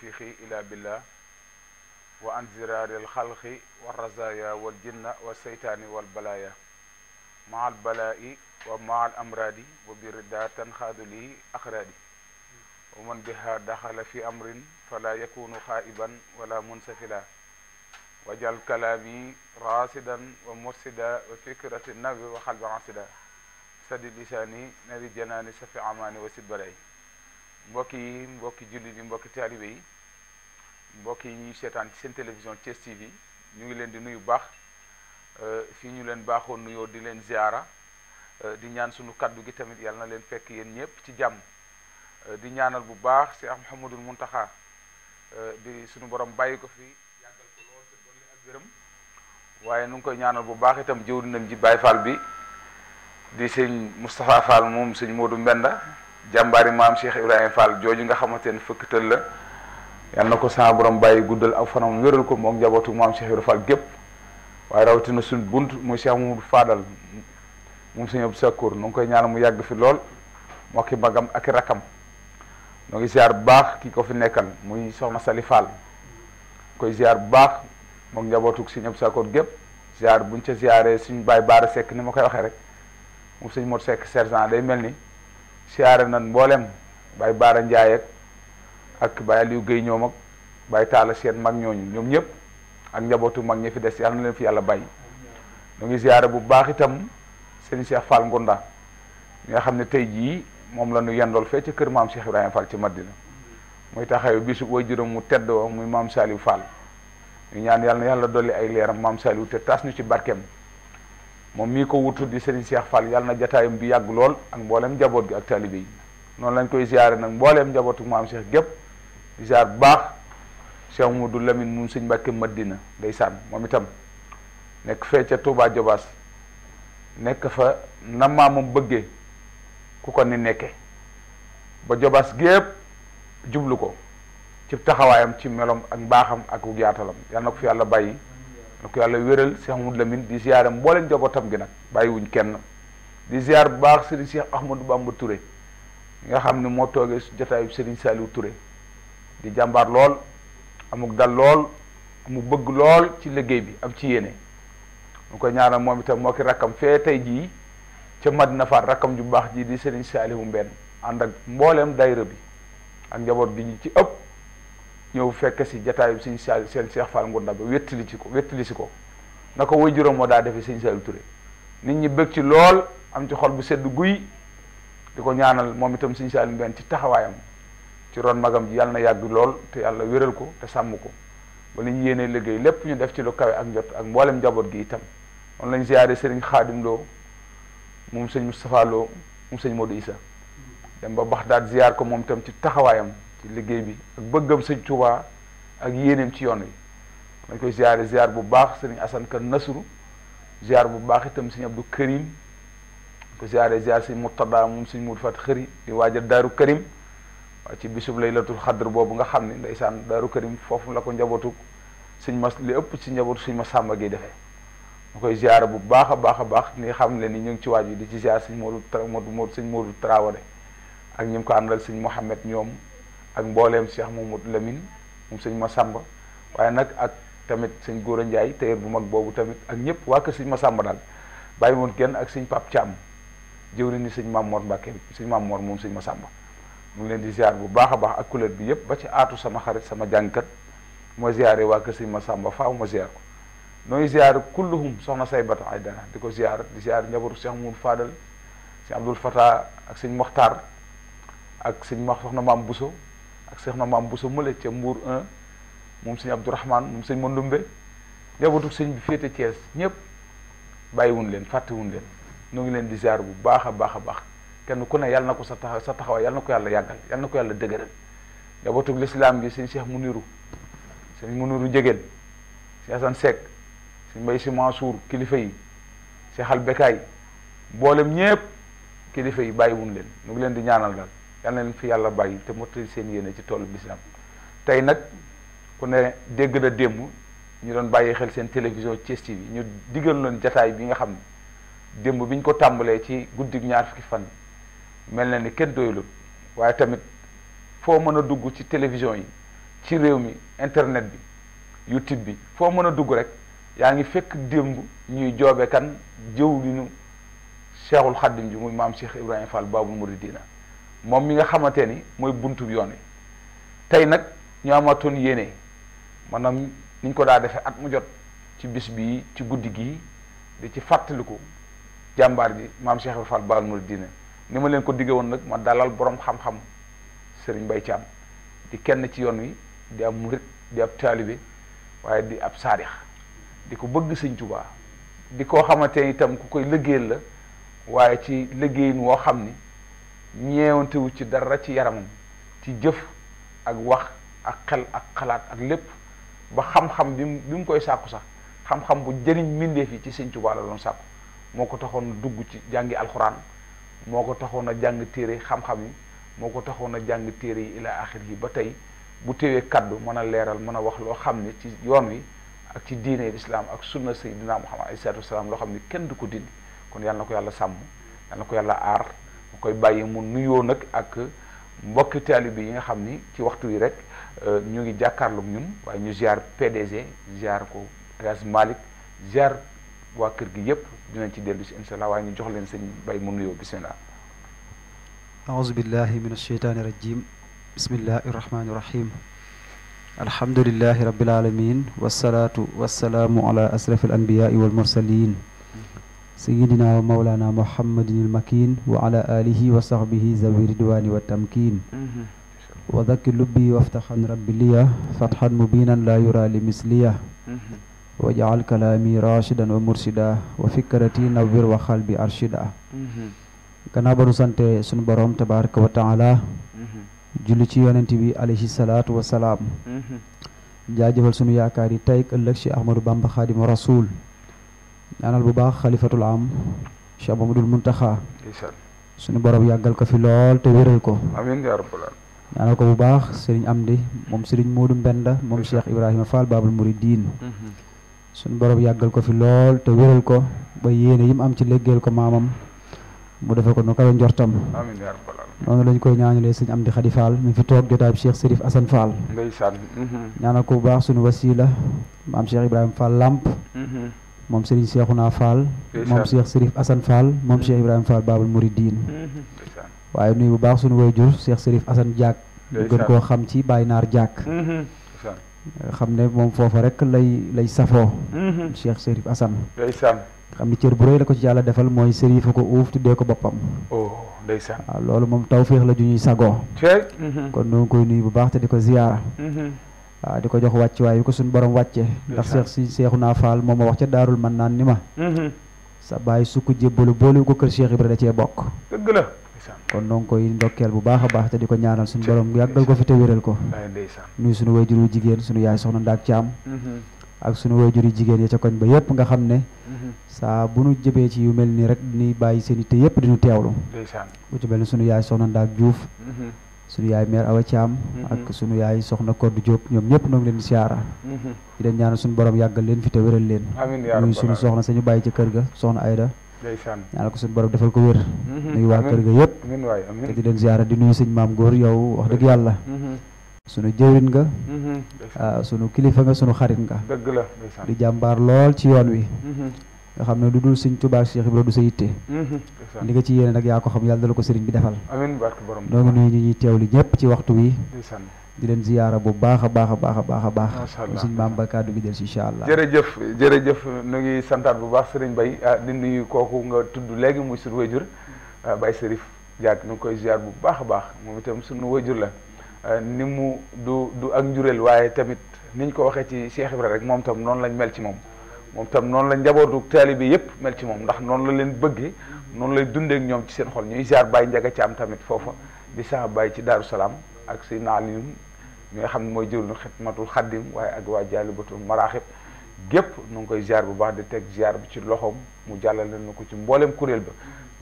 توفيقي إلى بالله وعن زرار الخلق والرزايا والجنة والسيطان والبلايا مع البلاء ومع الأمراض وبردا تنخاد لي أخرادي ومن بها دخل في أمر فلا يكون خائبا ولا منسفلا وجعل كلامي راسدا ومرسدا وفكرة النبي وخلب عصدا سدد لساني نبي جناني سفي عماني وسد بلعي mbokki boki mbokki julli yi mbokki talibé yi mbokki ñi sétane ci télévision Thiès TV ñu ngi leen di nuyu euh fi ñu leen baxoon nuyo di leen ziara euh, di ñaan suñu kaddu gi tamit yalla na leen fekk yeen ñepp ci jàmm euh, di ñaanal bu baax Cheikh Mouhamadul Mountakha euh, di suñu borom bayiko fi yagal ko lool te dolli ak gërem waye nu ngi koy ñaanal bu baax itam nañ ji bay Fall bi di sëñ mustapha Fall mom sëñ Modou Mbenda jàmbaari maam Cheikh Ibrahima Fall jooju nga xamante ne fëkkatal la yal na ko sama borom bàyyi guddal ak fanam wéral ko moom njabootu maam Cheikh Ibrahima Fall gépp waaye rawatina suñ bunt muy Cheikh Mamadou Fadal moom suñu sakkoor nu ngi koy ñaan mu yàgg fi lool moo ki ak rakam noo ngi ziar bu baax ki ko fi nekkal muy soxna Sali Fall koy ziar bu baax moom njabootu suñu sakkoor gépp ziar buñ ca ziaree suñu bàyyi baara sekk ni ma koy waxee rek moom suñu mot sekk sergent day mel ni siyaare nan mboolem bay Baara Ndiaye ak bay Aliou Guèye ñoom ak bay Talla seen mag ñooñu ñoom ñëpp ak njabootu mag ñi fi des yàlla na leen fi yàlla bay ñu ngi siyaare bu baax itam seen Cheikh Fall Ngonda ñi nga xam ne tey jii moom la ñu yendool fee ca kër maam Cheikh Ibrahima Fall ci Madina muy taxaw bisu waajuram mu tedd wa muy maam Saliou Fall ñu ñaan yàlla yàlla dolli ay leeram maam Saliou te taas ñu ci barkeem. moom mii ko wutu di Serigne Cheikh Fall yàlla na jataayam bi yàgg lool ak mboolem njaboot gi ak taalibe yi noonu lañ koy ziare nag mbooleem njabootu maam Cheikh gépp di ziar bu baax Cheikh Moudou Lamine moom sëñ Mbàkke Madina ndeysaan moom itam nekk fee ca Touba Jobaas nekk fa na maamam bëggee ku ko ni nekke ba Jobaas gépp jublu ko ci taxawaayam ci melom ak mbaaxam ak yaatalam yàlla na ko fi yàlla bàyyi na ko yàlla wéral Cheikh Amadou Lamine di ziare mbooleem njabootam gi nag bàyyiwuñ kenn di ziar bu baax Serigne Cheikh Ahmadou Bamba Touré nga xam ne moo toogee jotaayu Serigne Saliou ture di jàmbaar lool amuk dal lool mu bëgg lool ci liggéey bi am ci yéene mu ko ñaanal moom itam moo ki rakkam fee tey jii ca Madina Faat rakkam ju baax ji di Serigne Saliou mbenn ànd ak mbooleem dayra bi ak njaboot bi ñu ci ëpp ñëw fekk si jataayu sëñ Saal seen Cheikh Fall Ngunda ba wettali ci ko wettali si ko na ko way juróom moo daa defee sëñ Saal Touré nit ñi bëgg ci lool am ci xol bu sedd guy di ko ñaanal moom itam sëñ Saal Mbène ci taxawaayam ci ron magam ji yàlla na yàgg lool te yàlla wéral ko te sàmm ko ba li ñu yéenee liggéey lépp ñu def ci lu kawe ak njot ak mboolem njaboot gi itam noonu lañ ziyaare sëriñ Xaadim Lo moom sëñ Moustapha Lo moom sëñ Modou Issa dem ba Baxdaad ziyaar ko moom itam ci taxawaayam ci liggéey bi ak bëggam suñ Touba ak yéeneem ci yoon wi dañ koy ziare ziar bu baax sëriñ Assane Kan Nasru ziar bu baax itam sëñ Abdou Karim ko ziare ziar sëñ Murtada moom sëñ Mudu Fat Xëri waaja Daaru kërim waaye ci bisub laylatul xadr boobu nga xam ne ndeysaan Daaru kërim foofu la ko njabootu suñ mas li ëpp ci njabootu sëñ Masamba gi defee ma koy ziare bu baax a baax a baax ni xam ne ni ñu ngi ci waaj yi di ci suñ ziar sëñ Modou Modou Modou sëñ Modou Traoré ak ñi mu ko àndal suñ Mohamed ñoom ak mbooleem moom Mamadou Lamine moom sëñ Massamba waaye nag ak tamit sëñ a Ndiaye téer bu mag boobu tamit ak ñëpp waa kër ma Massamba daal bàyyi woon kenn ak sëñ Pape Thiam jëw ni sëñ Mamor Mbacke sëñ Mamor moom sëñ Massamba mu ngi leen di ziar bu baax a baax ak couleur bi yëpp ba ci aatu sama xarit sama jàngkat ma ziare waa kër ma sàmba faaw ma ziar ko nooy ziar kulluhum soxna say bata ay dara di ko ziar di ziar njaboru Cheikh Mour Fadal sëñ Abdoul Fata ak sëñ Mokhtar ak sëñ ma soxna maam Bousso ak Cheikh na maam Bousso Moule ca Mbour 1 moom sëñ Abdourahman moom sëñ Mandumbe njabootu sëñ bi féete Thiès ñëpp bàyyiwun leen fàttewun leen ñoo ngi leen di ziar bu baax a baax a baax kenn ku ne yàlla na ko sa sa taxawaay yàlla ko yàlla yàggal yàlla na ko yàlla dëgëral njabootu lislaam gi sëñ Cheikh Muniru sëñ Muniru Jegéen sëñ Assane Seck sëñ Mbaye Sy Mansour kilifa yi Cheikh Albekaay mboolem ñëpp kilifa yi bàyyiwun leen ñu ngi leen di ñaanal daal yal na fi yàlla bàyyi te mottali seen yéene ci toolu lislaam tey nag ku ne dégg na démb ñu doon bàyyi xel seen télévision Thiès TV ñu digal loon jataay bi nga xam ne démb bi ñu ko tàmbalee ci guddig ñaar fukki fan mel na ni kenn doylu waaye tamit foo mën a dugg ci télévision yi ci réew mi internet bi youtube bi foo mën a dugg rek yaa ngi fekk démb ñuy joobe kan jëw li ñu cheikhul xaddim ji muy maam cheikh ibrahima fall baabul muridina moom mi nga xamante ni mooy buntu yoon wi tey nag ñu amatoon yéene maanaam niñ ko daa defee at mu jot ci bis bii ci guddi gii di ci fàttaliku jàmbaar ji maam Cheikh Ibra Fall Baal Mouridina ni ma leen ko digge woon nag ma dalal borom xam-xam Serigne Mbaye Thiam di kenn ci yoon wi di ab murit di ab taalibe waaye di ab saadix di ko bëgg sëñ Tuubaa di koo xamante itam ku koy liggéeyal la waaye ci liggéeyin woo xam ni ñeewantewu ci dara ci yaramam ci jëf ak wax ak xel ak xalaat ak lépp ba xam-xam bi mu bi koy sàkku sax xam-xam bu jëriñ mbindeef yi ci Sëñ Tuubaa la doon sàkku moo ko taxoon dugg ci jàngi alxuraan moo ko taxoon a jàng téere xam-xam yi moo ko taxoon a jàng téere yi ila axir yi ba tey bu téwee kaddu mën a leeral mën a wax loo xam ne ci yoon wi ak ci diine lislaam ak sunna xam Muhammad alayhi salaatu wasalaam loo xam ne kenn du ko dindi kon yàlla na ko yàlla sàmm ko yàlla aar koy bàyyi mu nuyo nak ak mbokk taalibe yi nga xamni ci waxtu yi rek ñu ngi jakarlu ñun waaye ñu ziar PDG ziar ko Ras Malik ziar wa kër gi yëpp dina ci dellu ci inshallah allah ñu jox leen sëñ Baye mu nuyo nuyoo a'udhu billahi minash shaitani rajim bismillahir rahmanir rahim alhamdulillahi rabbil alamin was salatu was salamu ala asrafil anbiya'i wal mursalin sayyidina wa mawlana muhammadin almakin wa ala alihi wa sahbihi zawi ridwani wa tamkin mm-hmm. wa dhakki lubbi waftaxan rabbi liya fatxan mubinan la yura li misliya mm-hmm. wajaal kalaami rashidan wa mursida wa fikrati nawwir wa xalbi arshida mm-hmm. gannaaw ba nu sante sunu borom tabaraka wa taala julli ci yonent bi alayhi salaatu wa salaam jaajëfal sunu yaakaar yi tey ëllëg ci ahmadu bamba xaadimu rasul ñaanal bu baax xalifatul am Cheikh Mamadou Mountakha suñu borom yàggal ko fi lool te wéral ko amiin yaa rabbal aalamiin ñaanal ko bu baax sëriñ Amdi moom sëriñ Modou Mbenda moom Cheikh Ibrahima Fall Babul Mouridine suñu borom yàggal ko fi lool te wéral ko ba yéene yi am ci léggéel ko maamam mu defe ko nu njortam amiin yaa rabbal aalamiin noonu lañ koy ñaanalee sëñ Amdi Khady Fall mi fi toog jotaay Cheikh Serif Assane Fall ndeysaan ñaanal ko bu baax suñu wasila maam Cheikh Ibrahima Fall Lamp moom Serigne Cheikhouna Fall. moom Cheikh Serif asan Fall moom Cheikh Ibrahima Fall Babul Mouridine. waaye nuyu bu baax suñu wayjur Cheikh Serif Assane Diak. ñu gën koo xam ci Baye Naar Diak. Mhm. xam ne moom foofa rek lay lay safoo. Mhm. Cheikh Serif Assane. xam cër bu rëy la ko ci yàlla defal mooy Serif ko uuf tuddee ko boppam. Oh, waaw loolu moom taw feex la ju ñuy sagoo. Mhm. kon ñoo koy nuyu bu baax te di ko ziyaara. waaw di ko jox wàccuwaay yu ko suñu borom wàcce ndax seex si seexu naa faal moom ma wax ca daarul man naan ni ma mhm. sa bàyyi sukk jébbalu boole ko kër Cheikh Ibra da cee bokk dëgg la kon bu baax a baax te di ko ñaanal suñu borom yàggal ko fi te wéral ko nuyu suñu wayjur yu jigéen suñu yaay soxna ndaak caam mhm. ak suñu wayjur yu jigéen ya ca koñ ba yépp nga xam ne mhm. saa bu nu jëbee ci yu mel nii rek ni bàyyi seen i te yépp diñu teewlu bu ci mel ni suñu yaay soxna ndaak juuf suñu yaay mère Awa Thiam ak mm-hmm. suñu yaay soxna ko du ñoom ñom ñep ngi leen siyaara mm-hmm. di leen ñaanal suñu borom yagal leen fi te wéral leen amin ya nuyu suñu soxna sañu baye ci kër ga soxna Aïda ndeysaan ñaanal ko suñu borom defal ko wër mm-hmm. nuyu wa kër ga yépp amin way amin di leen siyaara di nuyu sëñ mam goor yow wax deug yalla suñu jëwrin nga ah, suñu kilifa nga suñu xarit nga deug la di jambar lool ci yoon wi nga xam ne lu dul sëñ Tuubaa Cheikh Ibra du sa yitte mhm. li ko ci yéene nag yaa ko xam yàlla dala ko sëriñ bi defal amiin barke borom noo ngi nuyu ñu ñëpp ci waxtu wi di leen ziyaara bu baax a baax a baax a baax a baax suñ maam ba kàddu gi del si incha allah jërëjëf jërëjëf nu ngi santaat bu baax sëriñ Bay ah, di nuyu kooku nga tudd léegi muy su wajur ah, Bay serif Jaag nu ngi koy ziyaar bu baax a baax moom itam suñu wajur la ah, ni mu du du ak njureel waaye tamit niñ ko waxee ci Cheikh Ibra rek moom tam noonu lañ mel ci moom moom tam noonu la njabootu taalibe yëpp mel ci moom ndax noonu la leen bëggee noonu lay dundeek ñoom ci seen xol ñuy ziar Baye Ndiaga Thiam tamit foofa di sax Baye ci Daaru Salaam ak si naaliyum ñi nga xam ne mooy jëruñu xidmatul xaddim waaye ak waa jaalibatul maraaxib gépp nu ngi koy ziar bu baax di teg ziar bi ci loxoom mu jàllale na ko ci mbooleem kuréel ba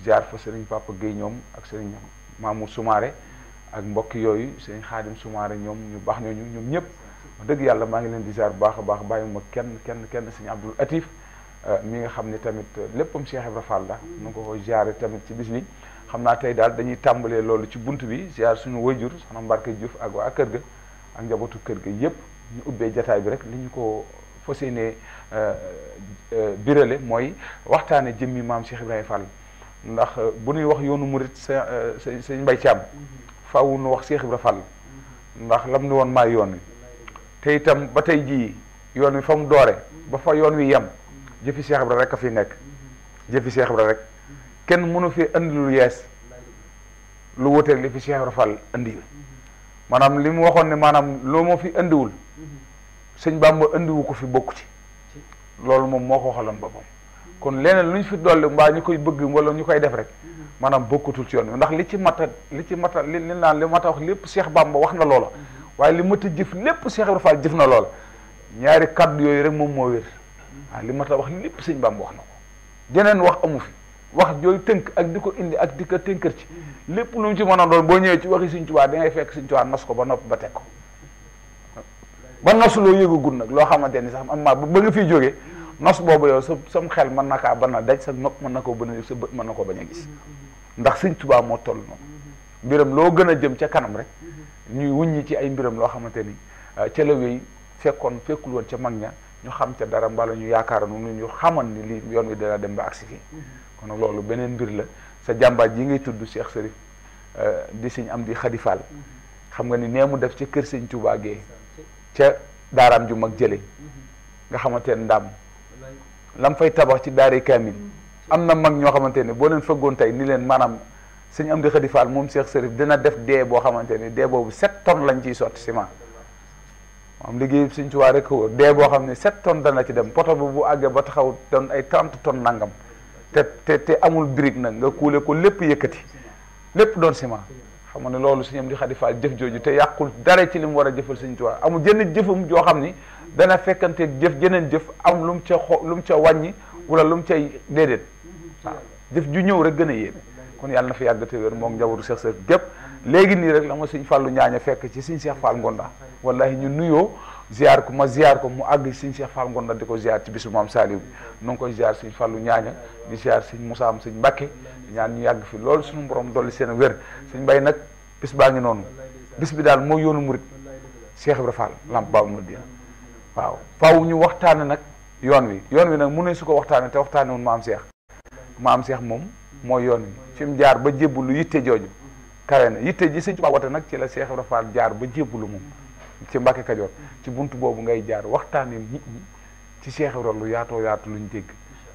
ziar fa sëriñ Papa Guèye ñoom ak sëriñ Mamour Soumaré ak mbokk yooyu seen Xaadim Soumaré ñoom ñu baax ñooñu ñoom ñëpp wax dëgg yàlla maa ngi leen di ziar bu baax baax bàyyi ma kenn kenn kenn sëñ Abdul Atif euh, mi nga xam ne tamit léppam Cheikh Ibra Fall la nu mm. ko koy ziare tamit ci bis bi xam naa tey daal dañuy tàmbalee loolu ci bunt bi ziar suñu wayjur soxna Mbarke Diouf ak waa kër ga ak njabootu kër ga yépp ñu ubbee jataay bi rek li ñu ko fas yéenee euh, euh, birale mooy waxtaane jëmmi maam Cheikh Ibrahima Fall ndax bu nuy wax yoonu murit sa sa sëñ Mbay Caam mm-hmm. faaw nu wax Cheikh Ibra Fall mm-hmm. ndax lam ni woon maa yoon wi te itam ba tey jii yoon wi fa mu doore ba fa yoon wi yem jëfi Cheikh Ibra rek a fi nekk jëfi Cheikh Ibra rek kenn mënu fi indi yees lu wuteeg li fi Cheikh Ibra Fall indi maanaam li mu waxoon ne maanaam loo ma fi indiwul sëñ Bàmba indiwu ko fi bokku ci loolu moom moo ko waxaloon boppam kon leneen lu ñu fi dolli mbaa ñu koy bëgg wala ñu koy def rek maanaam bokkatul ci yoon bi ndax li ci mata li ci mata li li li mata wax lépp Cheikh Bàmba wax na loola waaye li mat a jëf lépp Cheikh Ibrahima Fall jëf na loola ñaari kaddu yooyu rek moom moo wér ah li mat a wax lépp sëñ Bamba wax na ko jeneen wax amu fi wax jooy tënk ak di ko indi ak di ko tënkër ci lépp lu mu ci mën a doon boo ñëwee ci waxi sëñ Tuubaa da ngay fekk sëñ Tuubaa nos ko ba nopp ba teg ko ba nos loo yëgagul nag loo xamante ni sax am maa ba nga fiy jógee nos boobu yow sa sam xel mën na kaa ban a daj sa nopp mën na koo bañ a sa bët mën na koo bañ gis ndax sëñ Tuubaa moo toll noonu mbiram loo gën a jëm ca kanam rek ñuy wuññi ci ay mbiram loo xamante ni euh, ca la wéy fekkoon fekkul woon ca mag ña ñu xam ca dara mbala ñu yaakaar nu ñu xaman ni lii yoon wi dana dem ba agsi fii mm-hmm. kon nag loolu beneen mbir la sa jàmbaat yi ngay tudd Cheikh Serif euh, di sëñ am di xadifaal mm-hmm. xam nga ni nee mu def ca kër sëñ Tuubaa gee ca daaraam ju mag jële mm-hmm. nga xamante ne ndam lam fay tabax ci daari kaamil am na mag ñoo xamante ne boo leen fëggoon tey ni leen maanaam sëñ Amdi Xadi Fall moom Cheikh Serif dina def dee boo xamante ni dee boobu sept tonnes lañ ciy sotti ciment moom liggéey sëñ Tuubaa rek wóor dee boo xam ne tonnes dana ci dem poto bu bu ba taxaw doon ay trente tonnes nangam te te te amul brique nag nga kuule ko lépp yëkkati lépp doon ciment xam nga ne loolu sëñ Amdi Xadi Fall jëf jooju te yàqul dara ci li mu war a jëfal sëñ Tuubaa jëfum joo xam dana fekkante jëf jeneen jëf am lu mu ca xo lu wala lu mu cay jëf ju ñëw rek gën a kon yàlla na fi yàgg te wér moom njabootu Cheikh Seck gépp léegi nii rek la ma suñ fàllu ñaaña fekk ci suñ Cheikh Fall Ngonda wallahi ñu nuyoo ziar ko ma ziar ko mu àgg suñ Cheikh Fall Ngonda di ko bi nu ngi koy ziar suñ fàllu ñaaña di ziar suñ Moussa am suñ Mbacke ñaan ñu yàgg fi loolu suñu borom dolli seen wér suñ mbay nag bis baa ngi noonu bis bi daal moo yoonu murit Cheikh Ibra Fall lamp baabu ma dina waaw faaw ñu waxtaane nag yoon wi yoon wi nag mu ne su ko waxtaane te waxtaane woon maam Cheikh maam Cheikh moom mooy yoon fi mu jaar ba jébbalu yitte jooju kawe na yitte ji sëñ Tuubaa nag ci la Cheikh Ibra jaar ba jébbalu moom ci Mbàkke Kajoor ci bunt boobu ngay jaar waxtaanee nit ñi ci Cheikh Ibra lu yaatoo yaatu luñ dégg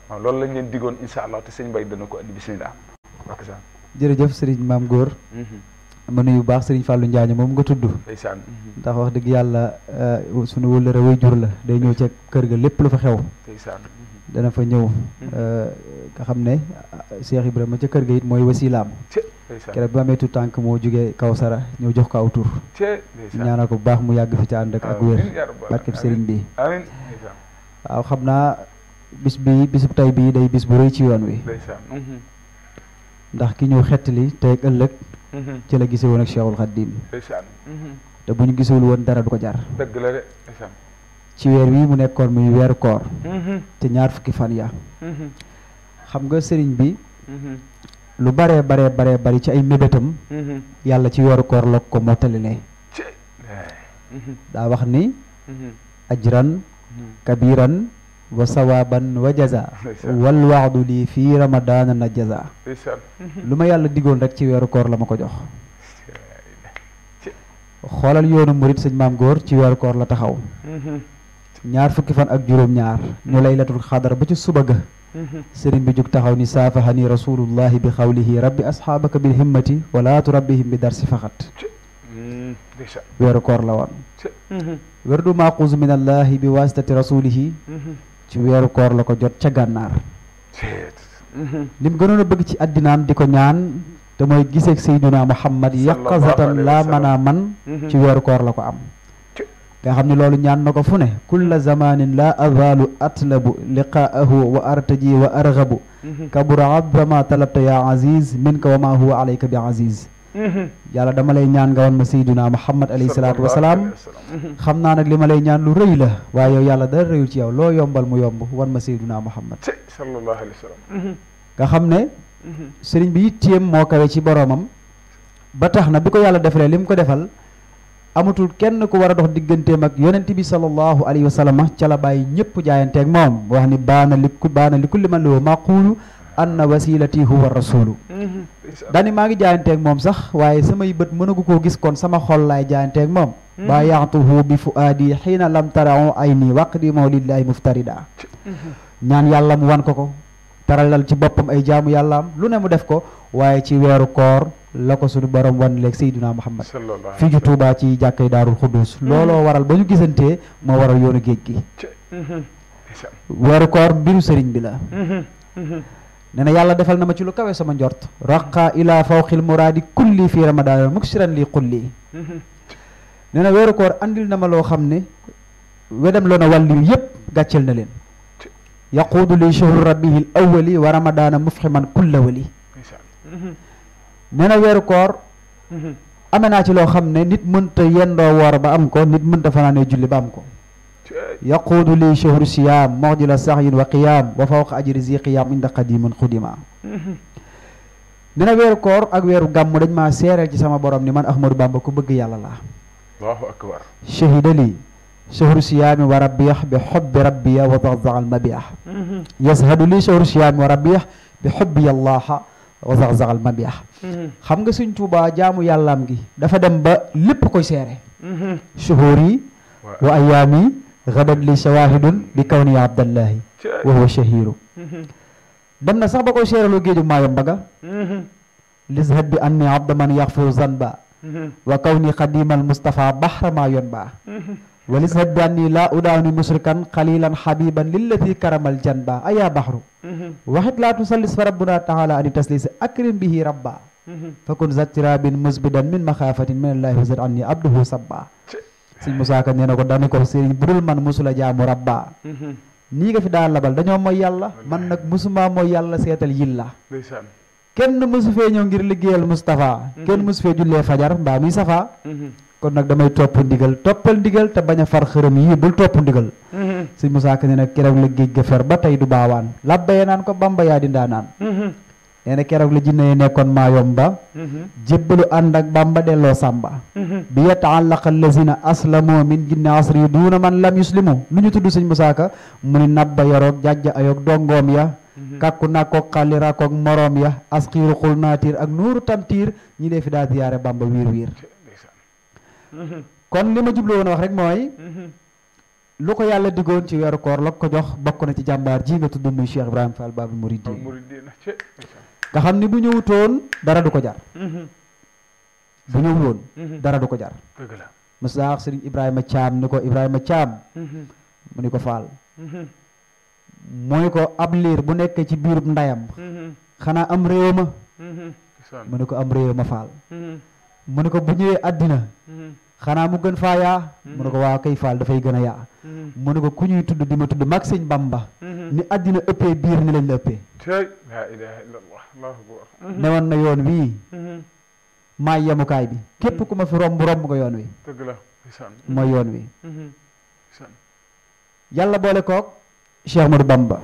waaw loolu lañ leen diggoon insha allah te sëñ Mbay dana ko andi bismillah jërëjëf sëriñ maam góor mhm. ma nuyu baax sëriñ Fallou Njaañ moom nga tudd ndeysaan ndax wax dëgg yàlla euh, sunu wëllëre way jur la day ñëw ca kër ga lépp la fa xew ndeysaan dana fa ñëw hmm. euh, nga xam ne euh, Cheikh Ibrahima ca kër ga it mooy wasilaam keroog bi amee tu tànk moo kaw Kawsara ñëw jox ko aw tur ñaanal ko bu baax mu yàgg fi ca ànd ak wér barkeb sëriñ bi waaw xam naa bis bi bisub tey bii day bis bu rëy ci yoon wi mhm. ndax ki ñëw xettali te ak ëllëg mhm. ci la gisee woon ak Cheikhul Khadim mhm. te bu ñu gisewul woon dara du ko jar ci weer wii mu nekkoon muy weeru koor mm-hmm. te ñaar fukki fan ya mm-hmm. xam nga sëriñ bi mm-hmm. lu baree baree baree bari ci ay mébétam yàlla ci weeru koor la ko mottali ne daa wax ni ajran kabiran wa sawaaban wa jaza wal lii fii ramadaana na jaza lu ma yàlla diggoon rek ci weeru koor la ma ko jox xoolal yoonu murit sëñ maam góor ci weeru koor la taxaw ñaar fukki fan ak juróom-ñaar ñu laylatul xadar ba ci suba ga mhm. sëriñ bi jug taxaw ni saafahani rasulullahi bi xawlihi rabbi asxaabaka bil himmati wala turabbihim bi darsi faxat mm, weeru koor la woon mhm. werdu maaquus min allahi bi wasitati rasulihi mhm. ci weeru koor la ko jot ca gànnaar lim gënoon bëgg ci addinaam di ko ñaan te mooy giseeg sayduna muhammad yaqazatan laa manaa man ci weeru koor la ko am nga xam ne loolu ñaan na ko fu ne kulla zamanin la azalu atlabu liqaahu wa artaji wa arghabu mhm. kabura abrama talabta ya aziz minka wa ma huwa alayka bi aziz mhm. yàlla dama lay ñaan nga wan ma sayduna muhammad alayhi salaatu wasalaam mhm. xam naa nag li ma lay ñaan lu rëy la waaye yow yàlla dara rëyul ci yow loo yombal mu yomb wan ma sayduna muhammad sallallahu alayhi wasallam nga xam ne sëriñ bi yitteem moo kawe ci boromam ba tax na bi ko yàlla defalee li mu ko defal amatul kenn ku wara dox digganteem mak yonenti bi sallallahu alaihi wasallam sallam la bay ñepp jaayante bana mom wax ni baana li ku baana li kulli man lahu maqulu anna wasilati huwa rasul mm-hmm. dani maa ngi ak mom sax waye samay beut mënagu ko gis kon sama xol jaayante ak mom ba mm-hmm. ya'tuhu bi fuadi hina lam tarau ayni waqdi waqdimoo muftarida mm-hmm. ñaan yalla mu wan ko ko taralal ci bopam ay jaamu yalla lu ne mu def ko waye ci wëru koor la ko suñu borom wan leeg Seydina Muhammad fii ci Touba ci jàkkay Daarul Xuddus hmm. looloo waral ba ñu gisantee moo waral yoonu géej gi mhm. weeru koor mbiru sëriñ bi la mhm, mhm. nee yàlla defal na ma ci lu kawe sama njort raqa ila fawqil muraadi kulli fii ramadaana muksiran li kulli nee na weeru koor andil na ma loo xam ne wedam loon a wàlliyu yépp gàcceel na leen yaquudu li shahru rabbihil awwali wa ramadaana mufhiman kulla nee na weeru koor ame naa ci loo xam ne nit mënta yendoo woor ba am ko nit mënta ne julli ba am ko yaquudu li shahru siyam moxjila saxyin wa qiyam wa fawq ajri zi qiyam inda qadimun xudima nee na weeru koor ak weeru gàmm dañ maa seereel ci sama borom ni man Ahmadou Bamba ku bëgg yàlla la allahu akbar shahida lii shahru siyaami wa rabbih bi xubbi rabbiya wa zaxzax almabih yashadu lii shahru siyaami wa rabbih bi xubbi allaha wasax saxal ma bi ah mm-hmm. xam nga sëñ Tuubaa jaamu yàllaam gi dafa dem ba lépp koy seere mm-hmm. shuhur yi wa ayaam yi gadat li shawahidun bi kaw ni wa huwa shahiru mm-hmm. dem na sax ba koy seeraloo géeju maayom ba ga lizhad bi anni abda man yaxfiru zanba wa kaw ni xadimal Mustafa baxra maa walis haddaan nii laa udaawni musrikan xalilan xabiban lillati karamal janba ayaa baxru mm-hmm. waxit laa tusallis fa rabbuna taala ani taslisi akrim bihi rabba mm-hmm. fakun zatirabin musbidan min maxaafatin min allahi wa zar anni abduhu sabba sëñ Musaa Ka nee na ko dani ko sëriñ bu dul man musula jaamu rabba mm-hmm. nii nga fi daa labal dañoo mooy yàlla man nag musuma mooy yàlla seetal yilla kenn mosu fee ñëw ngir liggéeyal Moustapha kenn mosu fee jullee fajar kon nag damay topp ndigal toppal ndigal te bañ a far xërëm yii bul topp ndigal mm-hmm. sëñ Moussa Ka ne nag keroog la géej ga fer ba tey du baawaan labbayee naan ko bamba yaa di ndaanaan mm-hmm. nee na keroog la jinne yi nekkoon maayomba mm-hmm. jébbalu ànd ak bamba delloo sàmba bi yataallaqa allazina aslamoo min jinne asri duuna man lam yuslimu lu ñu tudd sëñ Moussa Ka mu ni nabba yaroog jajja ayoog dongoom ya kàkku nakkoog xallirakoog moroom ya askiiru xul naatiir ak nuuru ñi dee daa ziyaare kon li ma jublu woon wax rek mooy. Mhm. lu ko yàlla diggoon ci weeru koor la ko jox bokk na ci jàmbaar ji nga tudd muy Cheikh Ibrahima Fall Babou Mourideen nga xam ni bu ñëwutoon dara du ko jar. Mhm. bu ñëwoon. Mhm. dara du ko jar. dëgg la mos naa wax ni ko Ibrahima Thiam. mu ni ko Fall. mooy ko ab liir bu nekk ci biirub ndeyam. xanaa am réew ma. mu ni ko am réew ma Fall. mu ne ko bu ñëwee àddina mhm. xanaa mu gën faa yaa mhm. mu ne ko waa kay faal dafay gën a yaa mhm. mu ne ko ku ñuy tudd di ma tudd mag sëñ Bamba ni àddina ëppee biir ni lañ ëppee laa na yoon wii maay yemukaay bi képp ku ma fi romb romb nga yoon wi dëgg mooy yoon wi yàlla boole kook Cheikh Ahmadou Bamba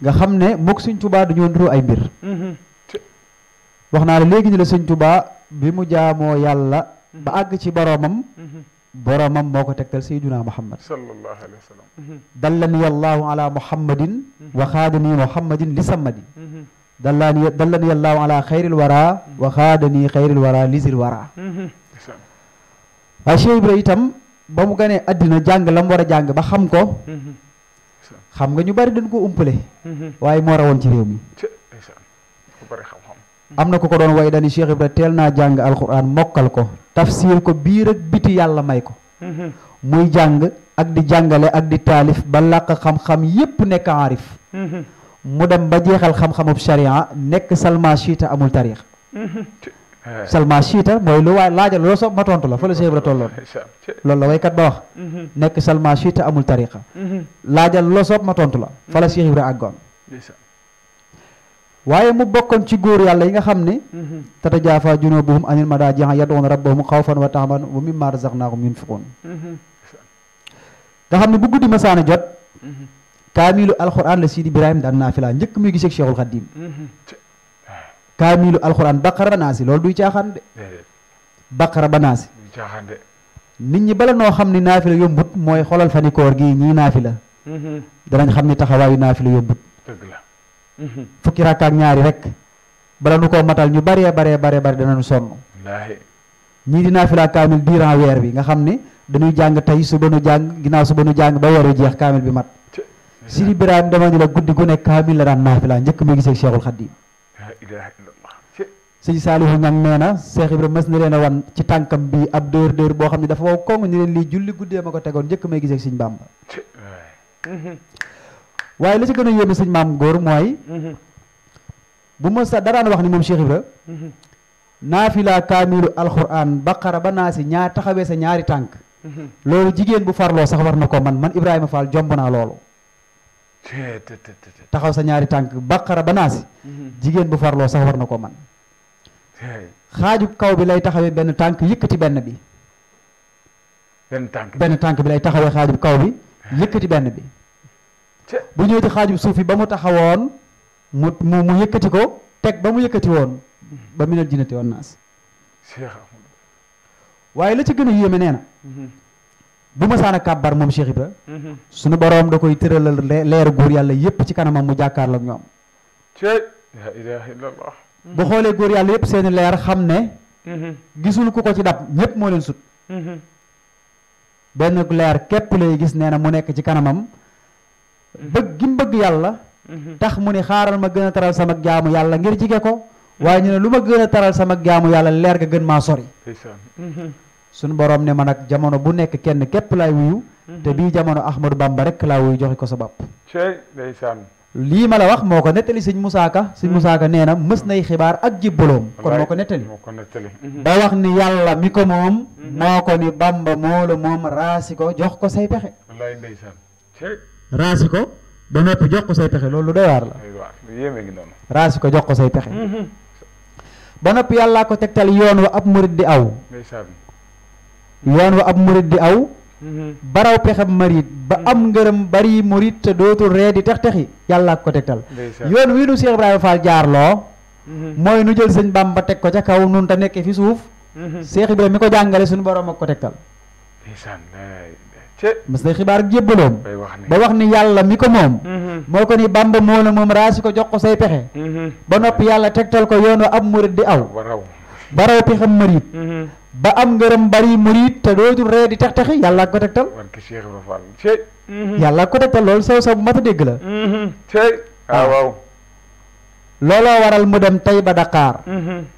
nga xam ne mook Sëñ Tuubaa du ñoo nduru ay mbir wax naa la léegi ñu la sëñ tubaa bi mu jaamoo yàlla ba àgg ci boroomam mhm. boroomam moo ko tegtal sayduna muhammad sallallahu alayhi wa sallam mhm. dallani allahu ala muhammadin wa mhm. xaadani muhammadin li sammadi dallani dallani allahu ala xayril wara wa xaadani xayril wara lisil wara waaye Cheikh Ibra itam ba mu ganee àddina jàng la mu war a jàng ba xam ko xam nga ñu bari dañ ko umpale waaye moo rawoon ci réew mi am na ku ko doon way dani Cheikh Ibra teel naa jàng alxuraan mokkal ko tafsir ko biir ak biti yàlla may ko mhm. muy jàng ak di jàngale ak di taalif ba làq xam-xam yépp nekk aarif mhm. mu dem ba jeexal xam-xamub sharia nekk salma chiita amul tariix mhm. salma chiita mooy lu waay laajal loo so ma tontu la fa la Cheikh Ibra tolloon loolu la waykat ba wax nekk salma chiita amul tariixa laajal loo soob ma tontu la fa la Cheikh Ibra àggoon waaye mu bokkoon ci góor yàlla yi nga xam ne mhm. tatajaafaa junuubuhum anil madaaji yad'uuna rabbahum ma wa taman wa mimmaa razaqnaahum yunfiquun mhm. nga xam ne bu guddi masaana jot mhm. kaamilu alxuraan la Sidi Ibrahima daan naafila njëkk muy gisee ak Cheikhul Khadim kaamilu alxuraan baqara ba naasi loolu duy caaxaan de baqara ba naasi nit ñi bala noo xam ne naafila yombut mooy xolal fani koor gi ñii naafila danañ xam ne taxawaayu naafila yombut Mm-hmm. fukki rakka ak ñaari rek bala nu koo matal ñu baree baree baree bare danañu sonn ñii di naafila kaamil durant weer bi nga xam ne dañuy jàng tey suba nu jàng ginnaaw suba nu jàng ba weer wi jeex kaamil bi mat si Birahim dama ñu la guddi gu nekk kaamil la daan naafila njëkk muy gisee Cheikhul Khadim sëñ Saalihu ñang nee na Cheikh Ibrahima mës na leen a wan ci tànkam bi ab dóor dóor boo xam ne dafa ko koŋ ñu leen lii julli guddee ma ko tegoon njëkk may gisee ak sëñ Bàmba waaye li ci gën a yóbbu sëñ maam góor mooy mhm. bu ma sa daraan wax ni moom Cheikh Ibra mhm. naafila kaamilu alxuraan baqara ba naa ñaar taxawee sa ñaari tànk mhm. loolu jigéen bu farloo sax war na ko man man Ibrahima Fall jomb naa loolu sa ñaari tànk baqara ba jigéen bu farloo sax war na ko man xaaju kaw bi lay taxawee benn tànk yëkkati benn bi benn tànk benn tànk bi lay taxawee xaaju kaw bi yëkkati benn bi bu ñëwee ci xaajub suuf yi ba mu taxawoon mu mu mu yëkkati ko teg ba mu yëkkati woon ba minal jinnati wan naas waaye la ci gën a yéeme nee mhm. bu ma saana kàbbar moom Cheikh Ibra mhm. suñu boroom da koy tëralal leer góor yàlla yépp ci kanamam mu jàkkaarloo ak ñoom mhm. bu xoolee góor yàlla yépp seeni leer xam ne gisul ku ko ci dab ñépp moo leen sut benn leer képp lay gis neena na mu nekk ci kanamam bëgg gi bëgg yàlla mhm. tax mu ne xaaral ma gën a taral sama jaamu yàlla ngir jige ko waaye ñu ne lu ma gën a taral sama jaamu yàlla leer ga gën maa sori mhm. suñu boroom ne ma nag jamono bu nekk kenn képp laay wuyu mhm. te bii jamono Ahmadou Bamba rek laa wuyu joxe ko sa bopp lii ma la wax moo ko nettali sëñ Moussa Ka sëñ Moussa Ka nee na mës nay xibaar ak jibbaloom kon moo ko nettali ba wax ni yàlla mi ko moom moo ko ni Bamba moo la moom raasi ko jox ko say pexe raasi ko ba noppi jox ko say pexe loolu lu doy waar la raasi ko jox ko say pexe mm-hmm. ba noppi yàllaa ko tegtal yoon wa ab murit di aw yoon wa ab murit di aw mm-hmm. baraw pexem marit ba mm-hmm. am ngërëm bari murit te dootul ree di tex texi yàllaa ko tegtal yoon wii nu Cheikh Ibrahima Fall jaarloo mooy nu jël sëñ Bamba teg ko ca kaw nun te nekkee fi suuf Cheikh Ibrahima mi ko jàngale suñu borom ak ko tegtal mas na xibaar ak jébbaloom ba wax ni yàlla mi ko moom mm-hmm. moo ko ni bamba moo la moom raasi ko jox ko say pexe mm-hmm. ba noppi yàlla tegtal ko yoonu ab murit di aw ba raw pexam murit mm-hmm. ba am ngërëm bari murit te dootul ree di tex texi yàlla ko ko tegtal loolu saw saw bu mat a dégg la waaw looloo waral mu dem tey ba Dakar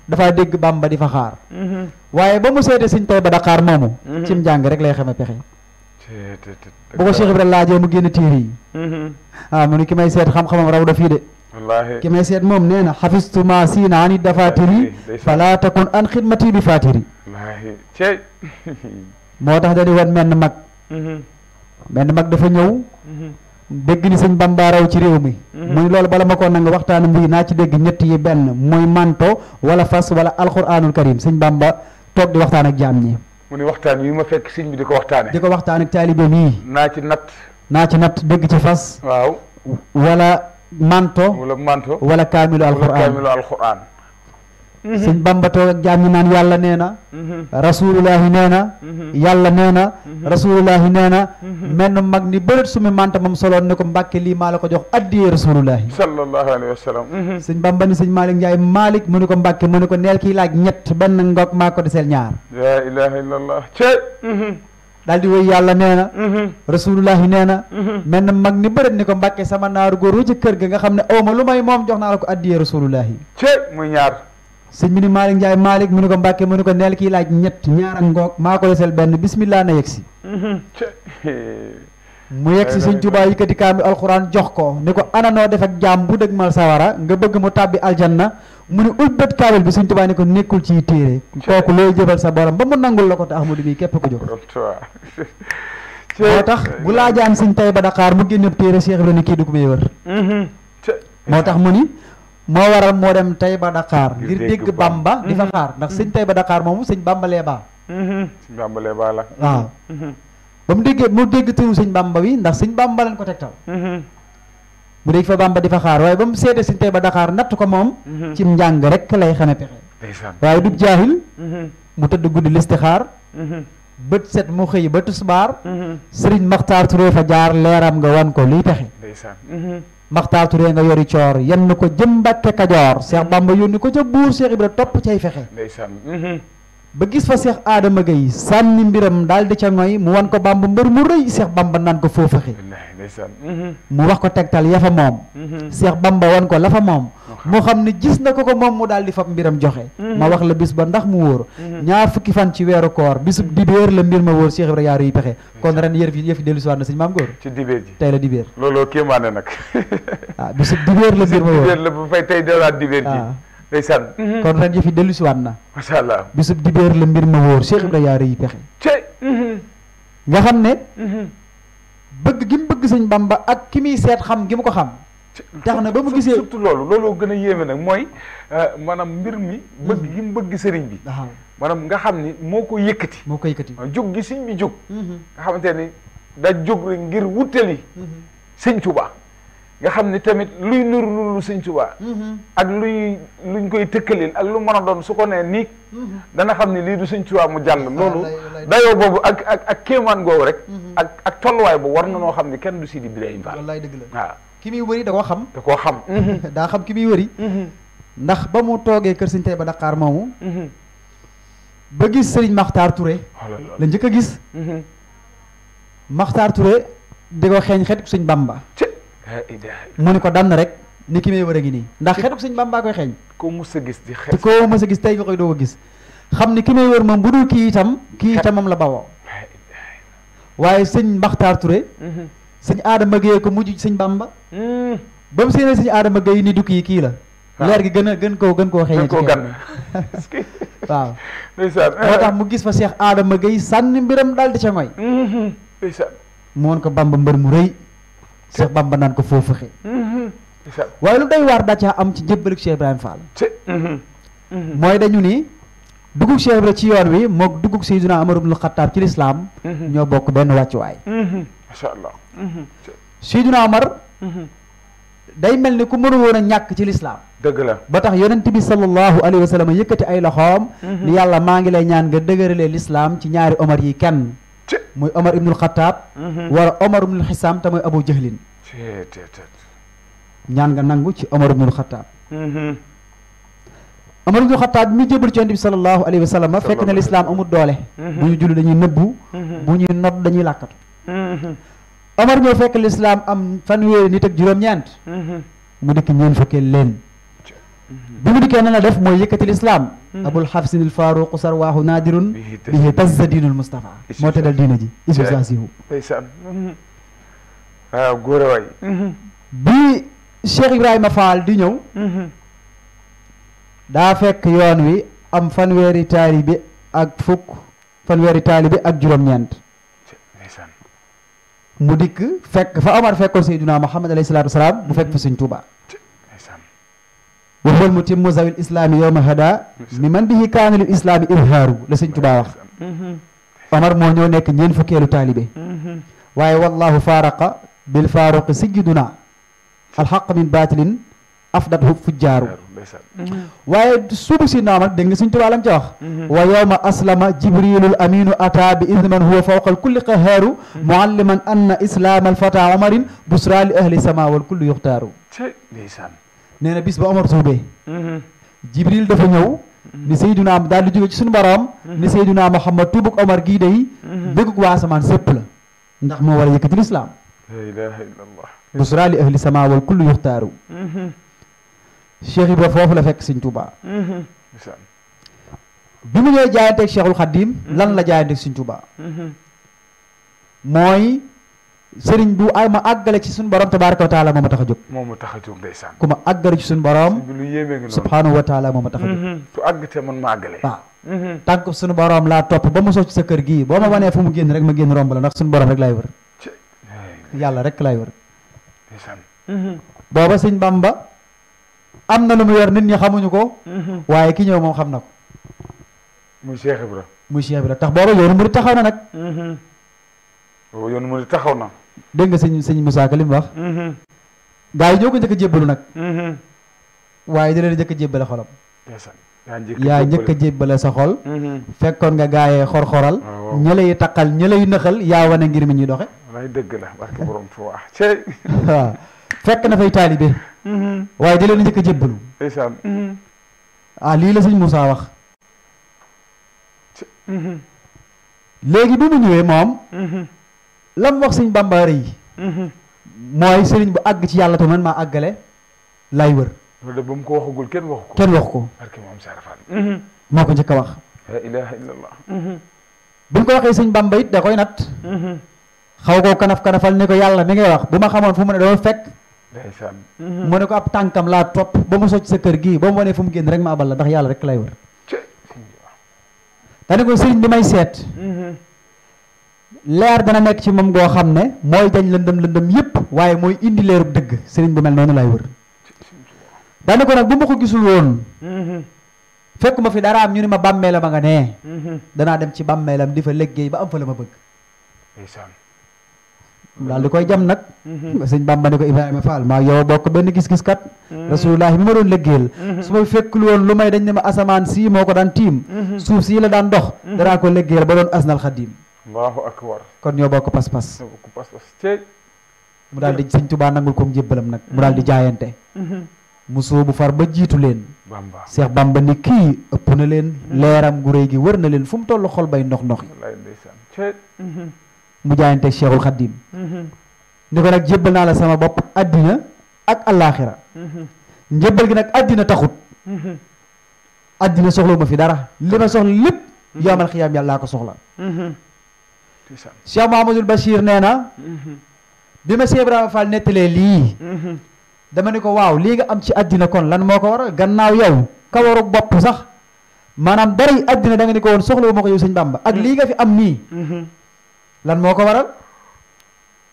dafa dégg bamba di fa xaar waaye ba mu seete siñ tey ba Dakar moomu cim njàng rek lay xame pexe bu ko Cheikh Ibra laajee mu génn téere yi waaw mm-hmm. ah, mu ne ki may seet xam-xamam raw da fii de ki may seet moom nee na xafistu ma siina ani dafatiri fala takun an xidmati bi fatiri moo tax dañu wan menn mag mm-hmm. menn mag dafa ñëw mm-hmm. dégg ni sëñ Bamba raw ci réew mi mu ni bala ma koo nanga waxtaan mbii naa ci dégg ñett yi benn muy manto wala fas wala alquranul karim sëñ Bamba toog di waxtaan ak jaam ñi mu ne waxtaan wi ma fekk sëñ bi di ko waxtaane di ko waxtaan ak taalibe bii naa ci natt naa ci natt dëgg ci fas waaw wala manto wala manto wala kaamilu alquran wala kaamilu alquran Mhm. sëñ bamba toog ak jaam ñi naan yàlla nee na mhm. rasulullahi nee na mhm. yàlla nee na rasulullahi nee na menn mag ni bërët sumi manta moom soloon ne ko mbàkke lii maa la ko jox addiyee rasulullahi sallallahu alayhi wa sallam sëñ bamba ni sëñ maalik njaay maalik mu ni ko mbàkke mu ni ko neel kii laaj ñett benn ngoog maa ko deseel ñaar la ilaha illallah daal di woy yàlla nee na rasulullahi nee na mel na mag ni bërit ni ko mbàkke sama naaru góor wi ci kër gi nga xam ne awma lu may moom jox naa la ko addiyee rasulullahi cey sëñ bi ni Malick Ndiaye Malick mu ne ko Mbacke mu ne ko neel kii laaj ñett ñaar ak ngoog maa ko desel benn bismillah na yegsi mu yegsi sëñ Tuubaa yëkkati kaami alxuraan jox ko ni ko ana noo def ak jaam bu dëgg mal sawara nga bëgg mu tàbbi aljanna mu ne ulbët kaamil bi sëñ Tuubaa ni ko nekkul ci téere kooku looy jëfal sa borom ba mu nangul la ko te Ahmadu mii képp ko jóg moo tax bu laajaan sëñ tay ba Dakar mu génne téere Cheikh ko may mm-hmm. moo tax mu ni moo waral moo dem tey ba Dakar ngir dégg Bamba di fa xaar ndax sëñ tey ba Dakar moomu sëñ Bamba lee baa mhm. sëñ Bamba lee baa la waaw mhm. ba mu déggee mu dégg turu sëñ Bamba wi ndax sëñ Bamba lañ ko tegtal mhm. mu dégg fa Bamba di fa xaar waaye ba mu seetee sëñ tey ba Dakar natt ko moom ci njàng rek lay xame pexe waaye du jaahil mu tëdd guddi listixaar bët set mu xëy ba tusbaar sëriñ Maxtaar Touré fa jaar leeram nga wan ko luy pexe Maxtaar Touré nga yori coor yan na ko jëm Mbàkke Kajoor Cheikh Bamba yónni ko ca buur Cheikh Ibra topp cay fexe mhm. ba gis fa Cheikh aadama Gueye sànni mbiram daal di ca ngoy mu wan ko Bamba mbër mu rëy Cheikh Bamba naan ko foo fexe mhm. mu wax ko tegtal ya fa moom Cheikh mhm. Bamba wan ko la fa moom moo xam ne gis na ko ko moom mu daal di fab mbiram joxe mhm. ma wax la bis ba ndax mu wóor mhm. ñaar fukki fan ci weeru koor bisub mhm. dibéer la mbir ma wóor Cheikh Ibrahima yaa yi pexe kon ren yi yëf yi dellu si waat na sëñ maam góor looloo kéemaane nag ah bisub dibéer la mbir ma bu fay tey delaat dibéer ji ah. ndeysaan kon ren yëf dellu si na macha allah bisub dibéer la mbir ma wóor Cheikh Ibrahima yaa yi pexe nga xam ne bëgg gi mu bëgg sëñ Bamba ak ki muy seet xam gi mu ko xam tax na gisee surtout loolu looloo gën a yéeme nag mooy euh, maanaam mbir mi. bëgg yi mm-hmm. mu bëgg sëriñ bi. maanaam nga xam ni moo ko yëkkati. moo ko yëkkati ah, jóg gi sëñ bi jóg. Mm-hmm. xamante ni da jóg rek ngir wutali. Mm-hmm. sëñ Tuubaa nga xam ni tamit luy nur lu sëñ Tuubaa ak luy luñ koy tëkkalil lu mën a doon su ko nee nii. dana xam ni lii du sëñ Tuubaa mu jàll. Ah, loolu dayoo boobu ak ak ak kéemaan googu rek. ak ak tolluwaay bu war na noo xam ni kenn du Sidi Birahim Fall. wallaay dëgg la ki muy wëri da koo xam. da koo xam. daa xam ki muy wëri. ndax ba mu toogee kër sëñ Taïba Dakar moomu. ba gis Serigne Makhtar Touré. la njëkk a gis. Makhtar Touré di ko sëñ Bamba. mu ko dànn rek ni ki may wër a ngi nii ndax xetuk sëñ Bamba koy xeeñ. koo mës gis te koo mës a gis tey nga koy doo ko gis. xam ni ki may wër moom bu dul kii itam kii itam moom la bawoo. waaye sëñ Makhtar Touré. Mhm. sëñ Adama Gueye ko mujj sëñ Bamba. Hmm. ba mu séenee suñu aadama gay ni dukk yi kii la. leer gi gën a gën koo gën koo xëy. gën koo gan waaw. moo tax mu gis fa Cheikh Adama Gueye sànni mbiram dal di ca ngoy. Hmm. ndeysaan. ko Bamba mbër mu rëy. Cheikh Bamba naan ko foofu xëy. Hmm. ndeysaan waaye lu doy waar daa caa am ci njëbbalug Cheikh Ibrahima Fall. mooy dañu ni dugub Cheikh Ibrahima ci yoon wi moog dugub Seydina Umar ibnul Xattaab ci lislaam ñoo bokk benn wàccuwaay. macha allah. Mm-hmm. day mel ni ku mënu woon ñàkk ci lislaam dëgg ba tax yonent bi sallallahu alayhi wa sallam yëkkati ay loxoom mm-hmm. ni yàlla maa ngi lay ñaan nga dëgëralee lislaam ci ñaari omar yi kenn muy omar ibnul xataab mm-hmm. wala omar ibnul xisaam te muy abu jahlin ñaan nga nangu ci omar ibnul xataab omar ibnul xataab mi jébal ci yonent bi sallallahu alayhi wa sallam fekk na lislaam amul doole bu ñu julli dañuy nëbbu bu ñuy nodd dañuy làkkatu Omar ñoo fekk lislaam am fanweeri nit ak juróom-ñeent. Mhm. mu dikk ñeent fukkeel leen. bi mu dikkee na def mooy yëkkati lislaam. Mhm. abul xafsin il faaruqu naadirun. Mhm. bi Cheikh Ibrahima Fall di ñëw. daa fekk yoon wi am fanweeri taali ak fukk ñeent مدك فك فأمر فك سيدنا محمد عليه الصلاة والسلام بفك في سنتوبا وهو المتم مزاوي الإسلام يوم هذا ممن به كان للإسلام إظهار لسنتوبا أمر مونيونيك نين فكي لطالبه واي والله فارق بالفارق سجدنا الحق من باطل أفضله فجاره waaye suubu si noom rek dégg nga suñ tubaa lam ca wax wa yowma aslama jibrilul aminu ata bi idni huwa fawqa kulli qahaaru mualliman anna islaam alfata omarin busra li ahli sama wal kullu yuxtaaru nee na bis ba omar suubee jibril dafa ñëw ni Seydina daal di jóge ci suñu borom ni Seydina Muhammad tubuk omar gii day bëggug waa asamaan sépp la ndax moo islam a yëkkati lislaam busra li ahli sama wal kullu yuxtaaru Cheikh Ibra foofu la fekk Sëñ Touba. Mm-hmm. bi mu ñëwee jaayanteeg Cheikhul Khadim mm-hmm. lan la jaayanteeg Sëñ Touba. Mm-hmm. mooy sëriñ bu ay ma àggale ci suñu borom tabaaraka wa taala moo ma tax a jóg. moo ma tax a jóg ndeysaan. ku ma àggale ci suñu borom. lu yéeme ngi moo ma tax a jóg. su àgg tànk suñu borom laa topp ba mu soo ci sa kër gii boo ma wanee fu mu génn rek ma génn romb la ndax suñu borom rek laay wër. yàlla rek lay wër. booba sëñ Bamba. am na lu mu yor nit ñi xamuñu ko. Mm-hmm. waaye ki ñëw moom xam na ko. muy Cheikh Ibra. muy Cheikh Ibra tax booba yoonu murid taxaw na nag. booba mm-hmm. oh, yoonu taxaw na. dégg nga sëñ sëñ Moussa Ka li mu wax. Mm-hmm. gaa yi ñoo ko njëkk a jébbalu nag. waaye di leen njëkk a jébbale xolam. yaa njëkk jébbale sa xol. fekkoon nga gaayee xor-xoral. Ah, ñële yi taqal ñële yi nëxal yaa wane ngir mi ñuy doxe. lay dëgg la barke waaw fekk na fay taalibe Mm-hmm. waaye di leen njëkk a jébbalu. ndeysaan. Mm-hmm. ah lii la sëñ Moussa wax. Mm-hmm. léegi bu mu ñëwee moom. lam wax sëñ bàmbaare yi. mooy sëriñ bu àgg ci yàlla te man maa àggale lay wër. ba mu ko waxagul kenn wax ko. kenn wax ko. moo ko njëkk a wax. la ilaha ko waxee sëñ bàmba it da koy nat. xaw koo kanaf kanafal ne ko yàlla mi ngay wax bu ma xamoon fu mu ne doo fekk. mu ne ko ab tànkam laa topp ba mu socc sa kër gi ba mu wanee fu mu génn rek ma abal la ndax yàlla rek lay wër dane ko sëriñ bi may seet mm-hmm. leer dana nekk ci moom goo xam ne mooy jañ lëndëm lëndëm yépp waaye mooy indi leerub dëgg sëriñ bu mel noonu lay wër dane ko nag bu ma ko gisul woon mm-hmm. fekk ma fi dara am ñu ne ma bàmmeelam a nga ne mm-hmm. danaa dem ci bàmmeelam di fa liggéey ba am fa la ma bëgg daal di koy jam nag mhm. sëñ Bamba ne ko Ibrahima Fall maa yow bokk benn gis-gis kat mhm. rasulullah bi ma doon liggéeyal mhm. su ma fekkul woon lu may dañ ne ma asamaan sii moo ko daan tiim suuf sii la daan dox danaa ko liggéeyal ba doon asnal xadim allahu akbar kon ñoo bokk pas-pas ñoo bokk mu daal di sëñ Tuubaa nangul ko njëbbalam nag mu daal di jaayante mu soobu far ba jiitu leen Bamba Seex Bamba ni kii ëpp na leen leeram gu réy gi wër na leen fu mu toll xol bay ndox ndox mu jaayanteeg Cheikhul Khadim mm-hmm. ni ko nag jébbal naa la sama bopp addina ak allaaxira mm-hmm. njébbal gi nag addina taxut mm-hmm. addina soxlawuma fi dara li ma soxla lépp yoomal xiyaam yàllaa ko soxla Cheikh Mahamadul Bachir nee na bi ma Cheikh Ibrahima nettalee lii dama ni ko waaw lii nga am ci addina kon lan moo ko war a gannaaw yow kawaru bopp sax maanaam daray addina da nga ni ko woon soxlawuma ko yow sëñ Bàmba ak lii nga fi am nii lan moo ko waral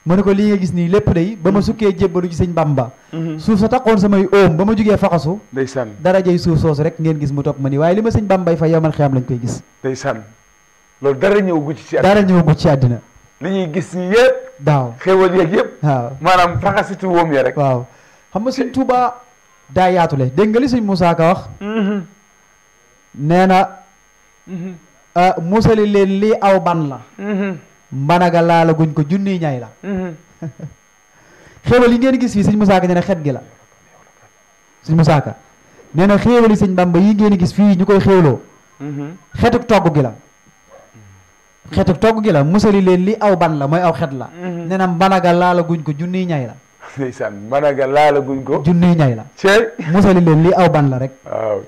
mu ne ko li nga gis nii lépp day ba ma mm-hmm. sukkee jébbalu ci sëñ ba mm-hmm. suuf sa taxoon samay óom ba ma jugee faxasu ndeysaan dara jëy suuf soosu rek ngeen gis mu topp ma nii waaye li ma sëñ Bambay fa yomal xiyam lañ koy gis ndeysaan loolu dara ñëw gucc ci àddina ci àddina li ñuy gis nii yëpp daaw xéwal yeeg yëpp waaw maanaam faxasitu wóom ya rek waaw xam nga sëñ Touba daa yaatule dégg nga li sëñ Moussa Ka wax mm-hmm. nee na ah, musali leen lii aw ban la mbanaga laala guñ ko junniy ñay la mm-hmm. xéewal yi ngeen gis fii sëñ Moussa nee na xet gi la sëñ Moussa nee na xéewal yi sëñ Bamba yi ngeen gis fii ñu koy xéewloo mm-hmm. xetuk togg gi la xetuk togg gi la musali leen li aw ban la mooy aw xet la mm-hmm. nee na mbanaga laala ko junniy ñay la guñ ko junniy ñay la musali leen li aw ban la rek waaw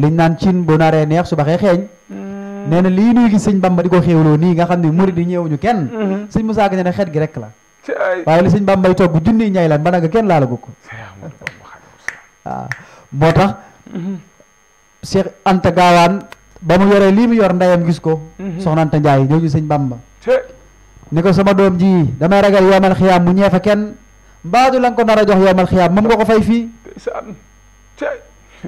liñ naan cin bu naree neex su baxee xeeñ nee li lii gis Bamba di ko xéewloo ni nga xamni mourid murid yi ñëwuñu kenn sëñ Moussa Ka nee na gi rek la waaye li sëñ Bambay togg jundi ñay lan ba nag kenn laalagu ko waaw moo tax Cheikh Anta gawan ba mu yoree li mu yor ndayam gis ko soxna mhm. Anta Njaay ñu sëñ Bamba ni ko sama doom ji dama ragal yoomal khiyam mu ñeefa kenn mbaadu lan ko nara jox yoomal khiyam mom nga ko fay fi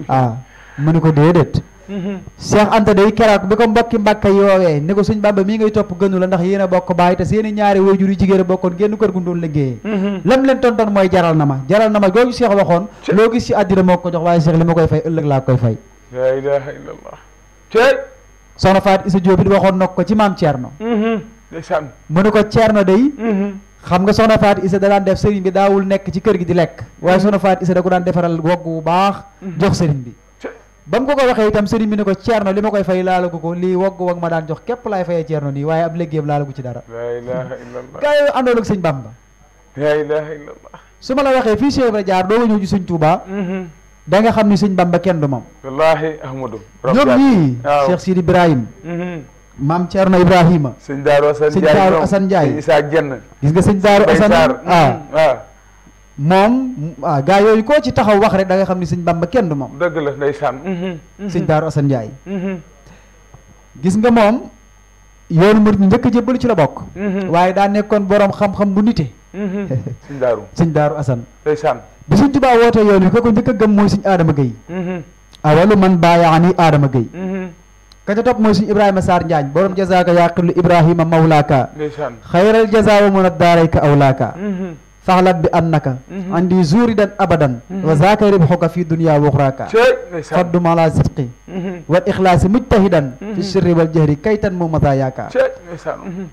ah mu ni ko dedet Cheikh mm-hmm. Anta day keroog bi ko mbokki Mbàkke yoowee ni ko suñ Bàmba mii ngay topp gënu la ndax yéen a bokk bàyyi te seeni ñaari waajur yu jigéen a bokkoon génn kër gu doon liggéeyee mm-hmm. lam leen tontoon mooy jaral na ma jaral na ma googu Cheikh waxoon loo gis ci àddina moo ko jox waaye Cheikh li ma koy fay ëllëg laa koy fay laa ilaha illallah tey mm-hmm. soxna Faat Isa da daan def sëriñ bi daawul nekk ci kër gi di lekk waaye soxna faat isa da ko daan defaral wogg bu baax bam ko ko waxe itam serigne bi ne ko ceerno li koy fay laal ko ko li wog wog ma daan jox kep lay fay ceerno ni waye ab leggeem laal ko ci dara la ilaha illallah kay yi àndoon ak sëñ bamba la ilaha illallah suma la waxe fi Cheikh Ibra jaar do ñëw ci serigne Touba hmm da nga xamni serigne sëñ bamba kenn du moom wallahi ahmadou ñoom ni Cheikh Sidi Ibrahim hmm mam Thierno Ibrahima serigne daro serigne Ndiaye sëñ Daaru Assane jaay isa genn gis nga serigne daro Assane ah ah moom waaw ah, gaa yooyu koo ci taxaw wax rek da nga xam ni sëñ Bamba kenn du moom. dëgg la ndeysaan. Mm-hmm. Mm-hmm. sëñ Daaru Assane Ndiaye. Mm-hmm. gis nga moom yoonu murit njëkk jébbalu ci la bokk. waaye daa nekkoon borom xam-xam bu nite. sëñ Daaru sëñ Daaru Assane. ndeysaan bi sëñ Tuubaa wootee yoon wi ko ko njëkk a gëm mooy sëñ Adama Gueye. awalu man baayaani Adama Gueye. ka mooy suñu Ibrahima Sarr Njaañ borom jazaaka yaqulu Ibrahima Mawlaaka. ndeysaan xayral jazaa wa mun a awlaaka. faxlat bi annaka andi zuridan abadan wa zaka ribxuka fi dunia wa uxraka faddum ala sidqi wal ixlaasi mujtahidan fi sirri wal jahri kaytan mu mata yaaka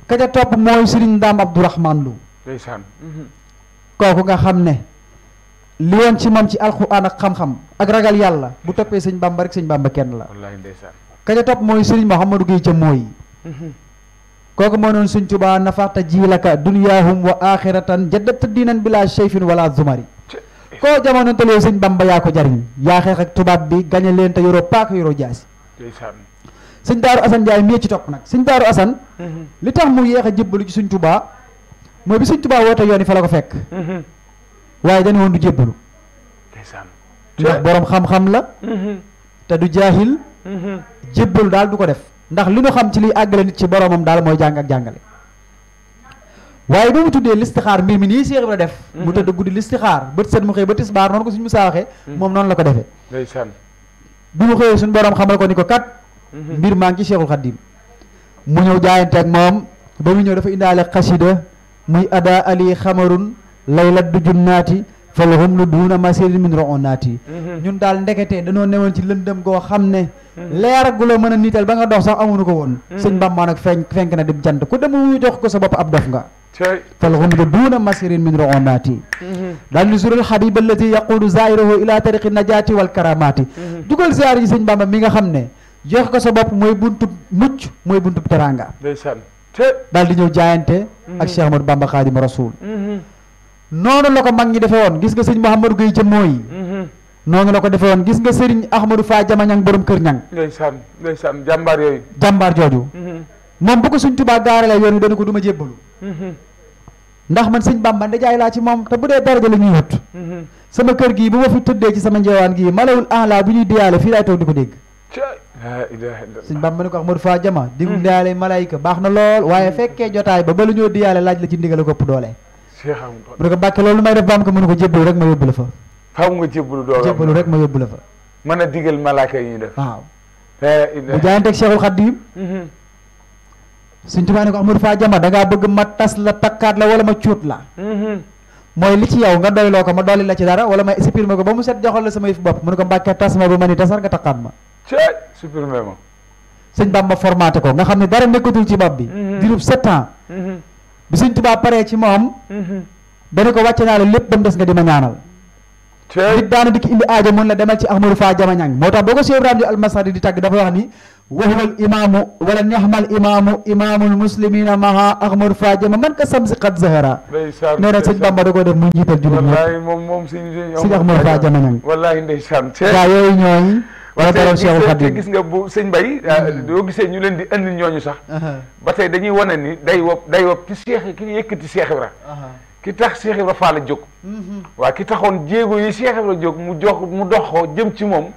ka ca topp mooy sëriñ kooku nga xam ne li woon ci moom ci alquran ak xam-xam ak ragal yàlla bu toppee sëñ bàmba rek sëñ bàmba kenn la ka ca topp mooy sëriñ ca mooy koko moo noon suñ tubaa nafaxta jiilaka duniyahum wa akhiratan jaddat dinan bila shayfin wala zumari ko jamono tele sëñ bamba ya ko jariñ Ya xeex ak tubaab bi gagne len te euro pak euro jasi sëñ daru asan jay mi ci top nak sëñ daru asan mhm. li tax mu yeex a ci suñ tubaa mo bi suñ tubaa wota yoni fa mhm. la ko mhm. fek waye dañ won du jébbalu ndax borom xam-xam la te du jahil dal du ko def ndax li nu xam ci liy àggale nit ci boromam daal mooy jàng ak jàngale waaye ba mu tuddee xaar mbir mi nii Cheikh def mu mhm. tëdd guddi listixaar bët set mu xëy ba tisbaar noonu ko suñu musaa waxee mhm. moom noonu la ko defee ndeysaan bi mu xëyee suñu borom xamal ko ni ko kat mhm. mbir maa ngi ci Cheikhul Khadim mu ñëw jaayante ak moom ba mu ñëw dafa indaale xasida muy ada ali xamarun laylat du junnaati falhum lu duuna mu min roon naati ñun daal ndekete dañoo newoon ci lëndëm goo xam ne Mm-hmm. leer gu la mën a niital ba nga dox sax amuñu ko woon mm-hmm. sëñ Bamba nag feeñ fenk na di jant ku demu jox ko sa bopp ab dof nga fal xumdu duuna masirin min roxonaati mm-hmm. daal ni surul xabib allati yaquudu zairuhu ila tariqi najaati wal karamaati dugal ziar yi sëñ Bamba mi nga xam ne jox ko sa bopp mooy buntub mucc mooy buntub teranga daal di ñëw jaayante ak Cheikh Ahmadou Bamba Xaadimu Rasuul noonu la ko mag ñi defe woon gis nga sëñ Mouhamadou Gueye jëmmooyi noonu la ko defee woon gis nga Serigne Ahmadou faa Jama Ñang borom kër ñang ndeysaan ndeysaan jàmbaar yooyu jàmbaar jooju mm-hmm. moom bu ko suñ tubaa gaaralee yoon wi dana ko du ma jébbalu mm-hmm. ndax man sëñ Bamba ndajaay laa ci moom te bu dee daraja la ñuy wut mm-hmm. sama kër gii bu ma fi tëddee ci sama njewaan gii malawul enla bu ñuy diyaale fii laay toog di ko dégg sëñ Bamba ni ko Ahmadou Fa Jama di diyaale malayka baax na lool waaye fekkee jotaay ba ba lu ñoo diyaale laaj la ci ndigal ko doole mu ne ko bàkke loolu ko mënu ko jébbalu rek la fa faaw nga jébbalu doo jébbalu rek ma yóbbu la fa mën a digal malaaka yi ñuy def waaw bu jaayanteeg Cheikhul Khadim mm-hmm. suñ tubaab ne ko amul faa jama da ngaa bëgg ma tas la takkaat la wala ma cuut la mm-hmm. mooy li ci yow nga doyloo ko ma dolli la ci dara wala ma supprimer ko ba mu set joxal la sama yëf bopp mu ne ko mbàkkee tas ma ba ma ni tasar nga takkaat ma cee supprimer ma sëñ Bamba ko nga xam ne dara nekkatul ci bopp bi mm-hmm. dirub sept ans bi suñ tubaab paree ci moom dana ko naa la lépp ba des nga di ma ñaanal nit daana dikk indi aajo mun la demal ci ahmadou fa jamañang moo tax boo ko Cheikh Ibrahima almasari di tàgg dafa wax ni waxuwal imaamu wala nexmal imaamu imaamul muslimina maha ahmadou fa jama man ka na sëñ Bamba da ko def muy njiital jullit ñi moom moom sëñ ahmadou fa jamañang wallaahi ndeysaan gaa yooyu ñooy wala borom Cheikh Khadim gis nga bu sëñ Bay hmm. ah, doo gisee ñu leen di andil ñooñu sax ba tey dañuy wane ni day wob day wob ci seex ki yëkkati Seex Ibra ki tax Cheikh ibrahima Fall jóg mhm. wa ki taxone jéego yi Cheikh ibrahima jóg mu jox mu doxo ko jëm ci mom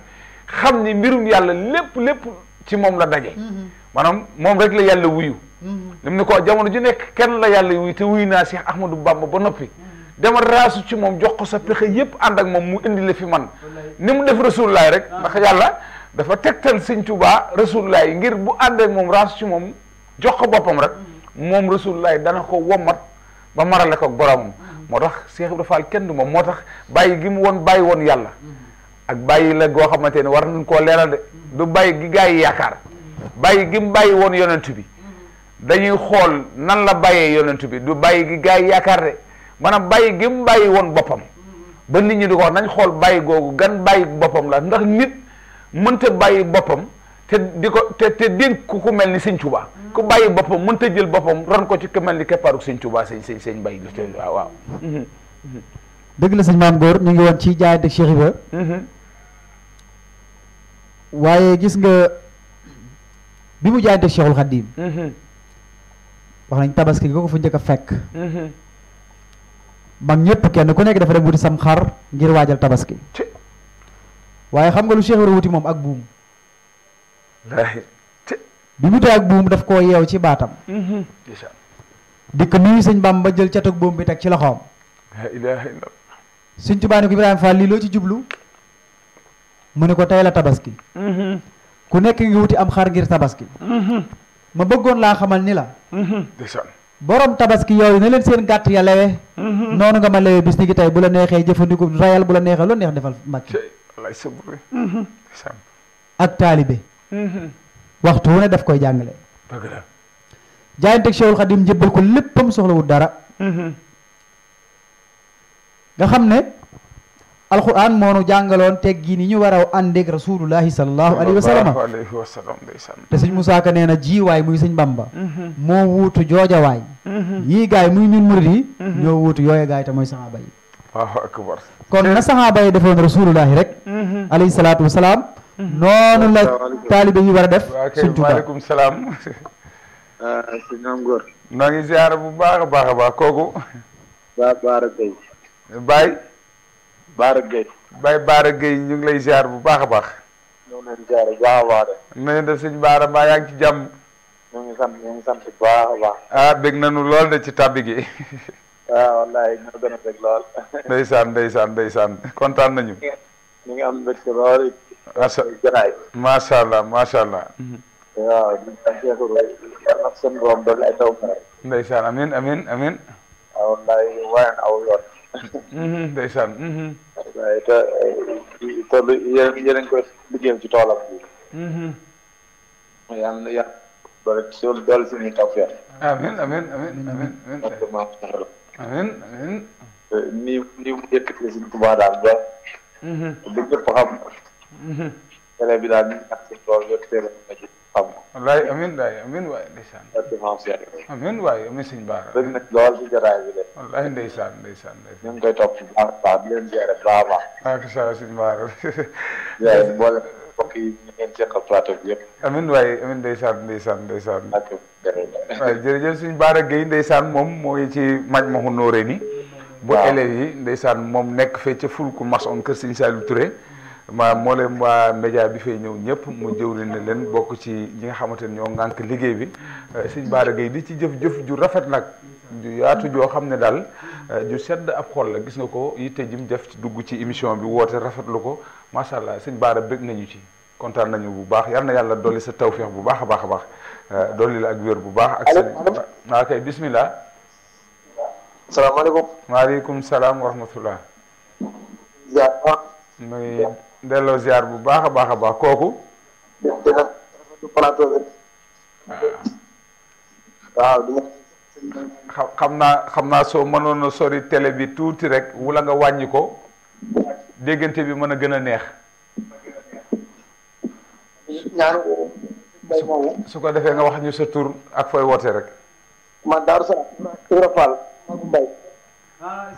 xamni ni mbirum yalla lepp lepp ci mom la daje mhm. manam mom rek la yalla wuyu mhm. lim ni ko jamono ju nek kenn la yalla wuyu te wuyu naa Cheikh Ahmadou Bamba ba nopi dama rasu ci mom jox ko sa pexe yep and ak mom mu indi la fi man ni def rasulullaay rek ah. ndax yalla dafa tektal seigne touba rasulullaay ngir bu ànd ak moom raasu ci mom jox ko bopam rek mom rasulullaay dana ko womat ba marale ko boromam mm-hmm. moo tax Cheikh Ibrahima Fall kenn du moom moo tax bàyyi gi mu woon bàyyi woon yàlla mm-hmm. ak bàyyi la goo xamante ne war nañ koo leeral de mm-hmm. du bàyyi gi gaa yi yaakaar bàyyi gi mu bàyyi woon yonent bi dañuy xool nan la bàyyee yonent bi du bàyyi gi gaa yi yaakaar de maanaam bàyyi gi mu bàyyi woon boppam ba nit ñi di ko wax nañ xool bàyyi googu gan bàyyi boppam la ndax nit mënta bàyyi boppam te di ko te te dénk ku mel ni sëñ Tuuba ku bàyyi boppam mënta jël boppam ron ko ci ku mel ni keppaaruk sëñ Tuuba sëñ sëñ sëñ Mbay waaw mhm. Mhm. ñu ngi woon ci jaay dëgg Cheikh mhm. gis nga bi mu jaay dëgg Cheikhul Xadim wax nañ tabaski gi ko fa njëkk a fekk mag ñëpp kenn ku nekk dafa dem wuti sam xar ngir waajal tabaski waaye xam nga lu Cheikh wuti moom ak buum bi mu ak buum daf koo yeew ci baatam. Mm-hmm. dikk nuyu sëñ Bamba jël catog buum bi teg ci loxoom. sëñ Tuubaa ne ko lii loo ci jublu mu ne ko tey la tabaski. Mm-hmm. ku nekk ngi wuti am xar ngir tabaski. Mm-hmm. ma bëggoon laa xamal ni la. borom tabaski yooyu na leen seen gàtt ya lewe noonu nga ma lewe bis ni ngi tey bu la neexee jëfandiku rayal bu la neexee lu neex defal mbàkki ak taalibe Mm-hmm. waxtu wu ne daf koy jàngale. dëgg la jaayanteeg Cheikhul Khadim jébbal ko léppam soxlawul dara. Mm-hmm. nga xam ne alxuraan moo nu jàngaloon teggin yi ñu war a àndeeg rasulullahi sallallahu alayhi wa sallam. te sëñ Moussa Ka nee na jiwaay muy sëñ Bamba. Mm-hmm. moo wuutu joojawaay. yii gaay muy ñun murid yi. ñoo wuutu yooya gaay te mooy saxaaba yi. waaw akbar kon na saxaaba yi defoon rasulullahi rek. alayhi salaatu wa salaam. Mm-hmm. noonu la taalibe yi war a def. suñ Tuubaa waaleykum salaam. sëñ Maam Góor. noo ngi ziar bu baax a baax a baax kooku. Ba Baara Gueye. Baye. Baara Gueye. Baye Baara ñu ngi lay ziar bu baax a baax. ñu ngi leen ziar bu baax a baax de. yaa ngi ci jàmm. ñu ngi sant ñu ngi baax a baax. ah nañu lool de ci tabbi gi. waaw ah, wallaahi ñoo gën a bég lool. ndeysaan ndeysaan ndeysaan kontaan nañu. ñu ngi am mbégte lool it. macha jataay. macha allah macha allah. Mhm. waaw ñu ngi am seen rëy. yàlla na seen borom doon ay taw pare. ndeysaan amiin amiin amiin. waaw ndaay waaye na aw yoon. Mhm, ndeysaan. Mhm. waaye te eh, tool yéen yéen a ngi koy liggéeyam ci toolam bi. yàlla na yàlla doole si doole si ñuy taw fii. amiin amiin amiin amiin. amiin eh, amiin. nii nii mu yëkkati si Tuubaa daal Mm-hmm. li ñëpp xam. Mm-hmm. télé bi daal di àgg tool yëpp teel a waay amiin waay ndeysaan. waay amiin sëñ Baara. bëgg na lool si jotaay bi de. wallaay ndeysaan ndeysaan ndeysaan. ñu ngi koy topp bu baax a baax di leen ziare a baax. ah kii Baara. ziare boole mbokk yi ñu ngeen seqal plateau waay amiin ndeysaan ndeysaan ndeysaan. waaw jërëjëf sëñ Baara moom mooy ci maj ma xu ni bu élèves yi saan moom nekk fee ca fulku maçon kër Serigne Saliou Touré ma moo leen waa média bi fay ñëw ñëpp mu jëwri ne leen bokk ci ñi nga xamante ne ñoo ngànk liggéey bi euh, Serigne baara Gueye di ci jëf-jëf ju rafet nag ju yaatu joo xam ne daal euh, ju sedd ab xool la gis nga ko yitte jim def ci dugg ci émission bi woote rafet lu ko macha allah Serigne Bara bëgg nañu ci kontaan nañu bu baax yal na yàlla dolli sa tawféex bu baax a baax a baax euh, dolli la ak wér bu baax ak salaamaaleykum. maaleykum salaam wa rahmatullah. ziar bu baax. delloo ziar bu baax a baax a baax kooku. xam naa xam naa soo mënoon a sori télé bi tuuti rek wala nga wàññi ko. déggante bi mën a gën a neex. ñaanu su ko defee nga wax ñu sa tur ak fooy woote rek. Magu Mbaye. ah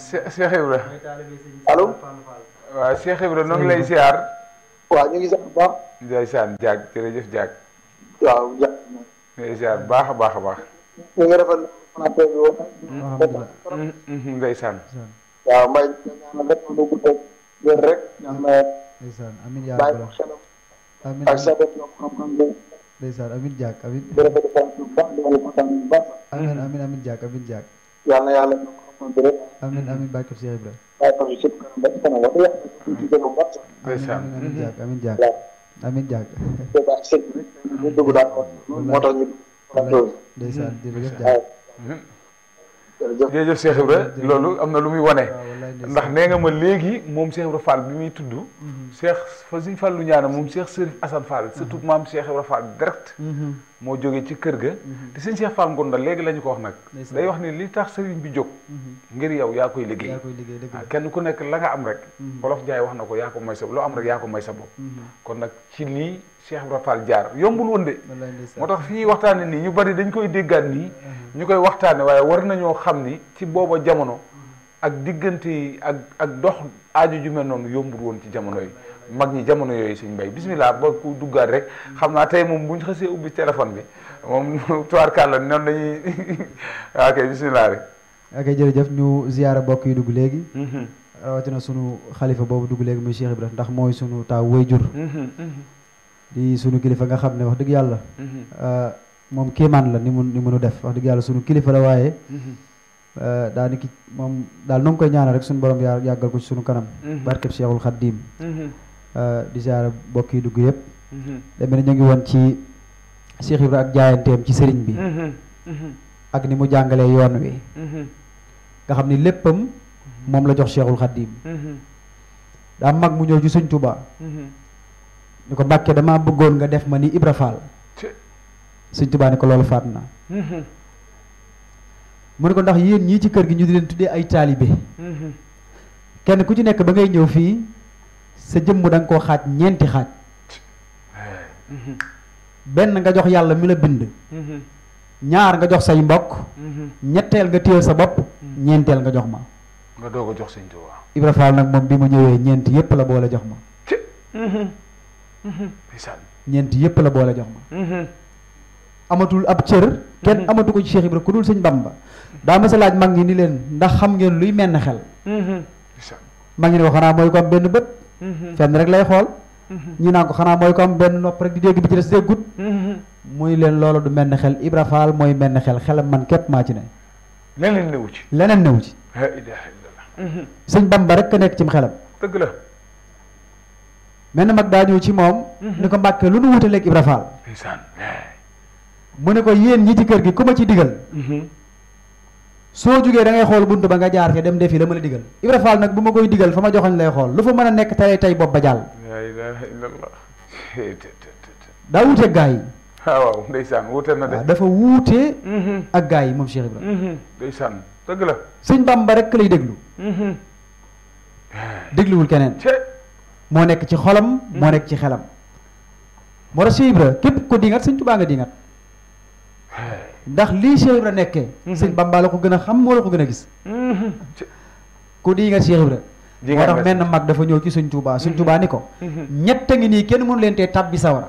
Cheikh Ibra. Ah, allo. waaw Cheikh Ibra noo ngi lay ziar. waaw ñu ngi ziar bu baax. ndeysaan Diak jërëjëf Diak. waaw Diak. ngay ziar baax a baax a baax. ñu ngi rafetlu xanaa bi woon. Mm-hmm. ndeysaan. waaw Mbaye ñaanal rek mu gudd wér rek. ndeysaan amiin yaa rabbal aalamiin ak sa bopp xam-xam ndeysaan amin jaak amin amin amin amin jaak amin jaak yal na yàlla amin amin barke Cheikh Ibra amin amin jaak amin jaak amin jaak moo tax ñu ndeysaan jërëjëf jaak jërëjëf jërëjëf Cheikh Ibra loolu am na lu muy wane. Ah, ndax nee nga ma léegi moom Cheikh Ibra Fall bi muy tudd. Mhm. Cheikh fa suñ Fallu ñaana moom Cheikh Serif Assane Fall. Mhm. surtout maam Cheikh Ibra Fall direct. Mhm. moo jógee ci kër ga. te sëñ Cheikh Fall Ngonda léegi la ñu ko wax nag. day wax ni li tax sëriñ bi jóg. ngir yow yaa koy liggéey. Ah, kenn ku nekk la nga am rek. Wolof jaay wax na ko yaa ko may sa loo am rek yaa ko may sa bopp. kon nag ci lii. Cheikh Ibrahima Fall jaar yombul woon de. moo tax fii waxtaane nii ñu bari dañ koy déggaat nii. Mhm. ñu koy waxtaane waaye war nañoo xam ni ci booba jamono. Mhm. ak diggante yi ak ak dox aaju ju mel noonu yombul woon ci jamono yi mag ñi jamono yooyu suñ mbay bismillah ba ku duggaat rek mhm. xam naa tey moom bu ñu xasee ubbi téléphone bi moom tubaarkàlla noonu lañuy ok bismillah rek. ok jëf ñu ziyaara bokk yi dugg léegi. rawatina sunu xalifa boobu dugg léegi muy Cheikh di sunu kilifa nga xam ne wax dëgg yàlla. Mhm. Euh, moom kéemaan la ni mu ni mu nu def wax dëgg yàlla sunu kilifa la waaye. Mhm. Euh, daanaka moom daal na nga koy ñaanal rek sunu borom yaa yàggal ko ci sunu kanam. Mhm. barkeb Seexul Xaddiim. Euh, di ziare mbokk yi dugg yëpp. demee na ñu ngi woon bi. ak ni mu jàngalee yoon wi. nga xam ni léppam moom la jox Cheikhul Khadim. daa mag mu ñëw ci Sëñ Tuubaa. ni ko dama bëggoon nga def ma ni Ibra Fall sëñ Tuubaa ni ko loolu fatna mm-hmm. mu ne ko ndax yeen ñi ci kër gi ñu di leen tuddé ay talibé mm-hmm. kenn ku ci nekk ba ngay ñëw fi sa jëmm da nga ko xaj ñenti xaj mm-hmm. ben nga jox yalla mi la bind ñaar nga jox say mbokk ñettel nga téyel sa bop ñentel nga jox ma nga doog a jox seigne touba Ibra Fall nag moom bi mu yépp la boole jox ma ñeent yépp la boole jox ma mhm. amatul ab cër mhm. kenn amatu ko ci Cheikh Ibra ku dul sëñ Bamba daa ma sa laaj mag ñi ni leen ndax xam ngeen luy menn xel mhm. mag ñi ne ko xanaa mooy ko am benn bët fenn rek lay xool ñu naa ko xanaa mooy ko am benn nopp rek di dégg bi ci des déggut muy leen loolu du menn xel Ibra Faal mooy menn xel xelam man képp maa ci ne leneen newu ci leneen newu ci rek a nekk cim xelam la menn mag dañu ci mom ne ko mbacke lu nu wuté lek Ibra Fall. mu ne ko yeen ñi ci kër gi kuma ci digal. so jugee da ngay xol buntu ba nga jaar ci dem defi la mëna la digal Ibra Fall nak buma koy digal fama ma lay xol lu fa mëna nek tay tay bob ba jall la ilaha illallah. daa wuuteeg gaa waaw ndeysaan wuté na def dafa wuté ak gaay mom Cheikh Ibra. ndeysaan deug la. seigne Bamba rek lay deglu deglu wul kenen mo nek ci xolam mo hmm. nek ci xelam mo ra Cheikh kep ko dingat seigne touba nga dingat ndax li Cheikh Ibra nekkee hmm. Bamba la ko gëna xam mo la ko gëna gis hmm. ku dingat Cheikh Ibra mo tax menn mag dafa ñëw ci seigne touba seigne touba ni ko ñett ngi ni kenn mu leen tab bi sawara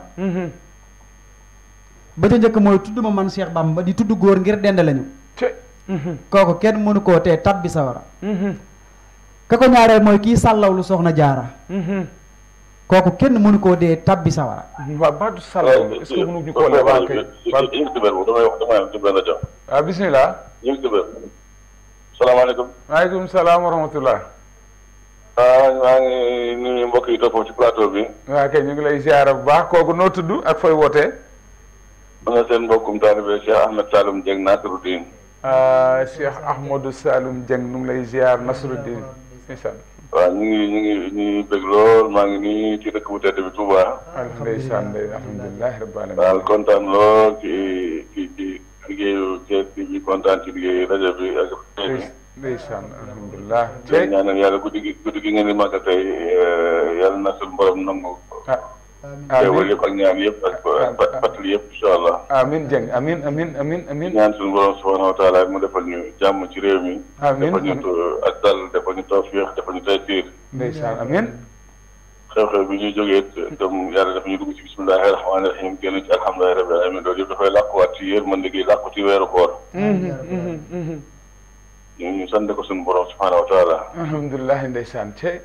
ba ca njëkk moy tudd ma man Cheikh Bamba di tuddu goor ngir dend lañu kooku kenn ko koo tab bi sawara ka ko ñaareel mooy kii sàllawlu soxna jaara kooku kenn mënu koo dee tabbi sawara. waaw baatu sàllaw est-ce que mënuñu koo lee waa salaam wa rahmatullah. waaw ngi nuyu mbokk yi ci plateau bi. waaw kay ñu ngi lay ziara bu baax kooku noo tudd ak fooy wootee. man na seen mbokkum taalibe Cheikh Ahmed Saloum Dieng Nasruddin. Cheikh Ahmadou Saloum Dieng nu ngi lay ziar Nasruddin. ndeysaan waaw ñu ngi ñu ngi ñu ngi bëgg lool maa ngi nii ci dëkk bu tedd bi Touba. alhamdulilah alhamdulilah rabbil alamin waaw kontaan lool ci ci ci liggéeyu Thiès bi kontaan ci liggéeyu rajo bi ak. ndeysaan alhamdulilah. ñaanal yàlla guddi gi guddi gi ngeen di màgg tey eh, yàlla na suñu borom amiin ko ak ñaan yëpp ak fàttali yëpp incha allah. amiin Dieng amiin amiin amiin amiin. ñaan suñu borom subhanahu wa taala mu defal ñu jàmm ci réew mi. amiin defal ñu uh, ak dal defal ñu tawfiq defal ñu taysiir. ndeysaan amiin. xew-xew bi ñuy jógee itam yàlla dafa ñu dugg ci bismillahi rahmaani rahim génn ci alhamdulilahi rabbil alamin loolu yëpp dafay làkkuwaat ci yéen mën liggéey làkku ci weeru koor. Mhm, mhm, mhm. ñoo ñu sant ko suñu borom subhaanahu wa taala. alhamdulilah ndeysaan te.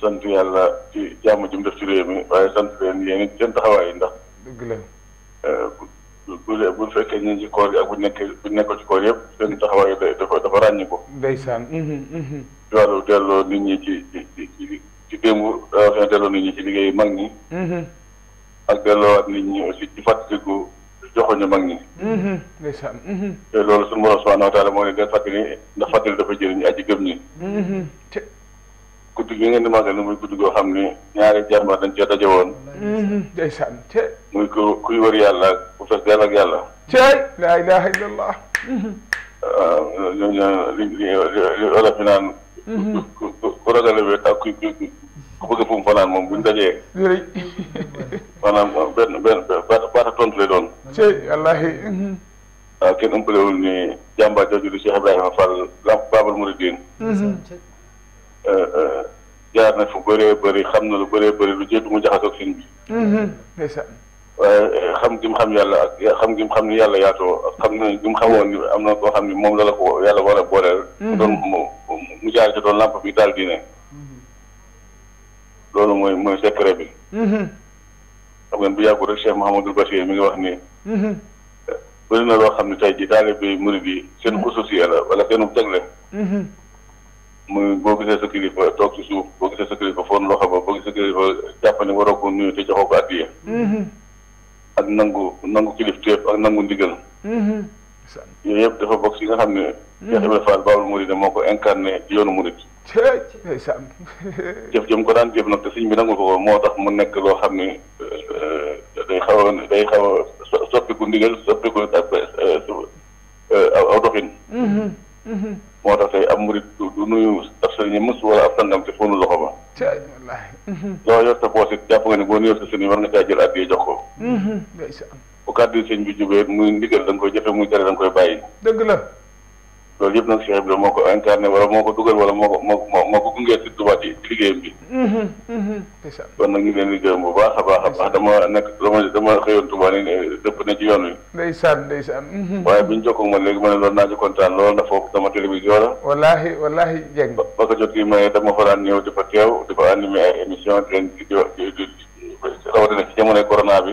sant yàlla ci jàmm ji mu def ci réew mi waaye sant leen yéen it taxawaay ndax. dëgg la. Eh, bu bu fekkee ñu ci koor yi ak bu nekk bu nekk ci koor yëpp seen taxawaay dafa dafa ràññi ko. ndeysaan. ci wàllu delloo nit ñi ci ci ci ci démb rawatina delloo nit ñi ci liggéey mag ñi. ak delloowaat nit ñi aussi ci fàttaliku. joxoon ñu mag ñi. Mm-hmm. ndeysaan. Mm-hmm. te loolu suñu borom subhanahu wa taala moo ne leen fàttali ndax fàttali dafa jëriñ aji gëm ñi. Mm-hmm. te guddi gi ngeen di màggal ni muy guddi goo xam ni ñaari jàmbaar dañ cee daje a ndeysaan te. muy ku kuy wër yàlla ku fees dell ak yàlla. te laa ilaha illallah. waaw ah, ñooñu li li li olof yi naan. ku ku ku a ak kuy kuy. ku bëgg fu mu fanaan moom bu ñu dajee. yooyu. maanaam benn benn baata tontu lay doon. sëy wallaahi. waaw ah, kenn ëmpalewul ni jàmbaar jooju di Cheikh Ibrahima Fall Baabal Mouridine. Mhm. Eh, eh, jaar na fu bëree bëri xam na lu bëree bëri lu jiitu mu jaxasoo ak bi. Mhm. Eh, xam gi mu xam yàlla ak xam gi mu xam ni yàlla yaatoo ak xam na gi xamoon am na koo xam ni moom la la ko yàlla a booleel. Mhm. doon mu jaar ci doon làmp bi daal di loolu mooy mooy secret bi. Mm-hmm. xam bu yàggul rek Cheikh Mouhamadul Bachir mi ngi wax ni. Mm-hmm. bëri na loo xam ne tey jii taalibe bi murid yi seen xususiya mm-hmm. la wala seen jagle. muy boo gisee sa kilifa toog ci suuf boo gisee sa kilifa foon loxo ba boo gisee sa kilifa jàpp waroo ko nuyu te joxoo ko addiya ak nangu nangu kilifteef ak nangu ndigal. yooyu yëpp dafa bokk ci nga xam ne. Cheikh Ibrahima Fall Baol Mouride moo ko incarné yoonu Mouride. jëf jëm ko daan jëf nag te sëñ bi nangul ko moo tax mu nekk loo xam ni euh, day xaw a day xaw a soppiku ndigal soppiku ak euh, euh, aw doxin. Mm-hmm. Mm-hmm. moo tax tey ab murit du nuyu ab sëriñ mës wala ab sangam te fóonu loxo ba. Mm-hmm. loo yor sa poos jàpp nga ne boo nuyoo sa sëriñ war nga caa jël addiya jox ko. bu kàddu sëñ bi jubee muy ndigal da nga koy jëfe muy tere da nga koy bàyyi. dëgg loolu yëpp nag Cheikh Ibrahima moo ko incarné wala moo ko dugal wala moo ko moo ko moo ko gunge ci Tuubaa ci liggéeyam bi. kon nag ñu ngi baax a baax a baax dama nekk dama dama xëyoon Tuubaa ni dëpp na ci yoon wi. ndeysaan ndeysaan. waaye bi ñu jokkoo ma léegi ma ne loolu naa ci kontaan lool ndax foofu sama télévision la. wallaahi wallaahi Dieng. ba ba ko jot kii may dama fa daan ñëw di fa teew di fa animé ay émission di leen di ci jamonoy corona bi.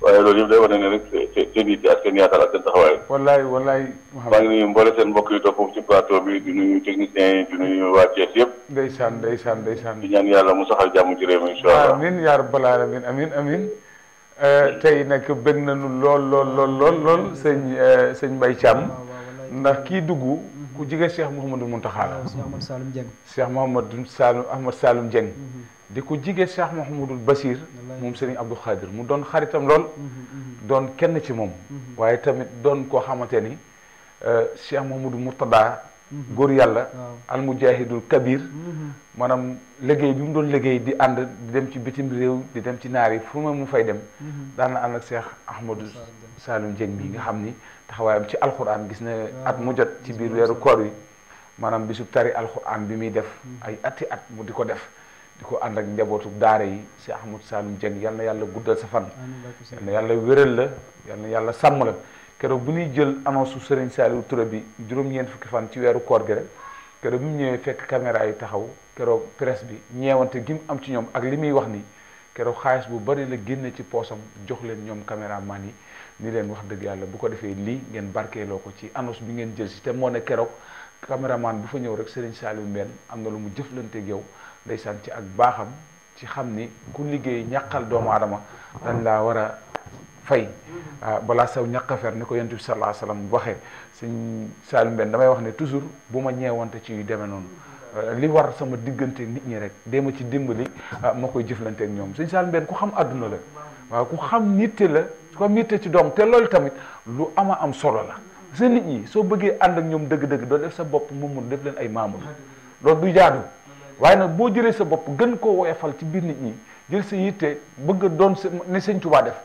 waaye loolu yëpp day wane ne rek seen yitte ak seen yaatal ak seen taxawaay. wallaay wallaay. maa ngi nuyu mboole seen mbokk yi toog foofu ci plateau bi di nuyu techniciens yi di nuyu waa Thiès yëpp. ndeysaan ndeysaan ndeysaan. di ñaan yàlla mu saxal jàmm ci réew mi incha allah euh, tey nag bëgg lool lool lool lool lool sëñ euh, ndax kii dugg. ku jige Cheikh Mouhamadou Mountakha la. Cheikh Mouhamadou Saloum Dieng. Ahmad Saloum Dieng. diko jige Cheikh Mouhamadul Basir mom Serigne Abdou Khadir mu don xaritam lol don kenn ci mom waye tamit don ko xamanteni ni Cheikh Mouhamadou murtada gor yàlla al mujahidul kabir manam liggey bi mu don liggey di ànd di dem ci bitim rew di dem ci naar yi fu mu fay dem daan na ànd ak Cheikh Ahmadou Saloum Dieng bi nga xamni taxawayam taxawaayam ci alxuraan gis na at mu jot ci bir weru koor yi manam bisub tari alxuraan bi mi def ay atti at mu diko def di ko ànd ak njabootu daara yi si Ahmad Saloum Dieng yal na yàlla guddal sa fan yal na yàlla wéral la yal yàlla sàmm la keroog bu ñuy jël annonce su Serigne Saliou Touré bi juróom ngeen fukki fan ci weeru koor gi rek keroog bi mu ñëwee fekk caméra yi taxaw keroog presse bi ñeewante gi mu am ci ñoom ak li muy wax ni keroog xaalis bu bari la génne ci poosam jox leen ñoom caméraman yi ni leen wax dëgg yàlla bu ko defee lii ngeen barkeeloo ko ci annonce bi ngeen jël si te moo ne keroog caméraman bu fa ñëw rek Serigne Saliou Mbène am na lu mu jëflanteeg yow ndeysaan ci ak baaxam ci xam ni ku liggéey ñàqal doomu aadama dañ laa war a fay mm-hmm. ah, balaa saw ñàq a ko yonent bi sallallahu alayhi waxee suñ Saalum damay wax ne toujours bu ma ñeewante ci demee noonu mm-hmm. li war sama diggante nit ñi rek dee ma ci dimbali ah, ma koy jëflanteek ñoom suñ saal benn ku xam àdduna la mm-hmm. waaw ku xam nit la ku xam nit ci doom te loolu tamit lu ama am solo la sa nit ñi soo bëggee ànd ak ñoom dëgg-dëgg doo def sa bopp mu mun def leen ay maamul loolu du jaadu waaye nag boo jëlee sa bopp gën koo woyofal ci biir nit ñi jël sa yitte bëgg doon sa ne sëñ Tuubaa def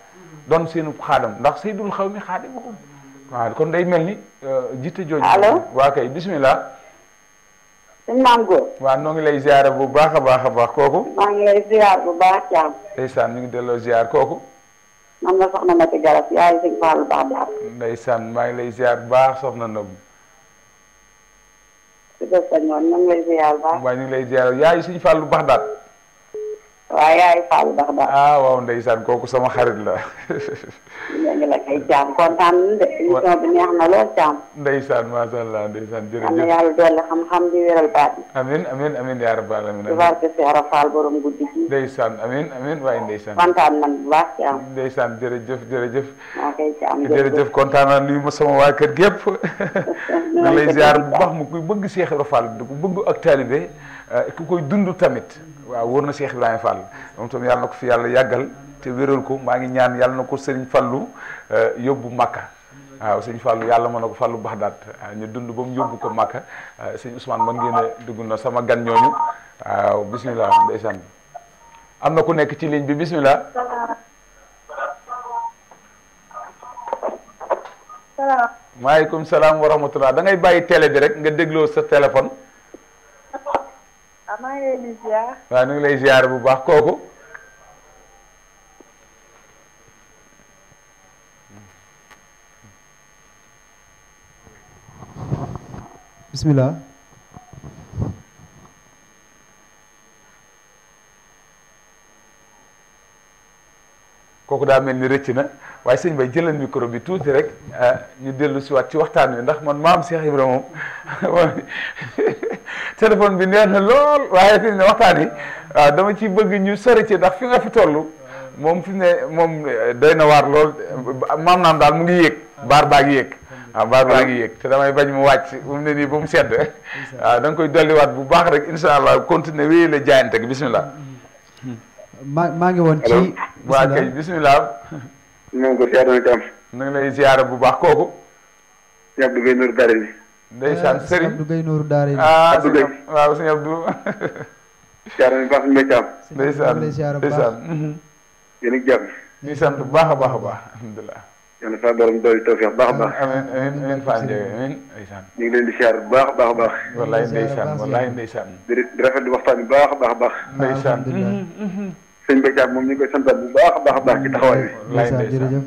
doon seenu xaadam ndax saydul xaw mi xaadimuhum kon day mel ni euh, jiite jooju. allo waa kay bismillah. sëñ noo ngi lay ziar bu baax a baax a baax kooku. maa ngi lay ziar bu baax Thiam. ndeysaan ngi delloo ziar kooku. man soxna Mati maa ngi lay ziar bu baax soxna Ndom. su dee sañoon ñu ngi lay ziar baax. waaye ñu ngi lay Ah, waaw yaayu Fallou Bax kooku sama xarit la. ñu ngi la koy kontaan nañu de. émission bi neex na na yàlla dolli ndeysaan amiin ndeysaan. kontaan nañu bu baax kontaan naa nuyu ma sama waa kër ku koy dund tamit waaw wóor na Cheikh Ibrahima Fall moom tam yàlla na ko fi yàlla yàggal te wéral ko maa ngi ñaan yàlla na ko sëriñ Fallu euh, yóbbu Makka waaw sëñ Fallu yàlla mën na ko Fallu Baxdaat ñu dund ba mu yóbbu ko Makka sëñ Ousmane mën ngeen a dugg na sama gan ñooñu waaw bismillah ndeysaan am na ku nekk ci ligne bi bismillah salaam. maaleykum salaam wa rahmatullah da ngay bàyyi télé bi rek nga dégloo sa téléphone. Ah, maa ngi lay bu baax kooku. bismillah. kooku daa mel ni rëcc na waaye sëñ bay jëlal micro bi tuuti rek ah, ñu dellu si waat ci waxtaan wi ndax man maam Cheikh Ibrahima moom. téléphone bi neex na lool waaye fi ne waxtaan yi waaw dama ci bëgg ñu sori ci ndax fi nga fi toll moom fi ne moom eh, doy na waar lool eh, maam naam mu ngi yéeg baar baa ngi yéeg waaw baar baa ngi yéeg te damay bañ mu wàcc mu ne nii ba mu sedd waaw danga koy dolliwaat bu baax rek incha allah continuer wéy la jaayante gi bisimilah maa maa ngi woon ci waa kay bisimilah ñu ngi ko siyaar tam ñu ngi lay siyaara bu baax kooku Abdou Gueye Nour Darayni ndeysaan eh, sëriñ du gay nooru daara yi ah du gay waaw sëñ Abdou siyaare baax ñu mbéccaam ndeysaan ndeysaan yéen ak jàmm ñu sant bu baax a baax a baax alhamdulilah yàlla saa borom dool tawfiq baax a baax amiin amiin amiin Fane Ndiaye amiin ndeysaan ñu ngi leen di siyaar bu baax a baax a baax wallaay ndeysaan wallaay ndeysaan di rafet di waxtaan bu baax a baax a baax ndeysaan sëñ mbéccaam moom ñu koy santaat bu baax baax baax ci taxawaay bi wallaay ndeysaan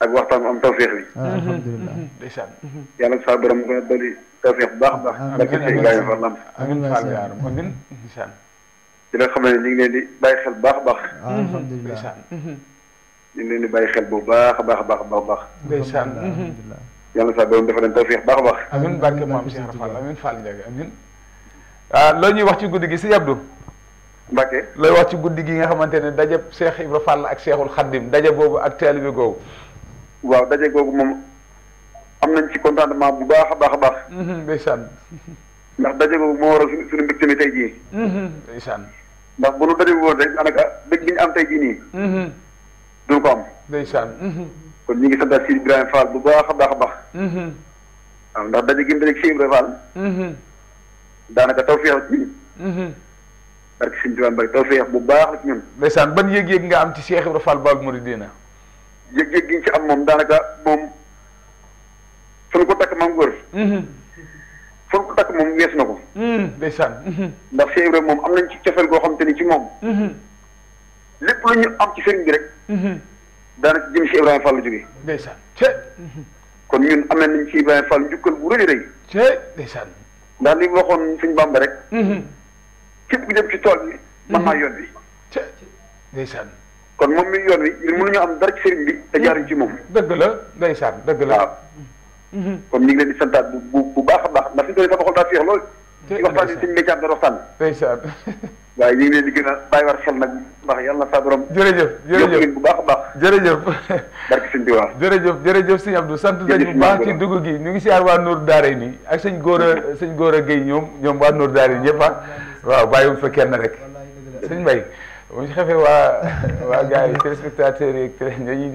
ak waxtaan am tawféex bi. alhamdulilah ndeysaan. yàlla saa borom ko dolli tawféex bu baax baax. amiin amiin barke Ibrahima Lam. amiin amiin ndeysaan. ci la xam ne ñu ngi di bàyyi xel bu baax a baax. alhamdulilah ngi di bàyyi xel bu baax a baax a baax a baax. ndeysaan. yàlla borom dafa leen tawféex baax Cheikh ah ñuy wax ci Mbacke wax ci nga Cheikh Fall ak Cheikhul Khadim ak waaw daje googu moom am nañ ci contentement bu baax a baax a baax. Mhm, ndeysaan. ndax daje googu moo waral suñu suñu mbégte mi tey jii. Mhm, ndeysaan. ndax bu nu daje woon rek daanaka dëgg bi ñu am tey jii nii. Mhm. du ko am. ndeysaan. kon ñu ngi santaat si Ibrahima Fall bu baax a baax baax. waaw ndax daje gi mu daje si Ibrahima Fall. daanaka taw feex ci ñun. barke Sëñ Tuubaa bari taw feex bu baax la ci ñun. ndeysaan ban yëg-yëg nga am ci Cheikh Ibrahima Fall Baol Mouridina. yëg-yëg gi ñu ci am moom daanaka moom fu ñu ko takk maam góor. Mhm. fu ñu ko takk moom wees na ko. Mhm. Mhm. ndax Cheikh Ibrahima moom am nañ ci cofeel goo xam te ni ci moom. lépp lu ñu am ci sëriñ bi rek. daanaka jëm Cheikh Ibrahima Fall la jógee. ndeysaan kon ñun amee nañ ci Ibrahima Fall njukkal bu rëy rëy. ndeysaan. ndax li mu waxoon suñu Bàmba rek. képp ku dem ci tool bi. mën naa yoon bi. ndeysaan. kon moom mi yoon wi ñun mënuñoo am dara ci sëriñ bi te jaaruñ ci moom. dëgg la ndeysaan dëgg la. waaw. kon ñu ngi leen di santaat bu bu bu baax a baax ndax fi ñu doon lool. ci waxtaan bi suñu mbéycaat doon waaye ñu leen di gën a bàyyiwaat xel nag ndax yàlla na saa borom. jërëjëf jërëjëf bu baax a baax. jërëjëf. barke sëñ waaw. jërëjëf jërëjëf sëñ Abdou sant nañu bu baax ci dugg gi ñu ngi si ar waa Nour Daare nii ak sëñ Góora sëñ Góora Guèye ñoom ñoom waa Nour Daare ñëpp a ah. waaw bàyyi bàyyiwul fa kenn rek sëñ mbay bu ñu xefee waa waa gars yi téléspectateurs yi dañuy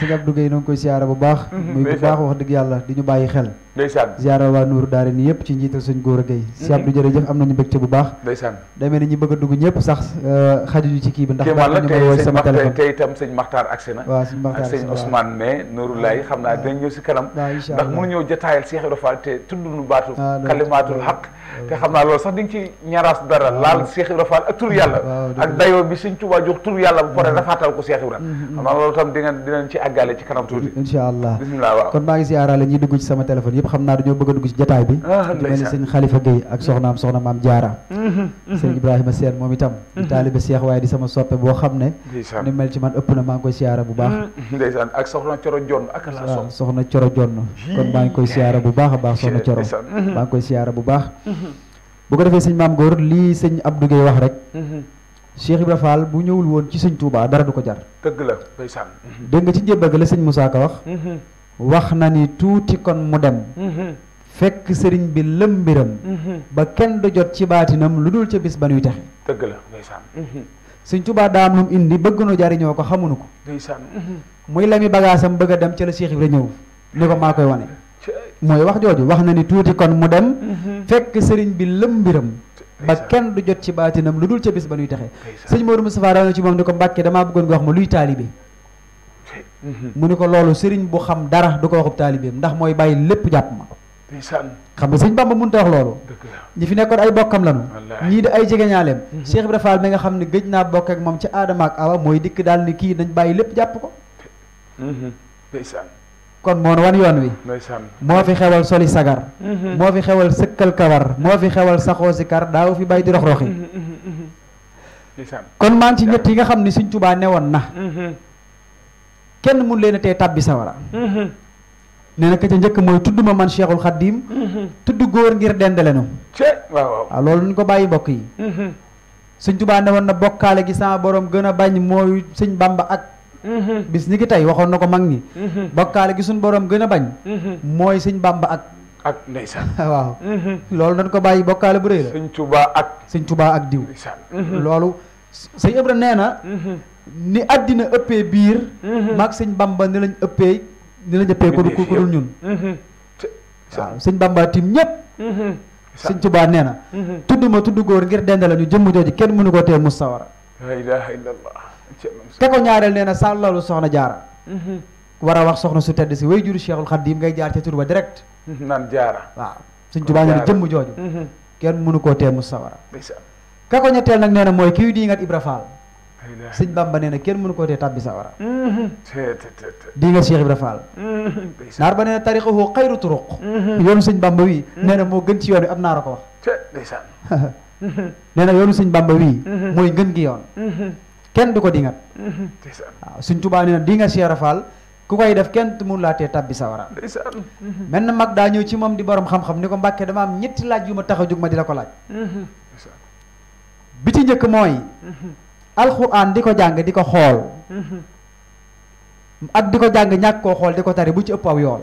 jël koy siyaara bu baax. Hmm. muy bu baax wax dëgg yàlla di ñu bàyyi xel. ndeysaan siyaara waa Nuuru Daara nii yëpp ci njiital sëñ Góora Gueye. Hmm. si Abdou jërëjëf am nañu mbégte bu baax. ndeysaan demee na ñu bëgg a dugg ñëpp sax euh, xajuñu ci kii bi ndax. daal di ñu mën a woowee sama téléphone tey itam sëñ Maxtaar agsi na. waaw sëñ Maxtaar ak sëñ Ousmane mais Nuuru hmm. Laay xam naa dinañ ñëw si kanam. waaw incha allah ndax mënuñoo jotaayal Cheikh Ibra Fall te tudd nu baatu. waaw ah, kalimatul te xam naa loolu sax di nga ci ñaraas dara laal Cheikh Ibra Fall ak tur mm. yàlla ak dayoo bi Sëñ Tuubaa jox tur yàlla bu pare mm. rafaatal ko Cheikh Ibra mm-hmm. xam naa kon maa ngi siyaaraale ñuy dugg sama téléphone yëpp xam a dugg ci jataay bi ah, mel ni sëñ Khalifa Gueye ak soxnaam soxna maam Jaara mm-hmm. sëñ Ibrahima Seen moom itam mm-hmm. di taalibe Cheikh boo xam ne ni mel na maa koy siyaara bu baax ndeysaan ak soxna Coro Jonn ak la soxna kon maa ngi koy siyaara bu baax a baax soxna maa ngi koy siyaara bu baax bu ko defee sëñ maam góor lii sëñ Abdou Guèye wax rek mhm. Cheikh Ibra Fall bu ñëwul woon ci sëñ tuubaa dara du ko jar dëgg la ndeysaan mhm. dégg nga ci njëbbal ga la sëñ Moussa Ka wax mhm. wax na ni tuuti kon mu dem fekk sëriñ bi lëmbiram ba kenn du jot ci baatinam lu dul ca bis ba nuy texe dëgg la ndeysaan sëñ Touba daam lu mu indi bëgg nu jariñoo ko xamuñu ko ndeysaan muy lami bagaasam bëgg a dem ca la Cheikh Ibra ñëw ni ko maa koy wane mooy wax jooju wax na ni tuuti kon mu dem mhm. fekk sëriñ bi lëm mbiram ba kenn du jot ci baatinam lu dul ca bis ba nuy taxe sëñ Modou Moustapha daana ci moom ni ko Mbàkke damaa bëggoon nga wax ma luy taalibe mhm. mu ni ko loolu sëriñ bu xam dara du ko waxub taalibeem ndax mooy bàyyi lépp jàpp ma xam nga sëñ Bamba mënta wax loolu ñi fi nekkoon ay bokkam lanu ñii di ay jegeñaaleem mhm. Cheikh Ibra Fall mi nga xam ne gëj naa bokk ak moom ci aadama ak mooy dikk daal kii nañ bàyyi lépp jàpp ko kon moon wan yoon wi moo fi xewal soli sagar mhm. moo fi xewal sëkkal kawar moo fi xewal saxoo si kar daaw fi bay di rox roxi mhm, mhm, kon maa ci ñett yi nga xam ni Sëñ Tuubaa newoon na kenn mun leen a tee sa sawara nee na ka ca njëkk mooy tudd ma man Cheikhul Khadim tudd góor ngir dendelenu waaw waaw ah, loolu ñu ko bàyyi mbokk yi Sëñ Tuubaa newoon na bokkaale gi sama borom gën a bañ mooy Sëñ Bamba ak bis ni ki tey waxoon na ko mag ñi bokkaale gi suñ borom gën a bañ mooy sëñ bàmba ak ak ndeysaan waaw loolu dañ ko bàyyi bokkaale bu rëy la sëñ tubaa ak sëñ tubaa ak diw loolu sëñ Ibra nee na ni àddina ëppee biir maag sëñ bàmba ni lañ ëppee ni lañ ëppee ko du ko dul ñun waaw bàmba tim ñépp sëñ tubaa nee na tudd ma tudd góor ngir dend la jëmm jooju kenn mënu ko tee mus te ko ñaareel nee na sa loolu soxna jaara mhm. war a wax soxna su tedd si way juru Cheikhul Khadim ngay jaar ca tur ba direct mhm. naan jaara waaw suñ tubaa nee na jëmm jooju mhm. kenn mënu koo tee sa sawara ka ko ñetteel nag nee na mooy kii di ngat Ibra Fall sëñ Bamba nee na kenn mënu koo tee tàbbi sawara di nga Cheikh Ibra Fall naar ba nee na tariqahu xayru turuq yoonu sëñ Bamba wi nee moo gën ci yoon wi am naara ko wax nee na yoonu sëñ Bamba wi mooy ngën gi yoon ken du ko dingat waaw suñ tubaa nee na di nga Cheikh Fall ku koy def kenn mun laa tee tabbi sawara men na mag da ñëw ci di borom xam-xam ni ko mbàkke dama am ñetti laaj yu ma tax a ma di la ko laaj mhm. bi ci njëkk mooy mhm. alxuraan di ko jàng di ko xool mhm. ak di ko jàng ñàkk di ko tari bu ci ëpp aw yool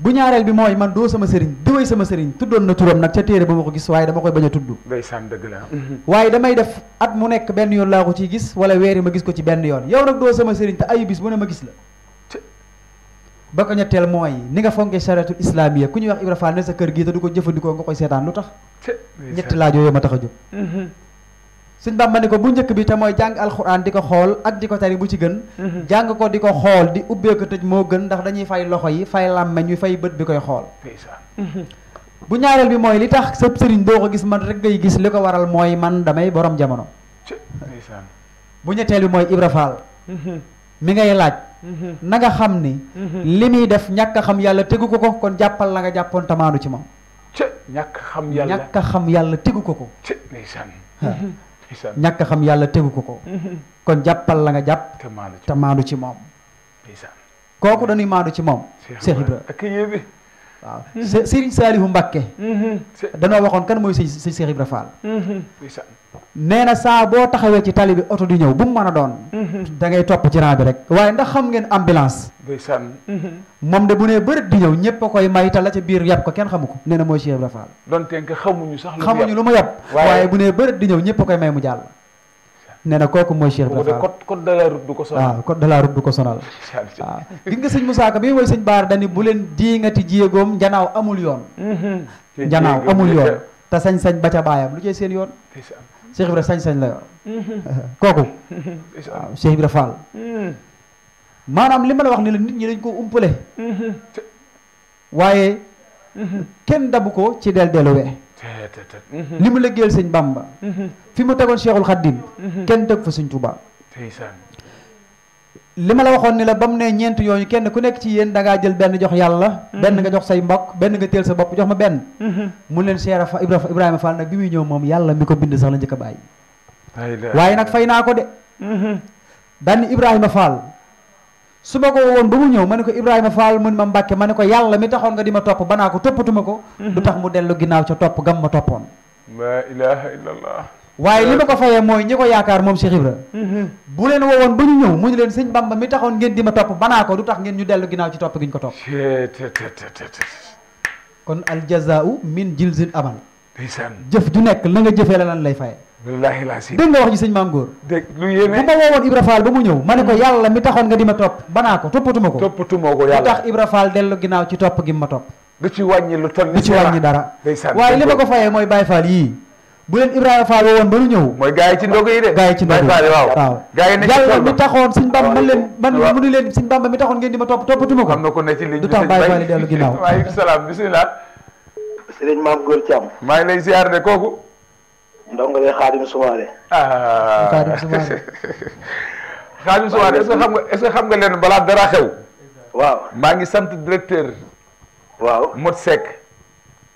bu ñaarel bi moy man do sama sering way sama serigne tudon na turam nak ca téré ba ma ko gis waaye dama koy baña tuddu tudd ndeysaan la mm-hmm. waaye damay def at mu nek ben yoon la ko ci gis wala wéri ma gis ko ci ben yoon yow nak do sama sering, te ayu bis mo ne ma gis la ba ko ñettel moy ni nga fonké sharatu islamiyya ku ñu wax Ibra Fall ne sa kër gi te du ko jëfëndiko nga koy seetaan lutax ñett la suñ bamba ko bu njëkk bi te mooy jàng alxuraan di ko xool ak di ko tari bu ci gën mhm. jàng ko di ko xool di ubbee ko tëj moo gën ndax dañuy fay loxo yi fay làmmeñ wi fay bët bi koy xool mhm. bu ñaareel bi mooy li tax sëb sëriñ doo ko gis man rek ngay gis li ko waral mooy man damay borom jamono bu ñetteel bi mooy Ibra Faal mhm. mi ngay laaj na nga xam ni li muy def ñàkk xam yàlla tegu ko ko kon jàppal la nga jàppoon tamaanu ci moom ñàkk xam yàlla ñàkk xam yàlla tegu ko ko ñàkk xam yàlla tegu ko ko kon jàppal la nga jàpp te maandu ci moom kooku dañuy maandu ci moom Cheikh Ibra waaw Serigne Saliou Mbacké danoo waxoon kan mooy sëñ Cheikh Ibra nee sa bo taxawé ci talibi bi di ñew bu mu mëna a doon. Mhm. da ngay top ci rang bi rek waye ndax xam ngeen ambulance. ndeysaan. mom mhm. de bu ne beur di ñew ñepp koy may ta la ci biir yab ko kenn xamuko ko moy Cheikh rafal don donte nga xamuñu sax. lu xamuñu lu mu yab. waaye bu ne beur di ñew ñepp a koy may mu jall nee koku moy Cheikh rafal ko ko de la route du ko sonal. waaw code de la route du ko sonal. gi nga seigne Moussa Ka bi moy seigne bar dani bu nga ti jiegom njanaaw amul yoon. Mhm. njanaaw amul yoon ta sañ-sañ ba ca bayam lu ci seen yoon Cheikh sañ-sañ la kooku waaw Cheikh Ibra hmm. maanaam li ma la wax ni la nit ñi dañ ko umpale hmm. waaye hmm. kenn dabu ko ci del delluwe li mu liggéeyal sëñ Bamba fi mu tegoon Cheikhul Khadim kenn teg fa sëñ Touba lima la waxone ni la bam ne ñent yoyu kenn ku nekk ci yeen da nga jël ben jox yalla mm-hmm. ben nga jox say mbokk ben nga teel sa bop jox ma ben mm-hmm. mu len Cheikh Rafa ibrahim Fall nak bi muy ñew mom yalla mi ko bind sax la njëkk a bàyyi. waaye nag ko de. daan mm-hmm. ibrahim Fall su ko woon ba mu ñëw ma Fall mun ma mbacke ma yalla ko mi taxon nga di top banako ba ko mu delu ginaaw ci top gam ma topon la ilaha illallah. waaye li ma ko euh, fayee mooy ñi ko yaakaar moom Cheikh Ibra mhm. bu leen woowoon ba ñu ñëw mu ñu leen sëñ Bamba mi taxoon ngeen di ma topp banaa ko du tax ngeen ñu dellu ko topp kon aljazaau min jilzin amal jëf ju nekk la nga jëfee nga wax ji sëñ maam góor dégg lu yéeme bu ma woowoon Ibra Fall ba mu ne ko mhm. yàlla mi taxoon nga di ma topp banaa ko toppatuma ko toppatuma ko yàlla tax Ibra Fall dellu ginnaaw ci topp gi ma topp du lu toll du ci wàññi dara waaye li ma ko fayee mooy Baye Fall yii bu leen Ibrahima Fall woon ba ñu ñëw. mooy gars yi ci ndog yi de. gars yi ci ndog yi waaw waaw. gars yi nekk ci tool ba yàlla mi leen man mu ni leen suñ bamba mi taxoon ngeen di ma topp toppatuma ko. am na ko ne ci ligne bi du tax bàyyi wàllu dellu ginnaaw. waaleykum maa ngi lay ziar de kooku. ndongo de Xaadim Soumaré. ah Xaadim Soumaré. Xaadim Soumaré xam nga est ce que xam nga leen balaa dara xew. maa ngi sant directeur. waaw mot Seck.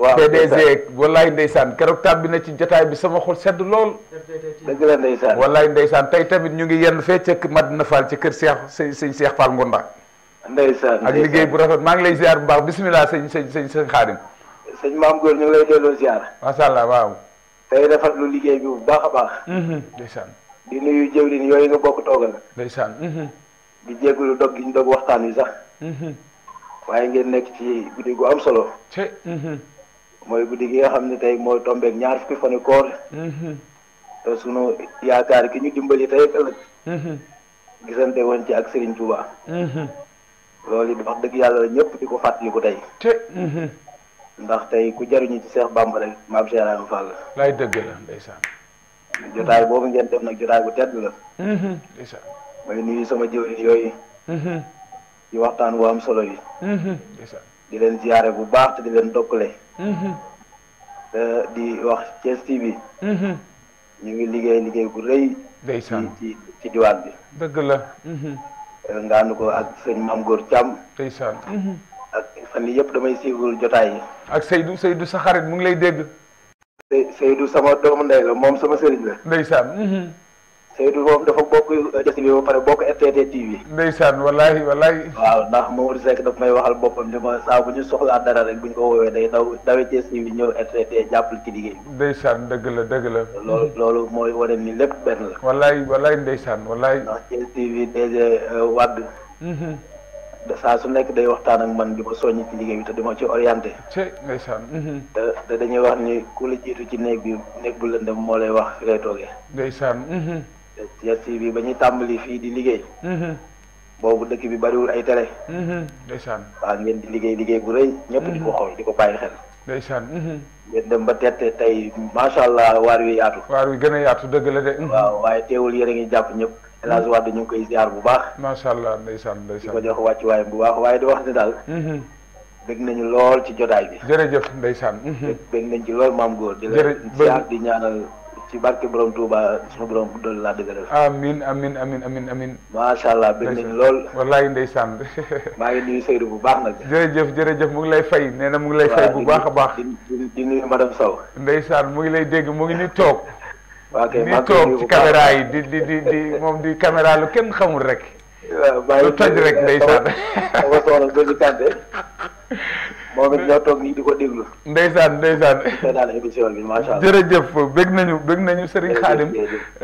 waaw PDG wallaay ndeysaan keroog tàbbi na ci jotaay bi sama xol sedd lool. dëgg la ndeysaan wallaay ndeysaan tey tamit ñu ngi yenn fee ca Madina Fall ci kër Cheikh sëñ sëñ Cheikh Fall Ngonda. ndeysaan ak liggéey bu rafet maa ngi lay ziar bu baax bisimilah sëñ sëñ sëñ sëñ Xaadim. sëñ maam góor ñu ngi lay delloo ziar. macha allah waaw. tey rafet lu liggéey bi bu baax a baax. Mhm, ndeysaan. di nuyu jëwriñ yooyu nga bokk toogal. ndeysaan. Mhm. di jégalu dog gi ñu dog waxtaan wi sax. Mhm. waaye ngeen nekk ci guddi gu am solo. mooy guddi gi nga xam ne tey mooy tombeek ñaar fukki fanu koor mm-hmm. te sunu yaakaar ki ñu dimbali tey ëllëg mm-hmm. gisante woon ci ak Serigne Touba mm-hmm. loolu it wax dëgg yàlla ñëpp di ko fàttaliku tey ndax tey ku jariñu ci Seex Bàmba rek maam Cheikh Ibrahima Fall lay dëgg la ndeysaan jotaay boobu ngeen def nag jotaay bu tedd la ndeysaan mooy nuyu sama jëwriñ yooyu ci waxtaan bu am solo yi di leen ziyaare bu baax te di leen dokkale Mm-hmm. di wax Thiès TV. Mm-hmm. ñu ngi liggéey liggéey bu rëy. ndeysaan ci ci diwaan bi. dëgg la. Mm-hmm. nga ànd ko ak sëñ Mame Gor Thiam. ndeysaan. ak fan yii yëpp damay suivre jotaay yi. ak Seydou Seydou sa xarit mu ngi lay dégg. Seydou sama doomu ndey la moom sama sëriñ la. ndeysaan. Seydou moom dafa bokk dëkk bi ba pare bokk RTT TV. ndeysaan wallaahi wallaahi. waaw ndax Mamadou Seck daf may waxal boppam ne ma saa bu ñu soxlaa dara rek bu ñu ko woowee day daw dawee Thiès TV ñëw RTT jàppal ci liggéey bi. ndeysaan dëgg la dëgg la. loolu mooy wane ni lépp benn la. wallaahi wallaahi ndeysaan wallaahi. ndax Thiès TV de euh, Wade. Mhm. saa su nekk day waxtaan ak man di ma soññ ci liggéey bi te di ma ci orienté. Mhm. te ndeysaan. te dañuy wax ni ku la jiitu ci néeg bi néeg bu lëndëm moo lay wax fi ngay toogee. CRC bi ba ñuy tàmbali fii di liggéey. Mm-hmm. boobu dëkk bi bariwul ay télé. Mm-hmm. ndeysaan waaw ngeen di liggéey liggéey bu rëy. ñëpp di ko mm-hmm. xool di ko bàyyi xel. ndeysaan. ngeen dem ba tette tey macha allah waar wi yaatu. waar wi gën a yaatu dëgg la de. waaw waaye teewul yéen a ngi jàpp ñëpp. El Hadj Wade ñu koy ziar bu baax. macha allah ndeysaan ndeysaan di ko jox wàccuwaayam bu baax waaye di wax ne daal. bëgg nañu lool ci jotaay bi. jërëjëf ndeysaan. bëgg nañ ci lool maam góor. di la ziar di ñaanal. ci barke borom Touba suñu borom dool laa dëgëral. amin amin amin amin amin. macha allah bëgg nañ lool. wallaay ndeysaan. maa ngi bu baax nag. jërëjëf jërëjëf mu ngi lay fay nee na mu ngi lay fay bu baax a baax. di di nuyu ndeysaan mu ngi lay dégg mu ngi ni toog. waa kay ni toog ci caméra yi di di di moom di caméra lu kenn xamul rek. waaw bàyyi lu toj rek ndeysaan. moom it ñoo toog nii di ndeysaan ndeysaan. daal émission bi macha allah jërëjëf bëgg nañu bëgg nañu Serigne Khadim.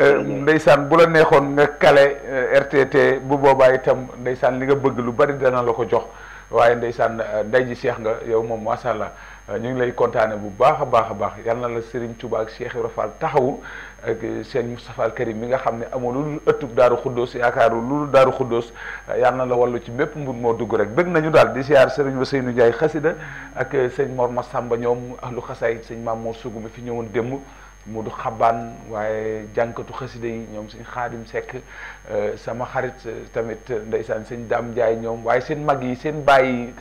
Euh, ndeysaan bu la neexoon nga kale euh, RTT bu boobaa itam ndeysaan li nga bëgg lu bari dana la ko jox waaye ndeysaan euh, nday ji Cheikh nga yow moom macha allah ñu ngi lay kontaane bu baax a baax a baax yal na la Serigne Touba ak Cheikh Ibra Fall taxawu. ak seen Moustapha al mi nga xam ne amul lu ëttub daaru xuddoos yaakaaru lu daaru xuddoos yal na la wallu ci bépp mbir moo dugg rek bëgg nañu daal di siyaar sëriñ Ousseynou Ndiaye xasida ak sëñ Mor Massamba ñoom ahlu xasaay sëñ Mamour Sougou mi fi ñëwoon démb mu du xabaan waaye jànkatu xasida yi ñoom sëñ Xaadim Seck euh, sama xarit euh, tamit ndeysaan sëñ Dame Ndiaye ñoom waaye seen mag yi seen bàyyi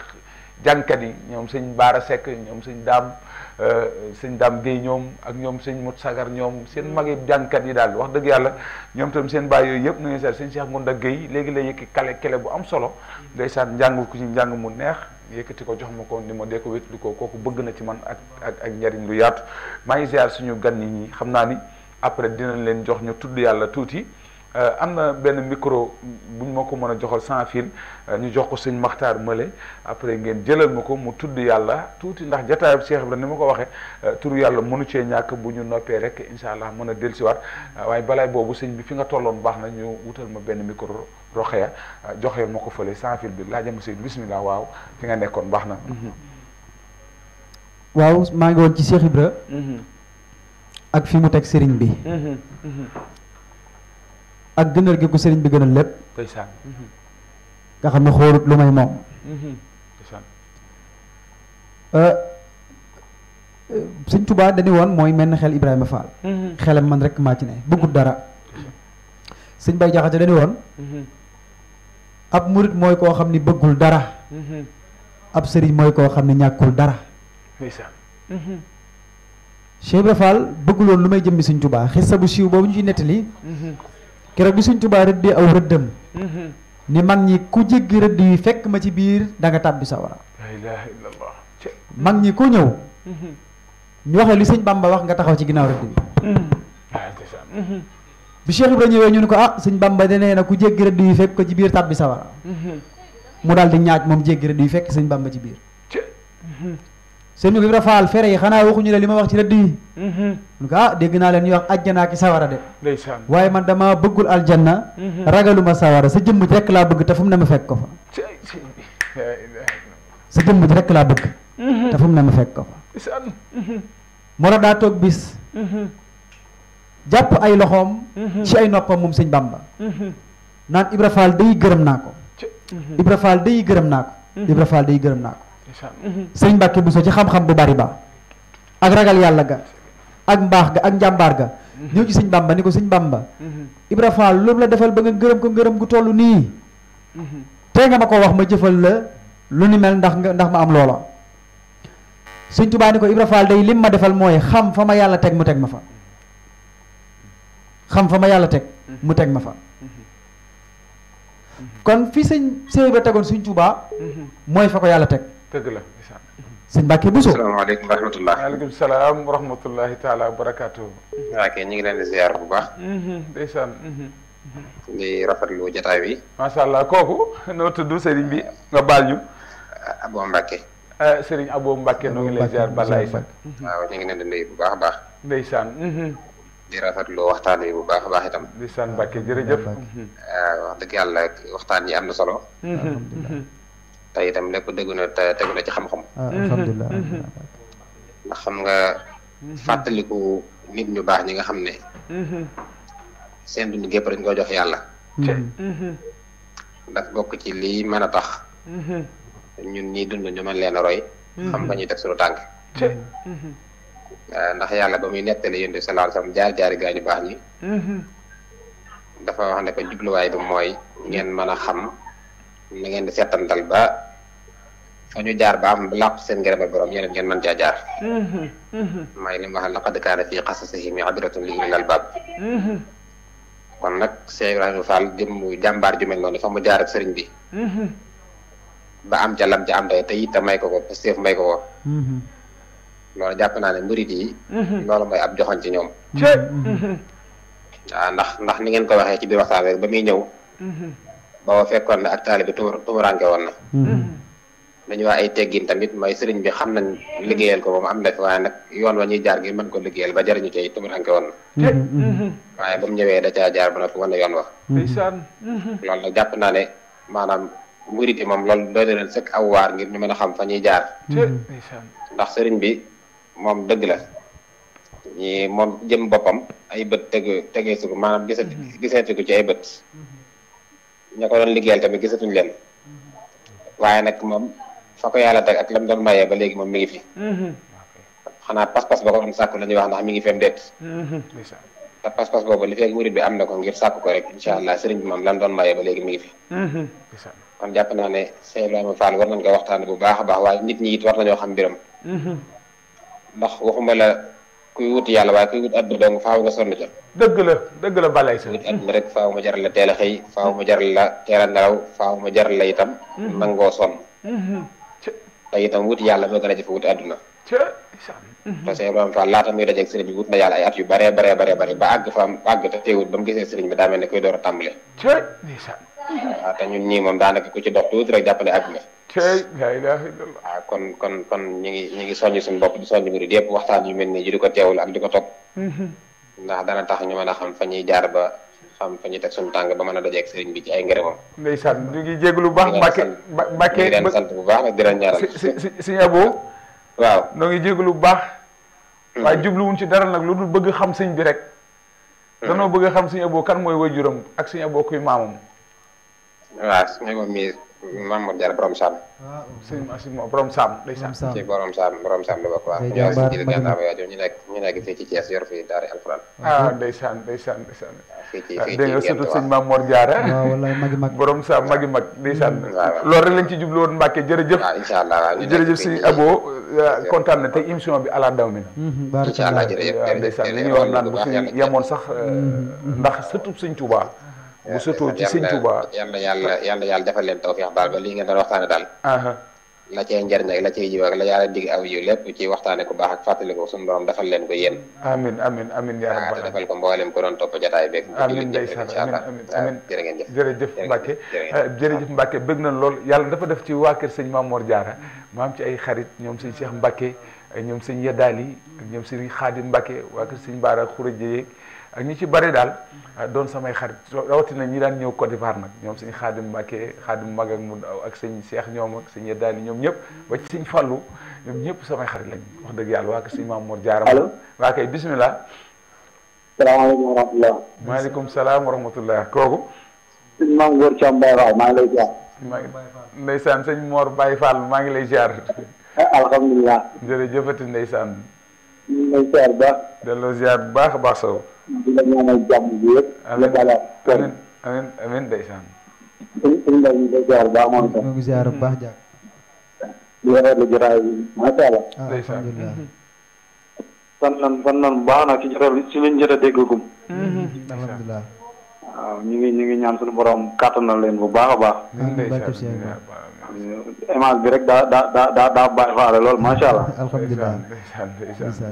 jànkat yi ñoom sëñ Baara sekk ñoom sëñ Dame Euh, sëñ daam géey ñoom ak ñoom sëñ Mot Sagar ñoom seen magi jàngkat yi daal wax dëgg yàlla ñoom tam seen baay yooyu yëpp nañu seet sëñ Cheikh Ngounda Guèye léegi la yëkki kale kele bu am solo ndeysaan njàng ku ci njàng mu neex yëkkati ko jox ma ko ni ma dee ko wétlu ko kooku bëgg na ci man ak ak ak njariñ lu yaatu maa ngi suñu gan yi ñi xam naa ni après dinañ leen jox ñu tudd yàlla tuuti Euh, am na benn micro ñu ma ko mën a joxal sans fil euh, ñu jox ko sëñ Maxtaar Mële après ngeen jëlal ma ko mu tudd yàlla tuuti ndax jataayub Cheikh Ibra ni ma ko waxee euh, turu yàlla mënu cee ñàkk bu ñu noppee rek incha allah mën a dellusiwaat waaye balaay boobu sëñ bi fi nga tolloon baax na ñu wutal ma benn micro roxeya joxee ma ko fële sans fil bi laajama sëñ bismillah waaw fi nga nekkoon baax na mhm. waaw maa ngi woon ci Cheikh Ibra mhm. ak fi mu teg sëriñ bi mhm, ak gënal gi ko sëriñ bi gënal lépp nga xam ne xóorut lu may moom mhm. euh, sëñ Tuubaa dañu woon mooy menn xel Ibrahima Fall mhm. xelam man rek maa ci ne bëggul dara sëñ Bay Jaxate dañu woon mhm. ab murit mooy koo xam ni bëggul dara ab sëriñ mooy koo xam ne ñàkkul dara Cheikh Ibrahima Fall bëgguloon lu may jëmmi sëñ Tuubaa xis sa bu siiw boobu ñu ci nettali keroog bi Sëñ Tuubaa rëddee aw rëddam mhm. ni mag ñi ku jéggi rëdd yi fekk ma ci biir da nga tàbbi sawara la ilaha mag ñi ku ñëw mhm. ñu waxee li sëñ Bamba wax nga taxaw ci ginnaaw rëdd bi mhm. ah, bi Cheikh Ibrahima ñëwee ñu ne ko ah suñ Bamba de nee na ku jéggi rëdd yi fekk ko ci biir tàbbi sawara mu daal di ñaaj moom jéggi rëdd yi fekk sëñ Bamba ci biir sëñ Ibra Faal fere yi xanaa waxuñu la li lima wax ci rëdd yi mhm. mu ko ah dégg naa leen wax aljana ki sawara de waye man dama bëggul mhm. ragaluma sawara sa jëm ji rekk laa bëgg ta fu mu ma fekk ko fa sa jëm ji bëgg mhm. ta fu ma fekk ko fa bis japp ay loxom ci ay noppam mum sëñ Bamba nan Ibra Faal day gërëm nako ko Ibra day gërëm nako ko Ibra day gërëm nako Mhm. sëñ Mbàkke so ci xam-xam bu bari ba ak ragal yàlla ga ak mbaax ga ak njàmbaar ga mhm. ñëw ci sëñ Bamba ni ko suñ Bamba mhm. Ibra Faal loolu la defal ba nga gërëm ko ngërëm gu toll nii tey nga ma ko wax ma jëfal la lu ni mel ndax nga ndax ma am loola sëñ Tuubaa ni ko Ibra Faal day lim ma defal mooy xam fa ma yàlla teg mu teg ma fa xam fa ma yàlla teg mu teg ma fa kon fi sëñ Séex Ibra tegoon sëñ Tuubaa mooy fa ko yàlla teg dëgg la isaan. sëñ Mbacke Bousso. asalaamaaleykum wa rahmatulah. waaleykum salaam wa rahmatulahi taala ñu ngi leen di ziar bu baax. Mhm, ndeysaan. Mhm. di rafetlu jotaay macha allah kooku noo tudd Serigne bi nga baal ñu. Abo Mbacke. Eh, Serigne Abo Mbacke noo ngi lay ziar balaay sax. Mhm. waaw ñu bu baax a baax. ndeysaan. di rafetlu waxtaan wi bu baax a baax itam. ndeysaan Mbacke jërëjëf. Eh, wax dëgg yàlla waxtaan yi am na solo. te itam lépp dëggu te tegu na ci xam-xam ah, mm-hmm. Mm-hmm. ndax xam nga mm-hmm. fàttaliku nit ñu baax ñi nga xam ne seen dund gépp dañ ko jox yàlla daf bokk ci lii mën a tax ñun ñii dund ñu mën leen a roy xam ba ñuy teg suñu tànk ah, ndax yàlla ba muy nettali yonent bi sallallahu alayhi wasallam jaar-jaari gaa ñu baax ñi dafa wax ne ko jubluwaay bi mooy ngeen mën a xam na ngeen di seetantal ba fa ñu jaar ba am làq seen ngërëmal borom yéen ngeen mën caa jaar. may li mu wax laqad kaana fii qasasihim ibratun li ulil albaab. kon nag Cheikh Ibrahima Fall jëm jàmbaar ju mel noonu fa mu jaar ak sëriñ bi. ba am ca lam ca am day te it may ko ko Pastef may ko ko. loolu jàpp naa ne murid yi. loolu mooy ab joxoon ci ñoom. ndax ndax ni ngeen ko waxee ci biir waxtaan rek ba muy ñëw. boo fekkoon ne ak taalibe bi tumuraanke woon na. nañu waa ay teggin tamit mooy sëriñ bi xam nañ liggéeyal ko moom am na fi waaye nag yoon wa ñuy jaar gi mën ko liggéeyal ba jariñu tey tumuranke woon na mm-hmm. mm-hmm. waaye ba mu ñëwee da caa jaar ba na fi wane yoon wax mm-hmm. loolu nag jàpp naa ne maanaam murit yi moom loolu doy na leen sëkk aw ñu mën a xam fa ñuy jaar ndax sëriñ bi moom dëgg la ñi moom jëm boppam ay bët tege tegee suko maanaam gisati gisatiku ci ay bët ña ko doon liggéeyal tamit gisatuñ leen waaye nag moom fa ko yàlla teg ak lam doon mayee ba léegi moom mi ngi fi mhm. xanaa pas-pas ba ko doon sàkku la ñuy wax ndax mi ngi fem déet mhm. te pas-pas boobu li bi am na ko ngir sàkku ko rek incha allah sëriñ bi moom lam doon mayee ba léegi mi ngi fi mhm. kon jàpp naa ne Sëñ Ibrahima Fall war nañ ko waxtaan bu baax a baax waaye nit ñi it war nañoo xam mbiram ndax waxuma la kuy wuti yàlla waaye kuy wut àdduna dong faaw nga sonn dëgg la balay sa wut àdduna rek faaw ma jaral la teel a xëy faaw jaral la teel a nelaw faaw ma jaral la itam nangoo sonn te itam wuti yàlla moo gën a jafe wuti àdduna mhm. parce que Ibrahima Fall laata muy dajeeg sëriñ bi wut na yàlla ay at yu baree baree baree bare ba àgg fa te teewut ba mu gisee sëriñ bi daa mel ne koy door a tàmbale waaw ah, te ñun ñii moom daanaka ku ci dox tuuti rek jàpp ah, kon kon kon ñu ngi ñu ngi soññ suñu bopp di soññ mbir yëpp waxtaan yu mel nii ji di ko teewul ak di ko topp mhm. ndax dana tax ñu mën a xam fa ñuy jaar ba xam fa ñu teg suñu tàng ba mën a ci ay ngërëmam. ndeysaan ñu ngi jéglu bu baax. Mbacke Mbacke di leen sant bu baax nag di leen ñaaral. si si si ngi jéglu bu baax. Hmm. waaye jubluwuñ ci dara nag lu dul bëgg xam sëñ bi rek. Hmm. danoo bëgg xam sëñ Abo kan mooy waajuram ak sëñ Abo kuy maamam. waaw Imam Munjar Promsam. Ah, sing masih mau Promsam, desa. Si Promsam, Promsam lo bakwa. Ya si tidak tahu ya jadi ah, ah, hmm, naik ini lagi si cici asir dari al Ah, desa, ya, desa, desa. Cici, cici. Dengan sudut sing Imam Munjar. Ah, wallahi magi mak. Promsam magi mak desa. Lo releng ci jublu won Mbacke jërëjëf. Ah, insyaallah. Jërëjëf si abu kontan nanti tey émission bi alam ndaw mi na. Insyaallah jërëjëf. Desa, ni ñu wax naan bu suñu yemoon sax ndax surtout Sëñ bu sotoo ci sëñ Tuubaa yàlla yàlla yàlla yàlla defal leen tawfeex daal ba lii ngeen doon waxtaane daal la cee njariñ ak la cee yiw la yàlla dig aw yiw lépp ci waxtaane ku ak fàttali ko suñu leen ko yéen amin amin ah, ko mboolem ko doon topp ah, jërë jëf jërëjëf Mbacke ah, jërëjëf Mbacke bëgg lool yàlla dafa def ci waa kër sëñ Mamour Diarra ma am ci ay xarit ñoom sëñ Cheikh Mbacke ñoom sëñ Yadaali ñoom sëñ Xaadim Mbacke waa kër sëñ Baara Xurajee ak ñi ci bari daal ah, doon samay xarit rawatina ñi daan ñëw Côte d'Ivoire nag ñoom sëñ Xaadim Mbàkke Xaadim mag ak mu ak sëñ Seex ñoom ak sëñ Yeddaani ñoom ñëpp ba ci sëñ Fallu ñoom ñëpp samay xarit lañ wax dëgg yàlla waa ko sëñ Maam Mor Jaara waa kay bismillah salaamaaleykum wa rahmatulah maaleykum salaam wa rahmatulah kooku sëñ Maam Góor Caam Baye Fall maa ngi lay jaar maa ngi ah, ndeysaan sëñ bu baax a baax sow di la ñaanal jàmm bi yëpp. amiin amiin amiin amiin ndeysaan. suñ suñ mbay mi day ziar baax moom sax. ñu ngi ziar bu baax jàpp. di rafetlu jotaay bi macha allah. Ah, alhamdulilah. fan nan fan nan baax na ci jotaay bi ci liñ alhamdulilah. waaw ñu ngi ñu ngi ñaan suñu borom kàttanal leen bu baax a baax. image bi rek daa daa daa daa bàyyi faale lool macha allah. alhamdulilah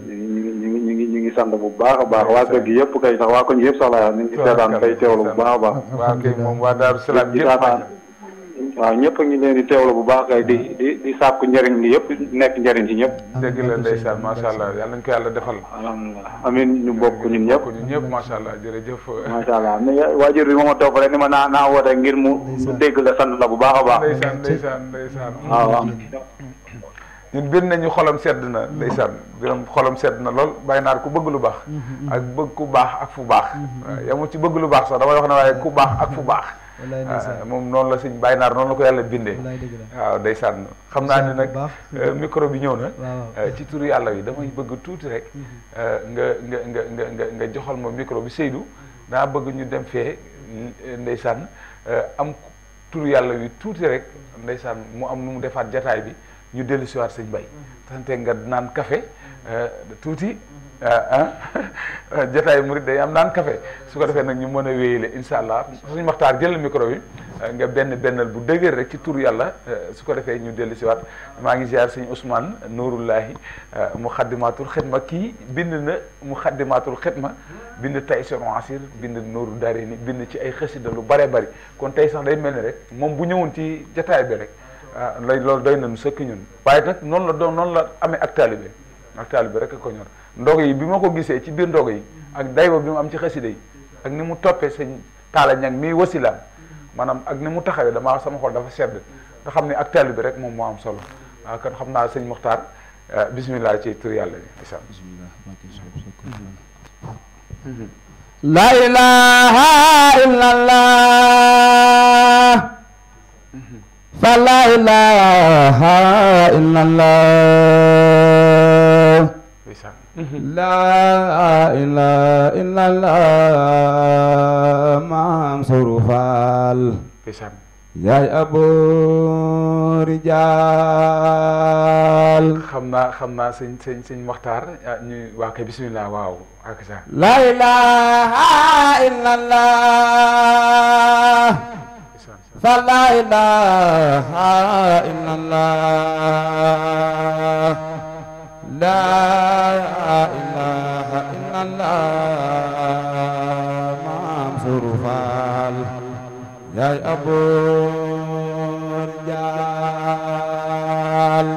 ñu ngi ñu ngi ñu ngi ñu ngi sant bu baax a baax waa kër gi yëpp kay sax waa koñ gi yëpp sax la ñu ngi seetaan kay bu baax a baax. waa kër waaw ñëpp ngi leen di teewlu bu baax kay di di di sàkku li yëpp nekk njariñ ci ñëpp. dëgg la ndeysaan macha allah yal nañu ko yàlla defal. alhamdulilah amiin ñu bokk ñun ñëpp. ñun ñëpp macha allah jërëjëf. macha allah mais waajur bi moom a topp rek ni ma naa naa woote ngir mu. dégg la sant la bu baax a baax. ndeysaan ndeysaan ndeysaan. waaw ñun biir nañu xolam sedd na ndeysaan biram xolam sedd na lool bàyyi naar ku bëgg lu baax. Mm-hmm. ak bëgg ku baax ak fu baax. waaw mm-hmm. yamul ci bëgg lu baax sax damay wax ku baax ak fu baax Ah, moom noonu la sëñ Baye Naar noonu la ko yàlla bindee waaw ndeysaan xam naa ni nag eh, micro bi ñëw na eh, ci turu yàlla yi damay bëgg tuuti rek mhm. eh, nga nga nga nga joxal ma micro bi Seydou daa bëgg ñu dem fee ndeysaan am turu yàlla wi tuuti rek ndeysaan mu am nu mu defaat jataay bi ñu dellu siwaat sëñ Baye mhm. nga naan café tuuti mhm. ah, ah. jotaayu murid day am naan kafe su ko defee nag ñu mën a wéyale incha allah suñu maxtaar jëlal micro bi ah, nga benn bennal bu dëgër rek ci tur yàlla ah, su ko defee ñu dellu siwaat maa ngi ziar sëñ Ousmane Nourullahi mu xaddimatul xidma kii bind na mu xaddimatul xidma bind tay sur ansir bind Nuuru Daarayni bind ci ay xasida lu bare bari kon tey sax day mel ni rek moom bu ñëwoon ci jotaay bi rek lay loolu doy nañu sëkk ñun waaye nag noonu la doon noonu la amee ak taalibe ak taalibe rek ko ñor ndog yi bi ma ko gisee ci biir ndog yi ak dayba bi mu am ci xasida yi ak ni mu toppee sëñ taala ñag mii wasilaam maanaam ak ni mu taxawee damaa sama xol dafa sedd te xam ne ak tali bi rek moom moo am solo waaw kon xam naa sëñ Muxtaar euh, bismillah ci tur laa ilaaha illallaah maam Suru Faal yaay aboo rijaal xam naa xam naa sëñ sëñ sëñ ah, bismillah waaw ak sa laa ilaaha illallaah fa laa ilaaha illallaah maam Suru Faal yaay aboor jaal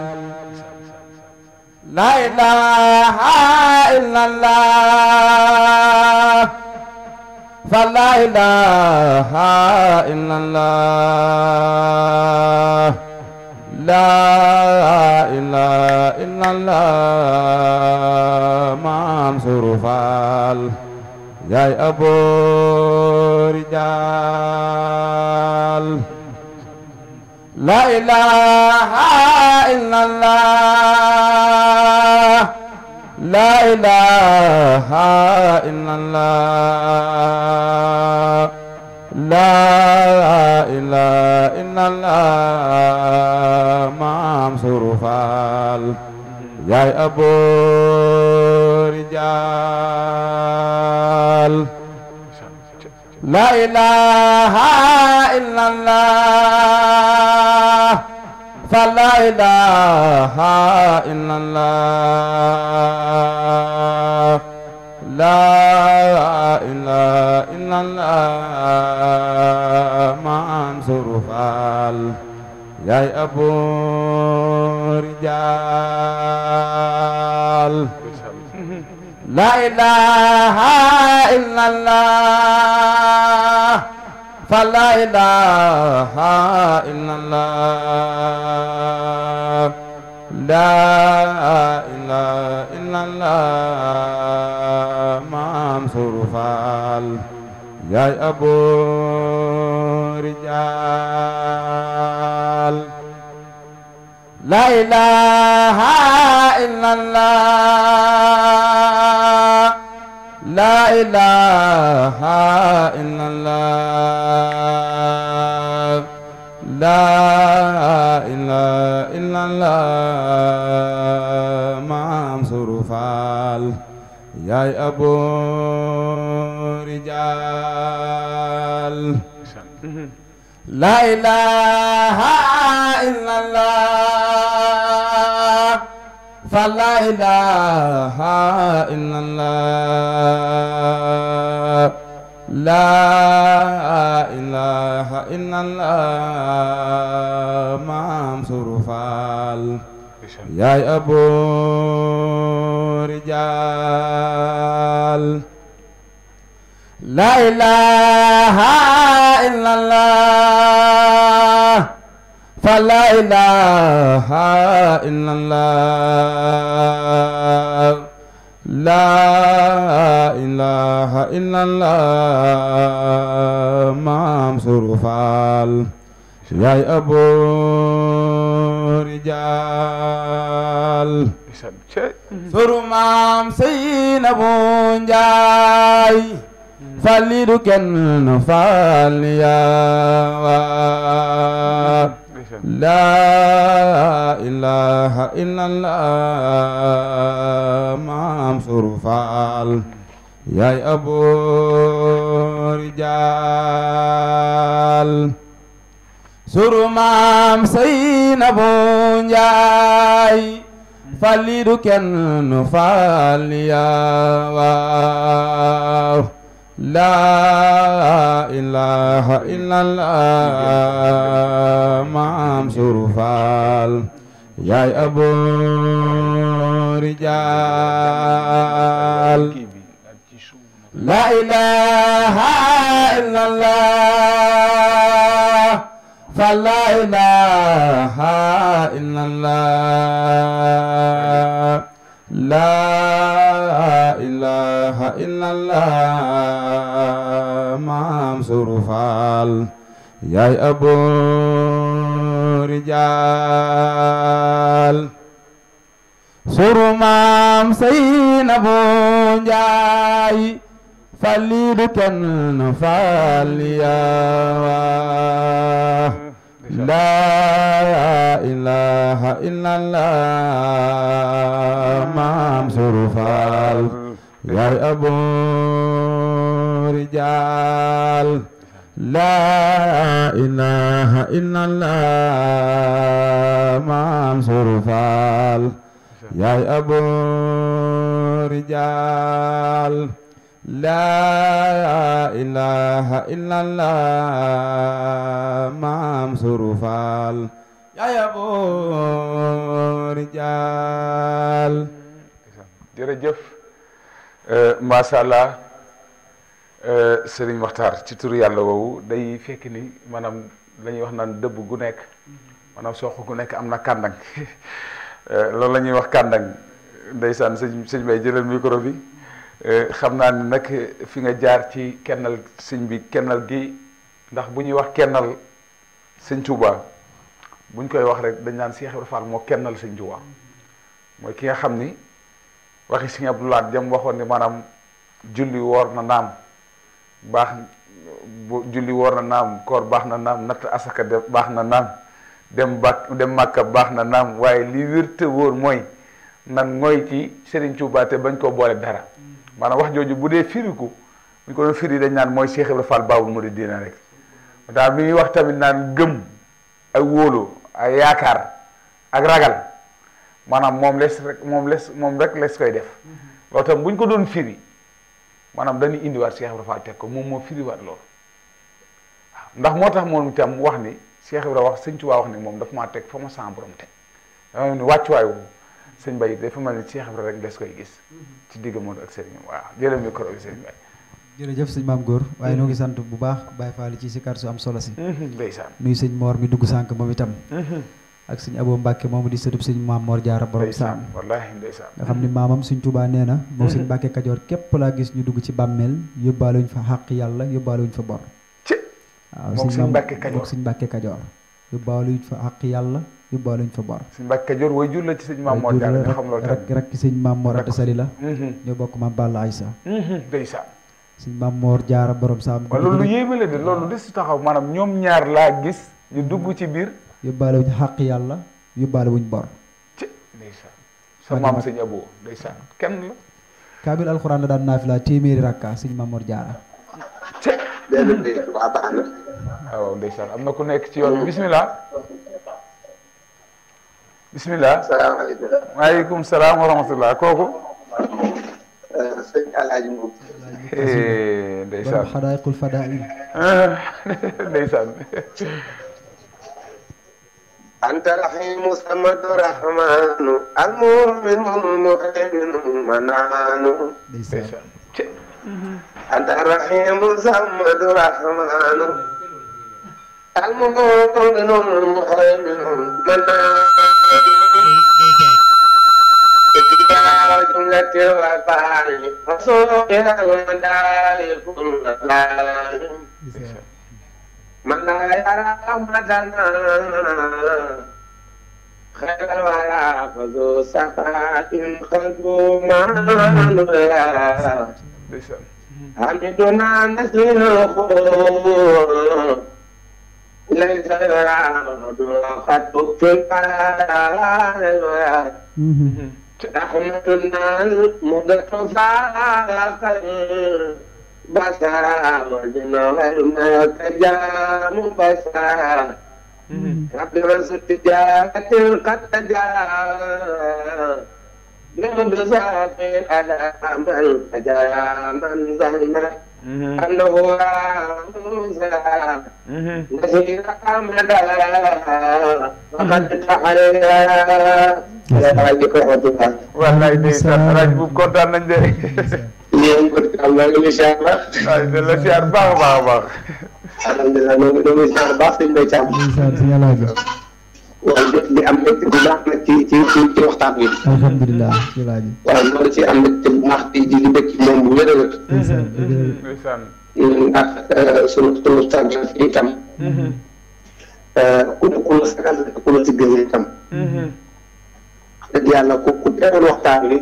laa ilaaha illallaah fa laa ilaaha illallaah لا إله إلا الله منصور فال جاي أبو رجال لا إله إلا الله لا إله إلا الله لا إله إلا الله مام يا أبو رجال لا إله إلا الله فلا إله إلا الله لا إله إلا الله منصور فال يا أبو رجال لا إله إلا الله فلا إله إلا الله لا إله إلا الله Mansour Fall yaay rijal la ilaha illallah la ilaha illallah la ilaha illallah Mansour يا أبو رجال لا إله إلا الله فلا إله إلا الله لا إله إلا الله ما مصروفال يا أبو رجال لا إله إلا الله فلا إله إلا الله لا إله إلا الله مام سرفال yaay aboo rijaal suru maam Seynabu Njaay falli du kenn faal yaa laa ilaaha illallah maam suru suru maam Saynabu Njaay falli du kenn faal yaa waaw laa ilaaha illallah maam suru faal yaay abu rijaal laa ilaaha illallah فلا إله إلا الله لا إله إلا الله مامسور فال يا أبو رجال الرجال سرمام سين أبو جاي فليدكن فاليا لا إله إلا الله مامسور فال يا أبو رجال لا إله إلا الله مامسور فال يا أبو رجال laa ilaaha illallah maam Suru Faal yaaya boori jaal jërëjëf eh, macha allah eh, Serigne Makhtar ci turu yàlla woowu day fekk ni maanaam lañuy ñuy wax naan dëbb gu nekk maanaam soq gu nekk am na kàndang eh, loolu la ñuy wax kàndang ndeysaan sëñ sëñ bay jëlal micro Eh, xam naa ni nag eh, fi nga jaar ci kennal sëñ bi kennal gi ndax bu ñuy wax kennal sëñ Touba bu ñu koy wax rek dañ naan Cheikh Ibra Fall moo kennal sëñ Touba mooy ki nga xam ni waxi sëñ Abdou Lahad jam waxoon ni maanaam julli woor na naam baax bu julli woor na naam koor baax na naam natt asaka de baax na naam dem bak dem màkka baax na naam waaye li wér te wóor mooy nan mooy ci Serigne Touba te bañ koo boole dara maanaam wax jooju bu dee firi ko bu ñu ko doon firi dañ naan mooy Cheikh Ibra Fall Baabul Muridiina rek daal mi ngi wax tamit naan gëm ak wóolu yaakaar ak maanaam moom les rek moom les moom rek les koy def loolu tam bu ñu ko doon firi maanaam dañuy indiwaat Cheikh Ibra teg ko moom moo firiwaat loolu waaw ndax moo tax moom itam wax ni Cheikh Ibra wax Sëñ Tuubaa wax ni moom daf maa teg fa ma sama borom teg dama ne wàccuwaay woowu sëñ Baye dafa mel ni Cheikh Ibra rek des koy gis ci digg Modou ak Serigne waaw jëlal micro bi sëñ Baye jërëjëf sëñ maam góor waaye noo ngi sant bu baax Baye Fall ci si kar su am solo si mhm, ndeysaan nuy sëñ Mor mi dugg sànq moom itam mhm. ak sëñ Abo Mbàkke moomu di sëtub sëñ maam Mor Jaara borom saam wallaahi ndeysaan nga xam ni maamam sëñ Tuubaa nee na moom sëñ mhm. Mbàkke Kajoor képp laa gis ñu dugg ci bàmmeel yóbbaaluñ fa xàq yàlla yóbbaaluñ fa bor waaw sëñ Mbàkke Kajoor moom sëñ Mbàkke Kajoor yóbbaaluñ fa xàq yàlla yóbbaale ñu fa bor. suñu Mbàkke Kajoor way jur la ci sëñ Maam Mor Jaara nga xam loolu rek rek ci sëñ Maam Mor Anta Sali la. Mm-hmm. ñoo bokk maam Balla Aysa. Mm-hmm. ndeysaan. la de loolu des taxaw maanaam ñoom ñaar laa gis ñu dugg ci biir. yóbbaale wuñ xàq yàlla yóbbaale wuñ bor. ci ndeysaan. sa maam sëñ Abo ndeysaan kenn la. Kaamil alxuraan la daan naafila téeméeri rakka sëñ Maam Mor Jaara. ci. waaw baax na. am na ku nekk ci yoon bi bisimilah. salaamaaleykum. waaleykum salaam wa rahmatulah kooku. Euh, sëñ Alaaji Mbuub. Eh, ndeysaan xadaaqul fadaa'il. ndeysaan. anta rahimu samadu rahmaanu almu'minu muhayminu manaanu. anta rahimu samadu rahmaanu almu'minu muhayminu manaanu. من يرى مدنا خير الورى فذو سخاء قلبه مانويا حمدنا نسل الخور ليس العبد قد في القرار الوعد رحمتنا المتفاقا بصرا وجنا المتجام بصرا قبل ستجارة قد تجارة لم بصافي على من تجارة من زهمت أنه أنزل نزيل أحمد وقد تعالى ذلك عدوا والله دي راج بوب kontaan nañ de yéen ko am na lu siyaar baax de la siyaar baax baax baax alhamdulilah noonu lu siyaar baax sëñ Mbaye Thiam waaw jot bi am mbégte bu baax nag ci ci ci waxtaan wi. alhamdulilah ci laaj bi. waaw loolu ci am mbégte bu baax di di bëgg ci moom bu wér a wér. ndax mm-hmm. mm-hmm. euh, sunu sunu tàggat yi itam. Mm-hmm. Euh, ku ne ku la sagal ku la si gën itam. dëgg yàlla ko ku teewoon waxtaan wi.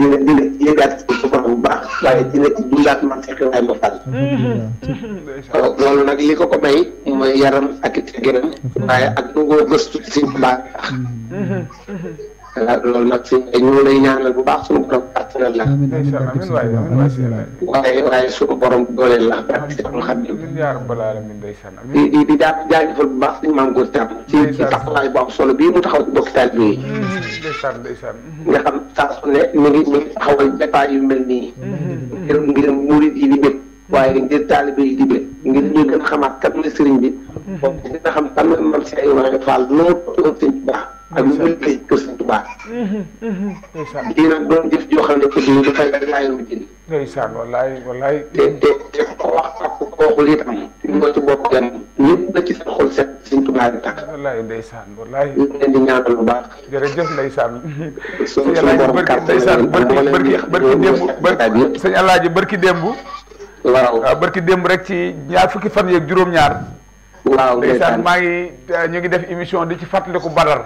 dina dina yëgaat ci sukkand bu baax. Mm-hmm. waaye dina ci dundaat man fekk waaye ma fàll. loolu nag li ko ko may. mooy yaram ak it gërëm. Mm-hmm. waaye ak nu ngoo gëstu ci mbaa. loolu nag suñ ñu lay ñaanal bu baax suñu borom kàttanal la. waaye waaye suñu borom dooleel la ak Seexul Xadiim di di di daal jaajëfal bu baax suñu maam góor tam ci ci taxawaay bu am solo bii mu taxaw ci bokki taalibe yi nga xam saa su ne mi ngi mi ngi taxawal détail yu mel nii ngir ngir murid yi di bëgg waaye ngir taalibe yi di bëgg ngir ñu gën a xamaat kan mooy sëriñ bi boobu gën a xam kan mooy Maam Cheikh Ibrahima Fall noo toog sëñ bu baax ak lu doon jëf ay lu ndeysaan ko wax ak ko di ñu leen di ñaanal baax. barki barki barki barki barki waaw def émission di ci Badar.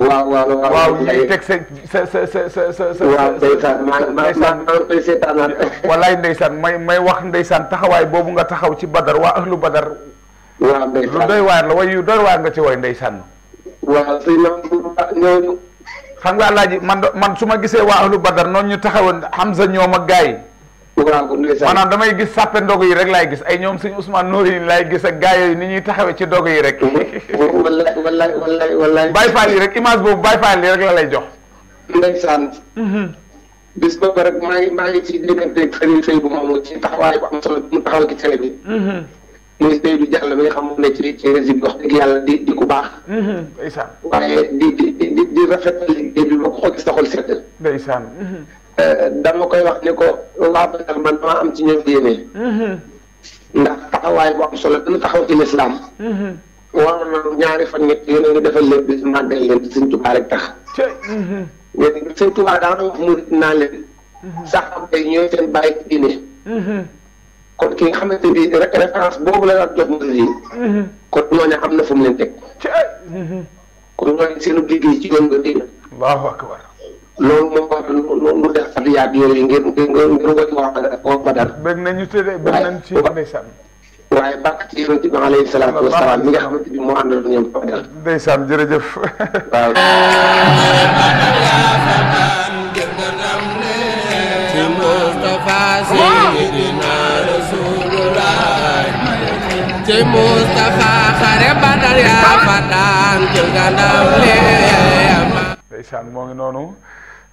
waaw waaw waaw waaw ñuy teg sa sa sa sa sa sa sa. waaw ndeysaan ma ma ma koy seetaanaat. walaay may may wax ndeysaan taxawaay boobu nga taxaw ci Badar waa ahlu Badar. lu doy waar la way yu doy waar nga ci way ndeysaan. waaw si ñooñu. xam man man su ma gisee waa ahlu Badar noon ñu taxawoon Hamza ñoom ak gars a damay gis sàppe ndog yi rek laay gis ay ñoom suñu Ousmane Nouri laay gis ak gaa yooyu ni ñuy taxawee ci ndog yi rek. ba wallaay wallaay wallaay. Baye Fall yi rek image boobu Baye Fall yi rek la lay jox. ndeysaan. Mhm. bis boobu maa ngi ci dégganteeg Serigne Seye bu moomu ci am solo mu taxaw ci télé bi. Mhm. muy Seydou Diallo bi xam ne ci ci réseau bi wax dëgg yàlla di di ku baax. Mhm. ndeysaan waaye di di di di rafetal liggéey bi boo ko xool ci sa xol seddal. ndeysaan. dama koy wax ne ko laa man maa am ci ñoom yéene. ndax taxawaay bu am solo dina taxaw ci lislaam waroon na ñaari fan ñett yéen a ngi defal leen bis màggal leen Sëñ Tuubaa rek tax. yéen a ngi Sëñ Tuubaa daana naa leen. saxaaba yi ñooy seen bàyyi diine. kon ki nga xamante ni référence boobu la daan jot murit am na fu mu leen teg. kon ñooñu seen liggéey ci yoon nga diine. Allahu akbar. lalu moom wax lu def at yaag yooyu ngir ngir ngir ko ci wax ko badar bëgg nañu tëddee bëgg nañ ci ndeysaan waaye bàkk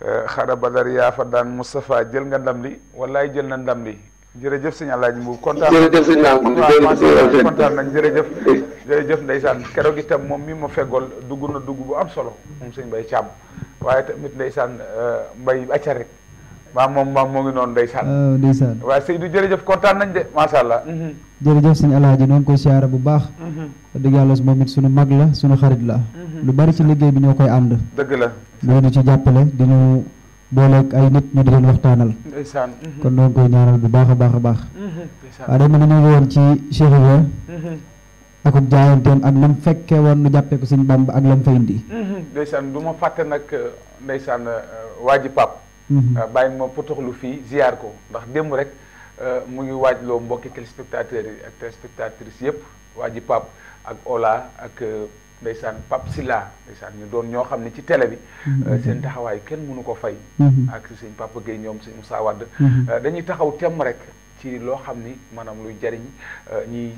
xara eh, badar yaa fa daan Moustapha jël nga ndam li wallaay jël na ndam li jërëjëf sëñ Alaaji Mbuub kontaan jërëjëf sëñ Alaaji kontaan nañ jërëjëf jërëjëf ndeysaan keroog itam moom mii ma feggool dugg na dugg bu am solo moom sëñ Mbay Càmm waaye tamit ndeysaan eh, Mbay acca rek maam moom maam moo ngi noonu ndeysaan. waaw ah, ndeysaan. waaye Seydou jërëjëf kontaan nañ de macha allah. Mhm. jërëjëf sëñ Alaaji noo ngi koy siyaara bu baax. Mhm. wax dëgg yàlla moom it sunu mag la sunu xarit la. Mhm. lu bari ci liggéey bi ñoo koy ànd. dëgg la. ñoo ñu ci jàppale di ñu booleeg ay nit ñu di leen waxtaanal. ndeysaan. kon noo koy ñaanal bu baax a baax a baax. waaw day mel ni ñu ngi woon ci Cheikh Ibrahima. ak jaayanteem ak lam fekkee woon nu jàppee ko sëñ Bamba ak lam fa indi. ndeysaan du ma fàtte nag ndeysaan waa Mm-hmm. Euh, bàyyi ma potoxlu fii ziar ko ndax démb rek euh, mu ngi waaj loo mbokki téléspectateurs yi ak téléspectatrices yëpp waa ji Pape ak Ola ak euh, ndeysaan Pape Silla ndeysaan ñu doon ñoo xam ne ci télé bi mm-hmm. seen taxawaay kenn mënu ko fay mm-hmm. ak sëñ Papa Gueye ñoom sëñ Moussa Wade dañuy taxaw temm rek ci loo xam ni maanaam luy jariñ ñi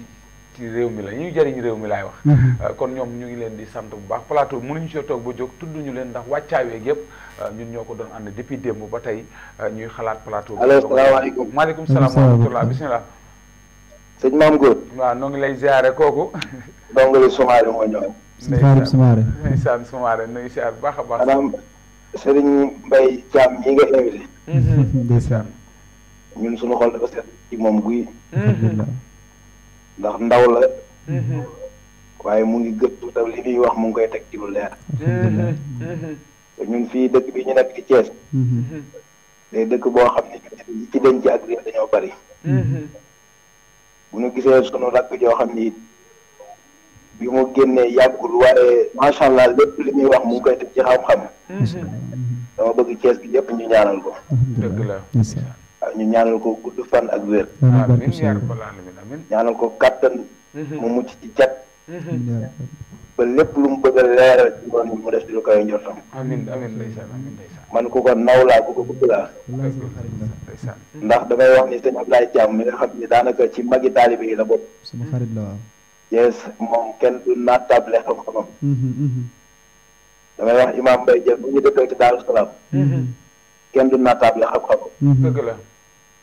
ci réew mi la ñuy jariñ réew mi laay wax kon ñoom ñu ngi leen di sant bu baax plateau ñu ci toog ba jóg tudd ñu leen ndax wàccaawee yëpp Euh, ñun ñoo ko doon ànd depuis démb ba tey euh, ñuy xalaat plateau bi. allo salaamaaleykum maaleykum salaam wa rahmatulah bisimilah. sëñ maam góor. waaw noo ngi lay ziare kooku. dongole Soumaré moo ñëw. Soumaré Soumaré. ndeysaan Soumaré nuyu ziar bu baax a baax. maanaam Serigne Mbaye Thiam ñi nga invité. Mhm. ndeysaan. ñun suñu xol dafa set ci moom guy. Mhm. ndax ndaw la. Mhm. waaye mu ngi gëstu tam li muy wax mu ngi koy teg ci lu leer. ñun fi dëkk bi ñu nekk ci Thiès. Mm-hmm. Mm-hmm. day dëkk boo xam ne ci denc ak réew dañoo bari. Mm-hmm. bu ñu gisee sunu rakk joo xam ni bi mu génnee yàggul waaye macha allah lépp li muy wax mu ngi koy def ci xam-xam. dama bëgg Thiès gi ñu ñaanal ko. dëgg ñu ñaanal ko gudd fan ak wér. ñaanal ko kattan. mu mucc ci cat. ba lépp lu mu bëgg a leeral ci yoon bi mu def ci lu koy njortam. amiin amiin ndeysaan amiin ndeysaan. man ku ko naw laa ku ko bëgg laa. ndax damay wax ni sëñ Abdoulaye Thiam mi xam ni daanaka ci magi taalibe yi la bopp. sama xarit la waaw. yes moom kenn du naat table xam-xamam. Mhm, mhm. damay wax Imaam Mbaye Dieng bu ñu dëkkee ci Daaru Salaam. Mhm. kenn du naat table xam-xamam. la.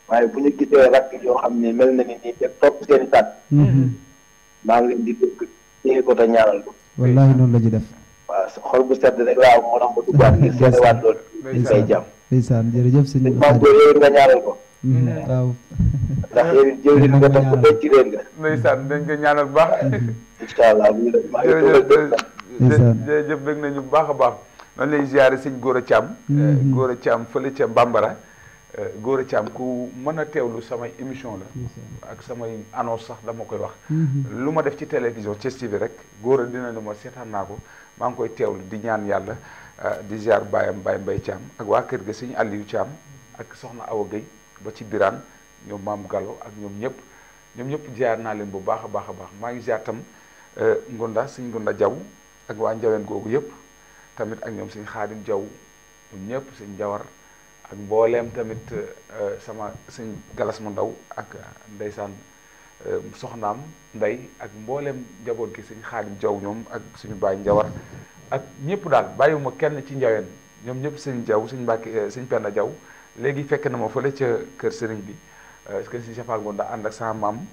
waaye bu ñu gisee rakk yoo xam ne mel na ni topp seen i tànk. leen di dëkk. téye ko te ñaanal ko. wallaahi noonu la ñuy def. xol bu sedd rek waaw moo tax ma duggaat ngir seedewaat loolu. day jàmm ndeysaan jërëjëf sëñ bi. maam ko yooyu nga ñaanal ko. Mm-hmm. waaw. ndax yow jëwriñ nga nga. ndeysaan dañ ko ñaanal baax. Mm-hmm. incha allah bu ñu la maa ngi jërëjëf bëgg nañu bu a baax. man lay ziare sëñ Gora Thiam. Mm-hmm. Gora Thiam fële ca Bambara. Euh, Gora Thiam ku mën a teew lu samay émission la ak samay annonce sax dama koy wax mm-hmm. lu ma def ci télévision Thiès TV rek Gora dina ne ma seetaan naa ko maa ngi koy teewlu di ñaan yàlla euh, di ziar baayam Baye Mbaye Thiam ak waa kër gi ga sëñ Aliou Thiam ak soxna Awa Gueye ba ci Birane ñoom maam Gallo ak ñoom ñëpp ñoom ñëpp ziar naa leen bu baax a baax a baax maa ngi ziar tam euh, Ngunda sëñ Ngunda Jaw ak waa Njaween googu yëpp tamit ak ñoom sëñ Xaadim Jaw ñoom ñëpp sëñ Jawar ak mbooleem tamit euh, euh, sama sëñ galas mu ndaw ak euh, ndeysaan soxnaam nday ak mbooleem njaboot gi sëñ xaadim jaw ñoom ak suñu baay njawar ak ñëpp daal bàyyiwuma kenn ci njaween ñoom ñëpp sëñ jaw sëñ mbàkke sëñ penda jaw léegi fekk na ma fële ca kër sëriñ bi kër sëñ safal ngoon daa ànd ak sa maam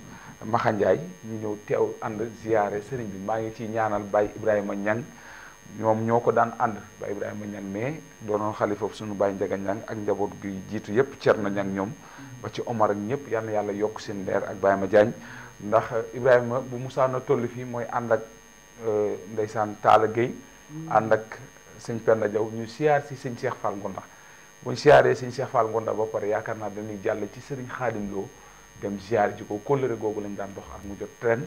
Maxa ñu ñëw teew ànd ziyaare sëriñ bi maa ngi ciy ñaanal Baye Ibrahima ñan ñoom ñoo ko daan ànd ba Ibrahima Niang mais doonoon xalifa sunu baay Njaga Niang ak njaboot gi jiitu yëpp Cerno Niang ñoom ba ci Omar ak ñëpp yal yàlla yokk seen leer ak Baye Ma ndax Ibrahima bu musaana toll fii mooy ànd ak euh, ndeysaan Talla Gueye ànd ak sëñ Penda Diaw ñu siyaar si sëñ Cheikh Fall Ngonda bu sëñ Cheikh Fall Ngonda ba pare yaakaar naa dañuy jàll ci sëriñ Xaadim Lo dem siyaar ji ko kóllëre googu lañ daan dox ak mu jot tren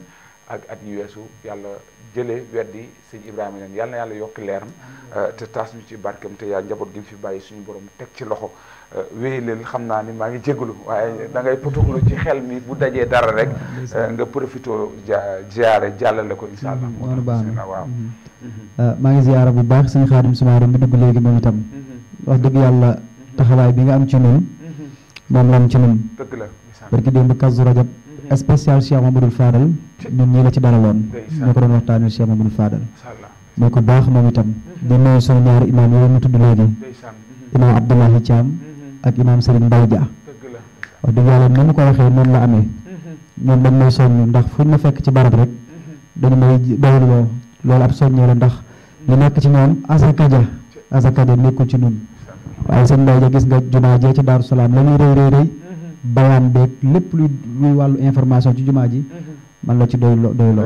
ak at yu yàlla jëlee weddi sëñ Ibrahima leen yal na yàlla yokki leeram te taas ñu ci barkem te yaa njaboot gi mu fi bàyyi suñu borom teg ci loxo euh, wéy leen xam naa ni maa ngi jégalu waaye da ngay ci xel mi bu dajee dara rek euh, nga profité ziare jàllale ko incha allah moo tax mhm. euh, maa ngi ziara bu baax sëñ Xaadim Soumaré bi dugg léegi moom itam mhm. wax dëgg yàlla mhm. am ci nun moom la am ci nun dëgg la barki démb kazu rajab spécial Cheikh Mamadou Fadal ñun ñii la ci dalaloon ñoo ko doon waxtaanee Cheikh Mamadou Fadal muy ku baax moom itam di nuyu sunu ñaari imam yooyu mu tudd léegi imam abdullah Thiam mhm. ak imaam Serigne Mbaye oh, Dia wax dëgg yàlla ni mu ko waxee noonu la amee ñoom dañ may soññ ndax fu ñu ma fekk ci barab rek mhm. dañu may lo loolu ab soññee la ndax li nekk ci ñoom asakaja asakaja ci ñun gis nga ci dar salam bayaan beeg lépp luy luy wàllu information ci jumaa ji mhm. man la ci doy lo doy lo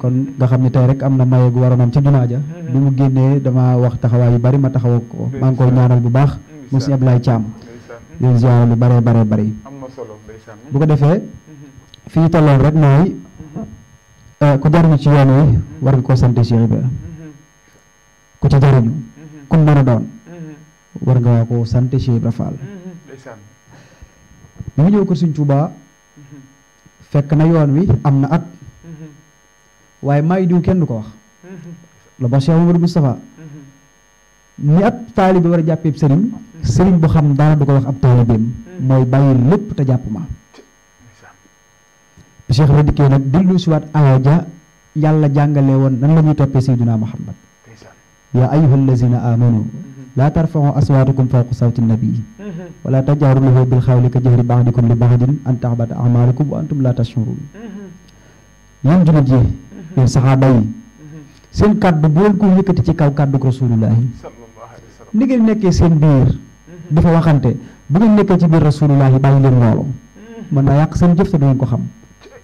kon nga xam ne rek am na maye gu waroon am ca jumaa ja mhm. bi mu génnee dama wax taxawaay yu bari ma taxaw ko maa ngi koy ñaanal bu baax mu si Thiam di lu bare bare bari bu ko defee mhm. fi ñu tolloon rek mooy eh, ku jariñu ci yoon wi war nga koo sante Cheikh Ibra ku ci jariñu ku mën a doon war nga koo sante Fall mu ñëw ko Sëñ Tuubaa fekk na yoon wi am na at waaye maay diw kenn du ko wax la ba Cheikh Mamadou Moustapha ni ab taalibe war a jàppeeb sëriñ sëriñ bu xam dara du ko wax ab taalibeem mooy bàyyi lépp te jàpp ma bi Cheikh Ibra dikkee nag dellu si waat aaya ja yàlla jàngale woon nan la ñuy toppee Seydina Muhammad yaa ayyuhal lazina amanu laa tarfa'u aswaatakum fawqa sawti nabii wala tajharu lahu bil xawli ka jahri ba'dikum li ba'din an tahbata a'maalukum wa antum laa tash'uruun yéen jullit yi yéen saxaaba yi seen kàddu bu leen ko yëkkati ci kaw kàddu rasulullahi ni ngeen nekkee seen biir dafa waxante bu ngeen nekkee ci biir rasulullahi bàyyi leen loolu mën naa yàq seen jëf te du ngeen ko xam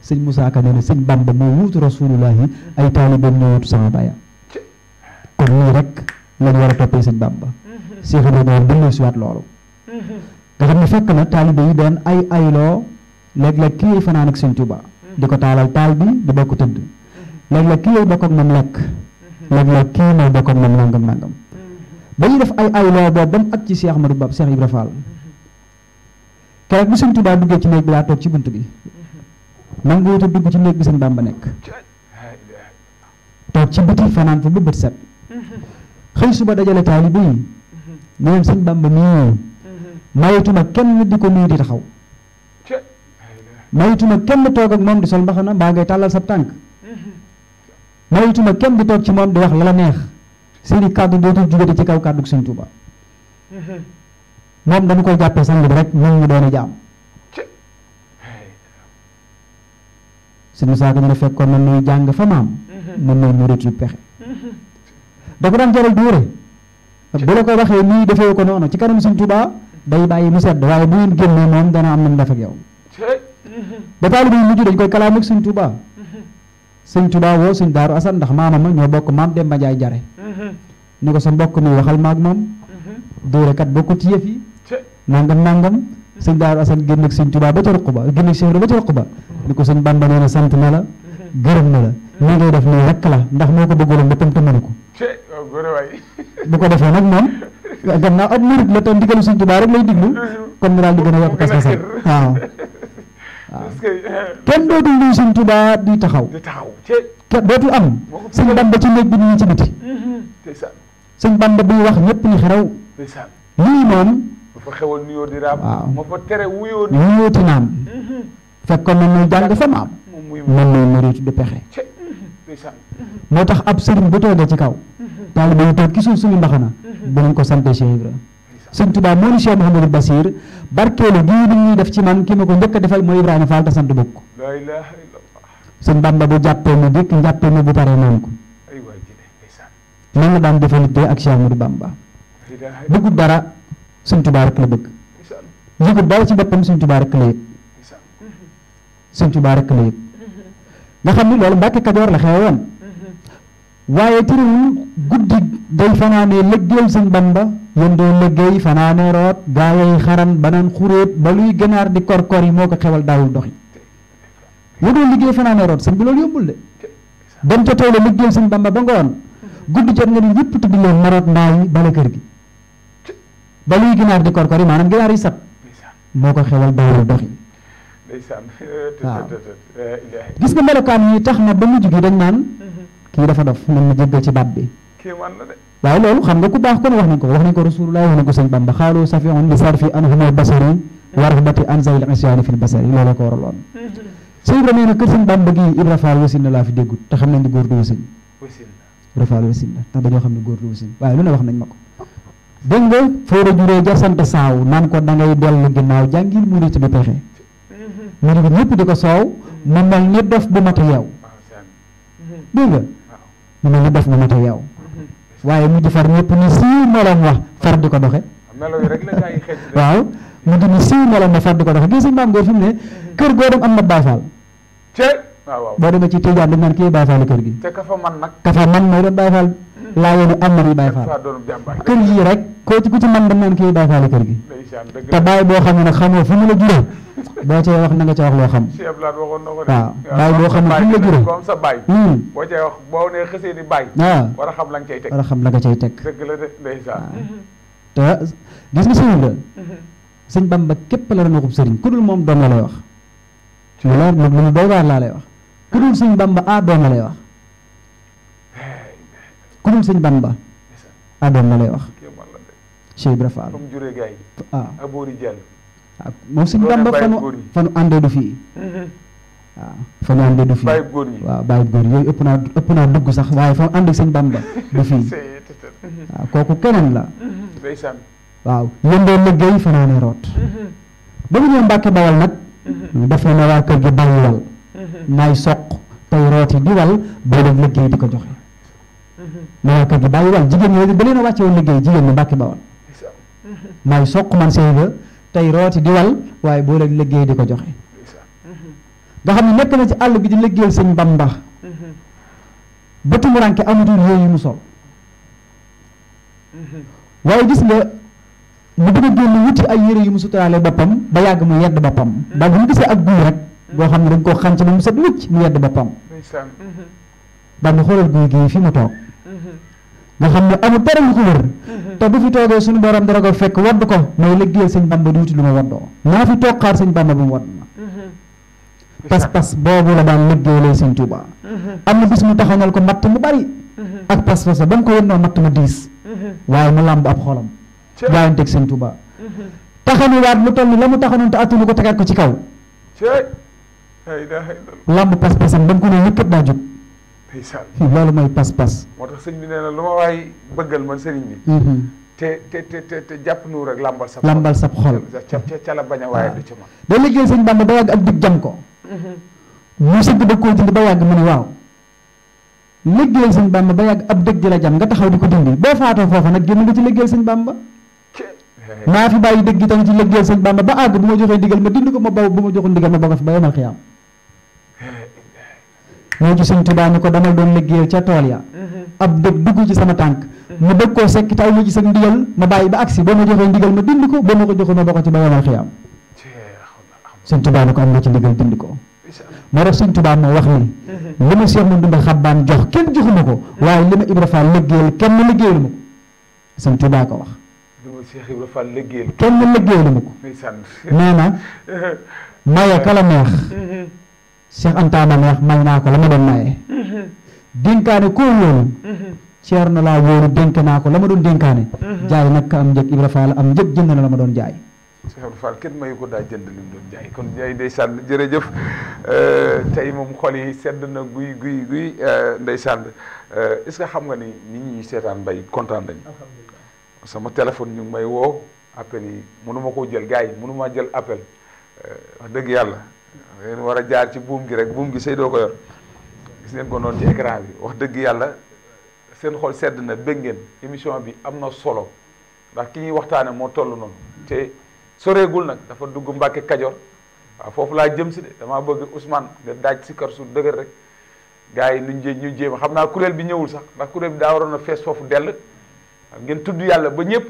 sëñ Moussa Ka nee na sëñ Bamba moo wuutu rasulullahi ay taalibeem ñoo wuutu lañ war a toppee sëñ Bàmba Cheikh Ibrahima daal delloo si waat loolu nga xam ne fekk na taalibe yi doon ay ayloo léeg-léeg kii yooyu fanaan ak sëñ Tuuba di ko taalal taal bi di bokk tëdd moom lekk léeg-léeg kii mooy bokk ak moom nangam nangam ba ñu def ay ayloo boobu ba mu ak ci Cheikh Ahmadou seex yi Ibra Fall keroog bu sëñ Tuuba duggee ci néeg bi daa toog ci bunt bi nanguwut a dugg ci néeg bi sëñ Bàmba nekk toog ci biti fanaan fa ba bët set xëy suba dajale talibi yi ne bamba sëñ Bàmba nii mayetuma kenn di ko nuyu di taxaw mayetuma kenn toog ak moom di sol mbaxana mbaa ngay tàllal sa tànk mayetuma kenn di toog ci moom di wax la la neex seeni kàddu dootul jugati ci kaw kàddu sëñ Tuuba moom dañu koy jàppee sang bi rek ñun ñu doon a jaam sëñ Musaa ñu fekkoon na nuy jàng fa maam mën na nuy ret yu pexe da ko daan jaral dóore bu la ko waxee nii defee ko noonu ci kanam Sëñ Tuubaa day bàyyi mu sedd waaye bu ngeen génnee moom dana am nañ def ak yow ba taalibe yi mujj dañ koy kalaam ak Sëñ Tuubaa Sëñ Tuubaa woo Sëñ Daaru Asan ndax maama ma ñoo bokk maam Demba Njaay jare ni ko sa mbokk mi waxal maag moom dóore kat bokkut ci yëf yi nangam nangam Sëñ Daaru Asan génn ak Sëñ Tuubaa ba ca ruq ba génn ak Seex ba ca ruq ba ni ko Sëñ Bàmba ba na sant na la gërëm na la ni def nii rekk la ndax moo ko bëggaloon boppam te ko bu ko defee nag moom gannaaw ab murit la te ndigalu Sëñ Tuubaa rek lay diglu kon mu daal di gën a yokk pas-pasam waaw waaw euh, kenn dootul luy Sëñ Tuubaa di taxaw kenn dootul am Sëñ Bamba ci néeg bi nii ci biti mm-hmm. Sëñ Bamba buy wax ñëpp ñu xeraw lii moom waaw wuyoo ti naam mm-hmm. kon na muy jàng fa maam moom muy murit di pexe moo tax ab sëriñ bu toogee ci kaw mhm. taalibe yi toog ki suuf suñu mbaxana danañ mhm. ko sante Cheikh Ibra sëñ Tuubaa moo ni Cheikh Mouhamadou Bassir barkeelu gii ni ñuy def ci man ki ma ko njëkk a defal mooy Ibrahima Fall te sant bokk sëñ Bamba bu jàppee ma dikk njàppee ma bu pare naan ko lan la daan defalitee ak Cheikh Amadou Bamba bëggul dara sëñ Tuubaa rek la bëgg yëgul dara ci boppam sëñ Tuubaa rek la yëg sëñ Tuubaa rek la yëg nga xam ni loolu Mbàkke Kajoor la xewe woon waaye terewul guddi day fanaanee lëggéeyal sëñ Bamba yendoo lëggéey fanaane root banaan xuréet ba luy ganaar di korkor yi moo ko xewal daawul doxi yendoo liggéey fanaane root sëñ bi loolu yombul de dem ca toolu lëggéeyal sëñ Bamba ba ngoon guddi jot nga ni ñëpp tudd leen maroot ndaa yi bala kër gi ba ganaar di korkor yi maanaam ganaar yi sat moo ko xewal daawul doxi gis nga melokaan yi tax na ba mujj gi dañ naan mhm. kii dafa dof man ma jéggal ci baat bi waaye loolu xam nga ku baax kon wax nañ ko wax nañ ko rasulullah wax nañ ko sëñ Bamba xaalu safiun li wa rahbati ko waraloon mhm. sëñ Ibra wasin na laa fi déggut te xam nañ ni góor du wasin la ndax dañoo xam ne góor du wasin waaye lu ne wax nañ ma ko dégg nga foo juree jar sant saaw naan ko dangay dellu ginnaaw jàngil mu rëcc bi pexe ma ne ko ñëpp di ko soow ma mel ni dof bu mat a yeew dégg nga ma mel ni dof bu mat yeew waaye mu di far ñëpp ni siiw meloom wax far di ko doxe waaw mu di ni siiw meloom wax far di ko doxe gis nga maam góor fi mu ne mm-hmm. kër goo dem am na baafaal boo demee ci Tijaan dañ naan kii baafaali kër gi te ka fa man nag ka fa man mooy doon baafaal laa yéen am nañu Baay Faal kër yii rek koo ci ku ci man dem naan kii Baay Faal kër gi te bàyyi boo xam ne nag xamoo fu mu la juree boo cee wax na nga ca wax loo xam waaw bàyyi boo xam ne fu mu la juree hmm. boo boo ne xësee ni bàyyi waaw war a xam la nga cay teg war a xam la nga cay teg te gis nga sëriñ la mhm. sëñ Bamba képp la doon waxub sëriñ ku dul moom doom la lay wax lu leer lu mu doy waar laa lay wax ku dul sëñ Bamba a ah, doom lay wax ku dul sëñ Bamba adoom la lay wax Cheikh Ibra Fall waaw waaw ah. moom sëñ fanu fanu àndee du fii waaw mm-hmm. ah, fanu àndee du fii waaw bàyyi góor yooyu ëpp naa ëpp naa dugg sax waaye fanu ànd ak sëñ Bamba du fii waaw mm-hmm. ah, kooku keneen la mm-hmm. waaw yëndoo liggéey fanaane root ba mu ñëw Mbàkke Bawal nag def na ne waa kër gi bàyyi wal naay soq tey root yi di wal boo def di ko joxe mais waa kër gi bàyyi wàll jigéen ñooñu ba leen a wàcce woon liggéey jigéen ñi mbàkki ba woon may soq man sey ba tey rooti di wal waaye boo leen liggéey di ko joxe nga xam ne nekk na ci àll bi di liggéeyal sëñ Bamba ba tumuranke amatul yooyu mu sol waaye gis nga mu bëgg a génn wuti ay yére yu mu suturaale boppam ba yàgg mu yedd boppam ba bu mu gisee ak guy rek boo xam ne dañ koo xànc ba mu set wicc mu yedd boppam ba mu xoolal guy gi fi mu toog nga xam ne amul dara lu ko wër te bu fi toogee suñu borom dara ko fekk wadd ko may liggéeyal sëñ bamba lu ma waddoo naa fi toog xaar sëñ bamba bu mu wadd ma pas-pas boobu la daan liggéeyalee sëñ tuuba am na bis mu taxawnal ko matt mu bari ak pas-pas ba mu ko wënnoo matt ma diis waaye mu làmb ab xolam jaayanteeg sëñ tuuba taxanu waat lu toll la mu taxanoon te ko tegaat ko ci kaw lamb pas-pasam ba mu ko ne daa jóg loolu mooy pas-pas. moo tax sëñ bi nee na lu ma waay bëggal man sëriñ bi. Mm-hmm. te te te te jàpp nu rek làmbal sab làmbal sab xol ca ca la bañ a waaye du ci man ba yàgg ak dig jam ko mm-hmm. mu sëgg da koo jënd ba yàgg mu ne waaw liggéeyal sëñ Bamba ba yàgg ab dëgg di jam nga taxaw di ko dindi boo faatoo foofa nag génn nga ci liggéeyal sëñ Bamba maa fi bàyyi dëgg gi tamit ci liggéeyal sëñ Bamba ba àgg bu ma joxee ndigal ma dindi ko ma baw bu ma joxul ndigal ma ba fi ba yemal moo ci Sëñ Tuubaa ni ko dama doon liggéeyal ca tool ya mm-hmm. ab dëgg dugg ci sama tànk mm-hmm. ma dëgg koo sekk taw ma ci sag ndigal ma bàyyi ba agsi boo ma joxee ndigal ma dindi ko boo ma ko joxee ma bokk ci ba yomal xiyaam Sëñ Tuubaa ni ko am nga ci ndigal dindi ko moo tax Sëñ Tuubaa moo wax ni mm-hmm. li ma Seex Mamadu Bamba Xabbaan jox kenn joxuma ko waaye li ma Ibra Fall liggéeyal kenn liggéeyalu ma ko Sëñ Tuubaa ko wax kenn liggéeyalu ma ko nee na maye kala neex Cheikh Anta ma neex may naa ko la ma doon maye. dénkaane koo wóolu. ceer na laa wóolu dénk naa ko la ma doon dénkaane. jaay nag ka am njëg Ibra Fall am njëg jënd na la ma doon jaay. Cheikh Ibra kenn mayu daa jënd li mu doon jaay kon jaay ndeysaan euh, tey moom xol yi sedd na guy guy guy euh, ndeysaan euh, est-ce que xam nga ni nit ñi seetaan mbay kontaan nañu. sama téléphone ñu ngi may woo appel yi mënuma koo jël gars yi mënu jël appel wax dëgg yàlla. ngeen war a jaar ci buum gi rek buum gi sëy doo ko yor gis ngeen ko noonu ci écran bi wax dëgg yàlla seen xool sedd na bëgg ngeen émission bi am na solo ndax ki ñuy waxtaane moo toll noonu te soreegul nag dafa dugg Mbàkke Kajoor waaw foofu laa jëm si de damaa bëgg Ousmane nga daaj si kar su dëgër rek gars yi nuñ jéem ñu jéem xam naa kuréel bi ñëwul sax ndax kuréel bi daa waroon a fees foofu dell ngeen tudd yàlla ba ñëpp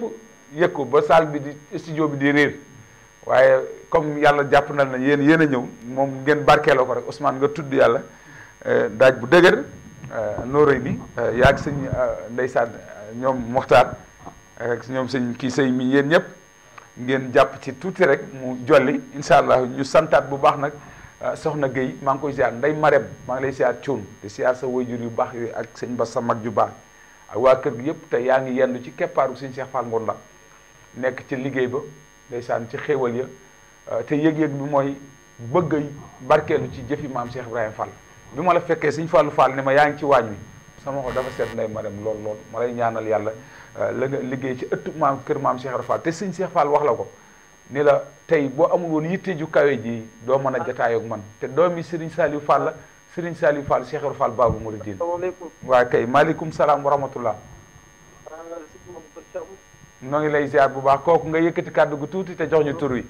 yëg ko ba salle bi di studio bi di comme yàlla jàpp na ne yéen yéen a ñëw moom ngeen barkeeloo ko rek Ousmane nga tudd yàlla euh, daaj bu dëgër euh, nooree ni euh, yaa ngi sëñ ndeysaan ñoom Moxtaar ak ñoom sëñ kii sëñ mi yéen ñëpp ngeen jàpp ci tuuti rek mu jolli incha allah ñu santaat bu baax nag soxna Guèye maa ngi koy ziar nday Marème maa ngi lay ziar Thion di ziar sa wayjur yu baax yooyu ak sëñ Ba sa mag ju baax ak waa kër gi yëpp te yaa ngi yendu ci keppaaru sëñ seex Fall Ngonda nekk ci liggéey ba ndeysaan ci xéewal ya te yëg-yëg bi moy bëgg barkelu ci jëfi maam Cheikh ibrahim Fall bi ma la fekke seigne Fallu Fall ne ma yaangi ci wañu sama xol dafa set nday ma dem lool lool ma lay ñaanal yàlla la nga liggéey ci ëttu maam kër maam Cheikh ibrahim Fall te seigne Cheikh Fall wax la ko ni la tay bo amul won yitte ju kawe ji do mën jotaay ak man te doomi seigne Saliou Fall seigne Serigne Saliou Fall Cheikh ibrahim Fall babu Mouridine wa kay malikum salam wa rahmatullah noo ngi lay ziar bu baax kooku nga yëkkati kàddu gu tuuti te jox ñu tur wi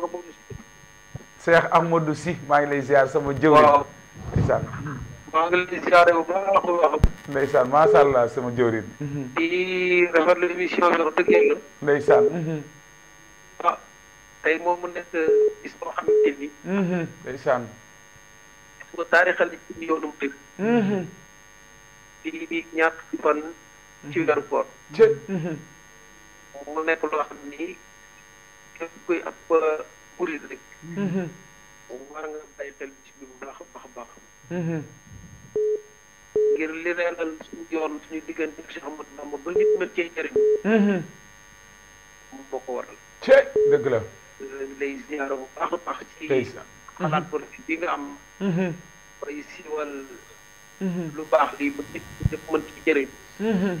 nga bëgg ñu si. Cheikh Ahmadou Sy maa ngi lay ziar sama jëw. waaw ndeysaan. maa ngi lay ziare bu baax a baax. ndeysaan sa allah sama jëwriñ. Mm-hmm. di rafetlu émission bi wax dëgg yàlla. ndeysaan. Mm-hmm. ah tey moom mu nekk bis boo xamante ni. Mm-hmm. ndeysaan. su ko taarixal ci yoonu dëgg. di di ñàkk fan. ci weeru koor. mu nekk loo xam ni. képp kuy ab murid euh, rek. Mm-hmm. war nga bàyyi xel ci bi bu baax a baax a baax. Mm-hmm. ngir li reeral suñu yoon suñu diggante ak Cheikh Ahmadou Bamba ba nit mën cee jëriñ. Mm-hmm. moom moo ko waral. te dëgg la. lay ziyaara bu baax a baax. ci xalaat nga am. bay siiwal. lu baax li ba nit ñi mën ci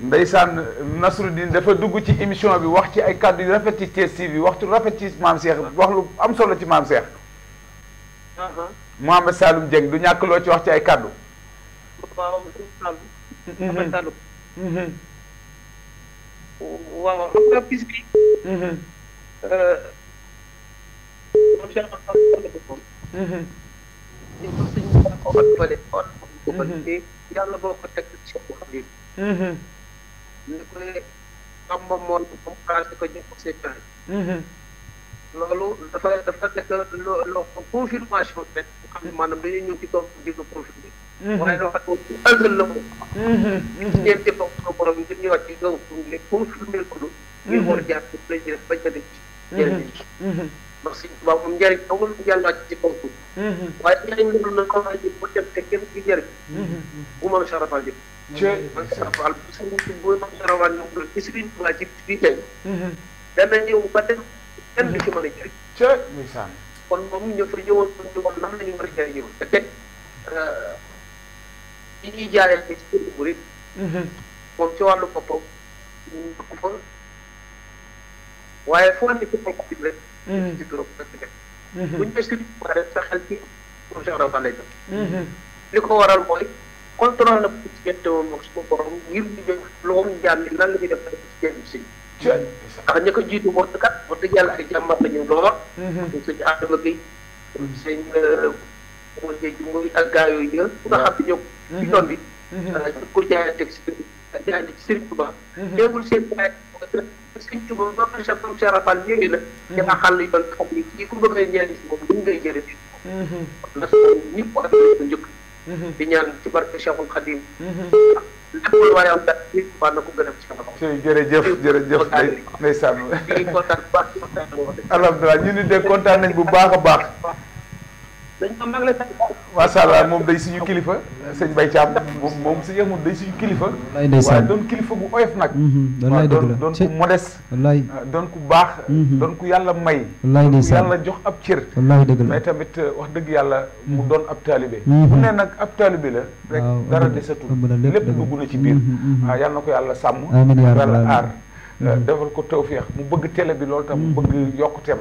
ndeysaan Nasruddin dafa dugg ci émission bi wax ci ay kàddu yu rafet ci Thiès TV waxtu rafet ci maam Cheikh wax lu am solo ci maam Cheikh. Mouhamed Saloum Dieng du ñàkk loo ci wax ci ay kàddu. waaw mm-hmm. mm-hmm. mm-hmm. euh, Mouhamed Mm-hmm. ñu koy xam moom moo moom xaalis ko jëm ak seen kër. loolu dafa dafa nekk loo loo confirmation rek xam ne maanaam dañuy ñëw ci tool di ko confirmer. waaye loo xam ne ëllëg la ko. Mm-hmm. Mm-hmm. ñeenti bokk ko borom ngir ñëwaat ci kaw pour nga confirmer ko lu. ngir war a jaar ci plaisir bañ a dem ci. njëriñ li. ndax si waaw moom njëriñ amul yàlla ci kaw suuf. waaye dinañ leen na ko ji bu dem te kenn ci jëriñ. bu man sarafal mm-hmm. bu ci Sëriñ Tuubaa ci biir tey. Mm-hmm. dana ñëw ba dem kenn du ci mën a jëriñ. je ndeysaan. kon moom ñëpp fa ñëwoon ñu wax nan la ñu war a jëriñoo te teg euh, li ñuy jaaree ci kër bu rëy. moom ci wàllu boppam ñu waaye foo nekk ci boppam rek. Mm-hmm. rek Mm-hmm. buñ ko siré sa xel ci Cheikh Rawane lay def mm-hmm. li ko waral mooy contrôle na ko ci gerte woon moom suñu borom ngir ñu jox loom jaam yi nan la ñuy def rek ci jëm si ndax ña ko jiitu woon kat wax dëgg yàlla ay jàmbar la ñu lool mm-hmm. sëñ Adama Gueye sëñ mo euh, ji muy ak gaa yooyu yëpp ku nga xam ne ñoo bi euh, ko jaayante ci jaayante ci Serigne Touba teewul seen jaayante sëñ Tuba ba pare sa borom Serapal léegi la. da mm-hmm. nga xàll yoon xam ni kii ku bëgg a jëriñ si moom buñ ngay jëriñ si moom. ndax ñëpp war nañ ko njëkk. Mm-hmm. di ñaan ci barke Cheikhul Khadim. Mm-hmm. lépp lu waaye am a ñu ni de kontaan nañ bu baax a baax. dañ ko mag la sa macha allah moom day suñu kilifa sëñ Bay Caam moom moom sëñ Ahmad day suñu kilifa waaye doon kilifa gu oyof nag mhm, wallaay dëgg la doon ku modeste wallaay ah, doon ku baax mhm. doon ku yàlla may wallaay doon ku yàlla jox ab cër wallaay dëgg la tamit euh, wax dëgg yàlla mu mhm. doon ab taalibe bu ne nag ab taalibe la rek dara desatul lépp dugg na ci biir waaw ah, yàlla na ko yàlla sàmm yàlla aar euh, defal ko tawféex mu bëgg télé bi loolu tam mu bëgg yokkuteem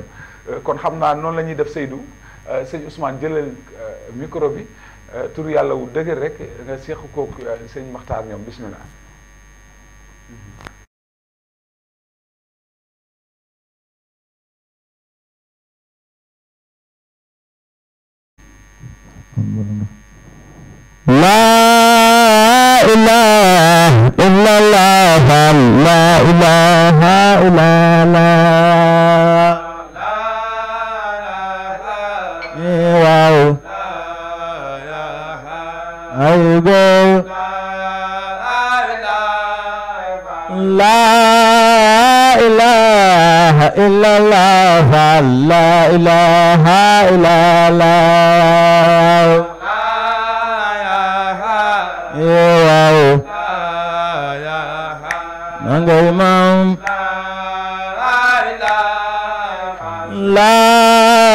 euh, kon xam naa noonu la ñuy def Seydou Euh, sëñ Ousmane jëlal euh, micro bi euh, tur yàlla wu dëgër rek nga seq waaw laa ilaaha illallah laa ilaaha illallah waaw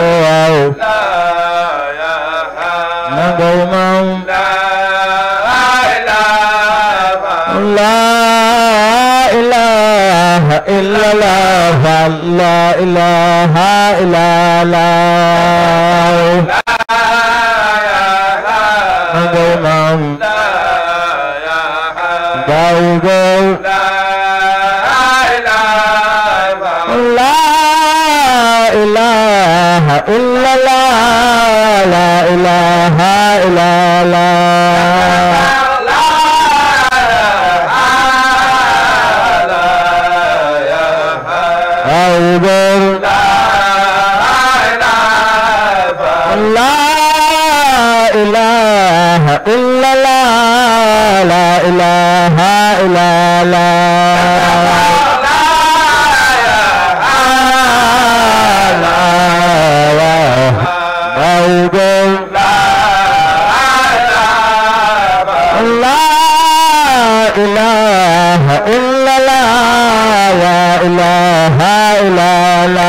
o. La ilaha illallah, la ilaha illallah. La ilaha illallah. إله إلا الله لا إله إلا الله أكبر لا إله إلا الله لا إله إلا الله go. La ilaha illallah. La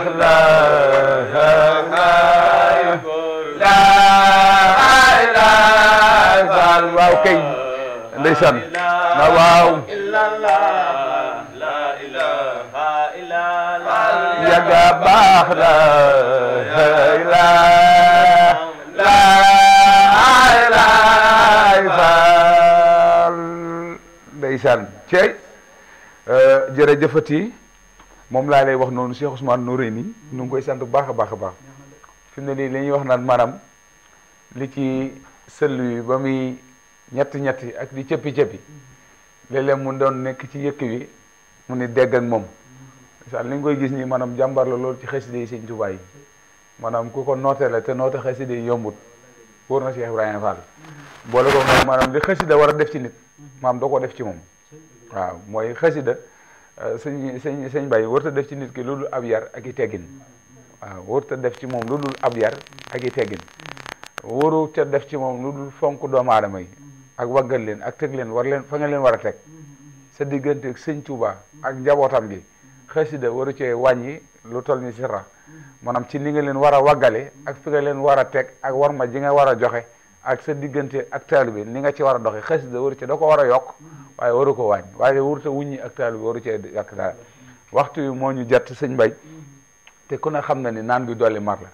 waaw kay ndeysaan na waaw yaga baax la la la laay faal ndeysaan cey jërëjëfati moom laa lay wax noonu nu Ousmane Noureyni nu ngi koy sant bu baax a baax a baax fi mu ne nii li ñuy wax naan maanaam li ci sëll yi ba muy ñetti ñetti ak li cëppi cëppi léeg-léeg mu doon nekk ci yëkk yi mu ni déggan ak moom sax li nga koy gis nii maanaam jàmbar la loolu ci xaside yi sëñ Tuubaa yi maanaam ku ko noote la te noote xaside yi yombut wóor na Cheikh Ibrahima Fall boole ko moom maanaam li xasida war a def ci nit maam doo ko def ci moom waaw mooy xasida Euh, sëñ sëñ sëñ bay warut def ci nit ki lu dul ab yar ak i teggin waaw def ci moom lu dul ab yar ak i teggin warut a def ci moom lu dul fonk doomu aadama yi ak waggal leen ak teg leen war leen fa nga leen war a teg sa diggante ak sëñ Touba ak njabootam gi xasida waru cee wàññi lu toll ni sirra maanaam ci li nga leen war a waggale ak fi leen war a teg ak war ma ji nga war a joxe. ak sa diggante ak bi ni nga ci war a doxee da waru ci da ko war a yokk waaye waru ko wàññ waaye waru ta wuññi ak taalibe waru cee yàq daal waxtu wi moo ñu jot sëñ bay te ku ne xam na ni naan bi dolli mar la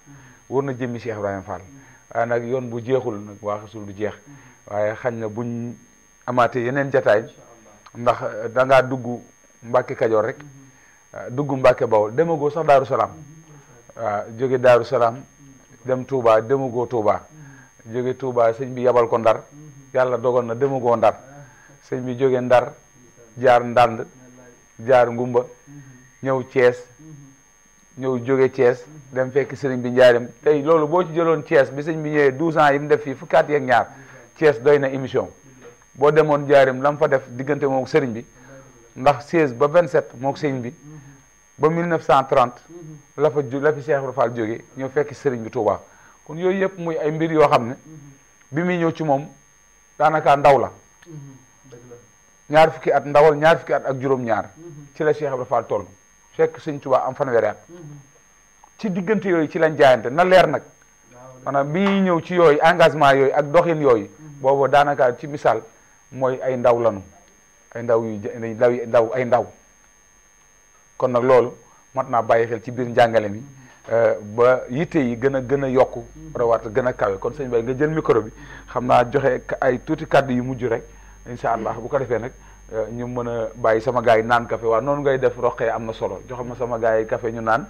war na jëmmi Cheikh Ibrahima Fall waaye nag yoon bu jeexul nag waaxasul du jeex waaye xañ na buñ amaatee yeneen jataay ndax da dugg Mbàkke Kajoor rek dugg Mbàkke Bawol demagoo sax Daaru Salaam jóge Daaru Salaam dem Touba demagoo Touba jóge tuubaa sëñ bi yabal ko ndar mhm. yàlla dogal na demagoo ndar sëñ bi jóge ndar jaar ndànd jaar ngumba mhm. ñëw cees mhm. ñëw jóge cees dem fekk sëriñ bi njaarim tey loolu boo ci jëloon Thiès bi sëñ bi ñëwee douze ans yi mu def fii fukki at ñaar Thiès doy na émission boo demoon njaarim la mu fa def diggante mook sëriñ bi ndax 16 ba 27 mook sëriñ bi ba 1930 la fa ju la fi Cheikh Ibra jóge ñëw fekk sëriñ bi Touba. kon yooyu yëpp muy ay mbir yoo xam ne bi muy ñëw ci moom daanaka ndaw la ñaar fukki at ndawal ñaar fukki at ak juróom-ñaar ci la Cheikh Ibra Fall toll fekk sëñ Tuubaa am fanweeri at ci diggante yooyu ci lañ jaayante na leer nag maanaam bi ñuy ñëw ci yooyu engagement yooyu ak doxin yooyu boobu daanaka ci misaal mooy ay ndaw lanu ay ndaw yu ndaw ndaw ay ndaw kon nag loolu mat naa bàyyi xel ci biir njàngale mi Euh, ba yitte yi gën a gën a yokku mm-hmm. rawaat gën a kawe kon sëñ Baye nga jël micro bi xam naa joxe ay tuuti kàddu yu mujj rek incha allah mm-hmm. bu ko defee nag euh, ñu mën a bàyyi sama gaa yi naan café waaw noonu ngay def roqee am na solo joxe ma sama gaa yi kafe ñu naan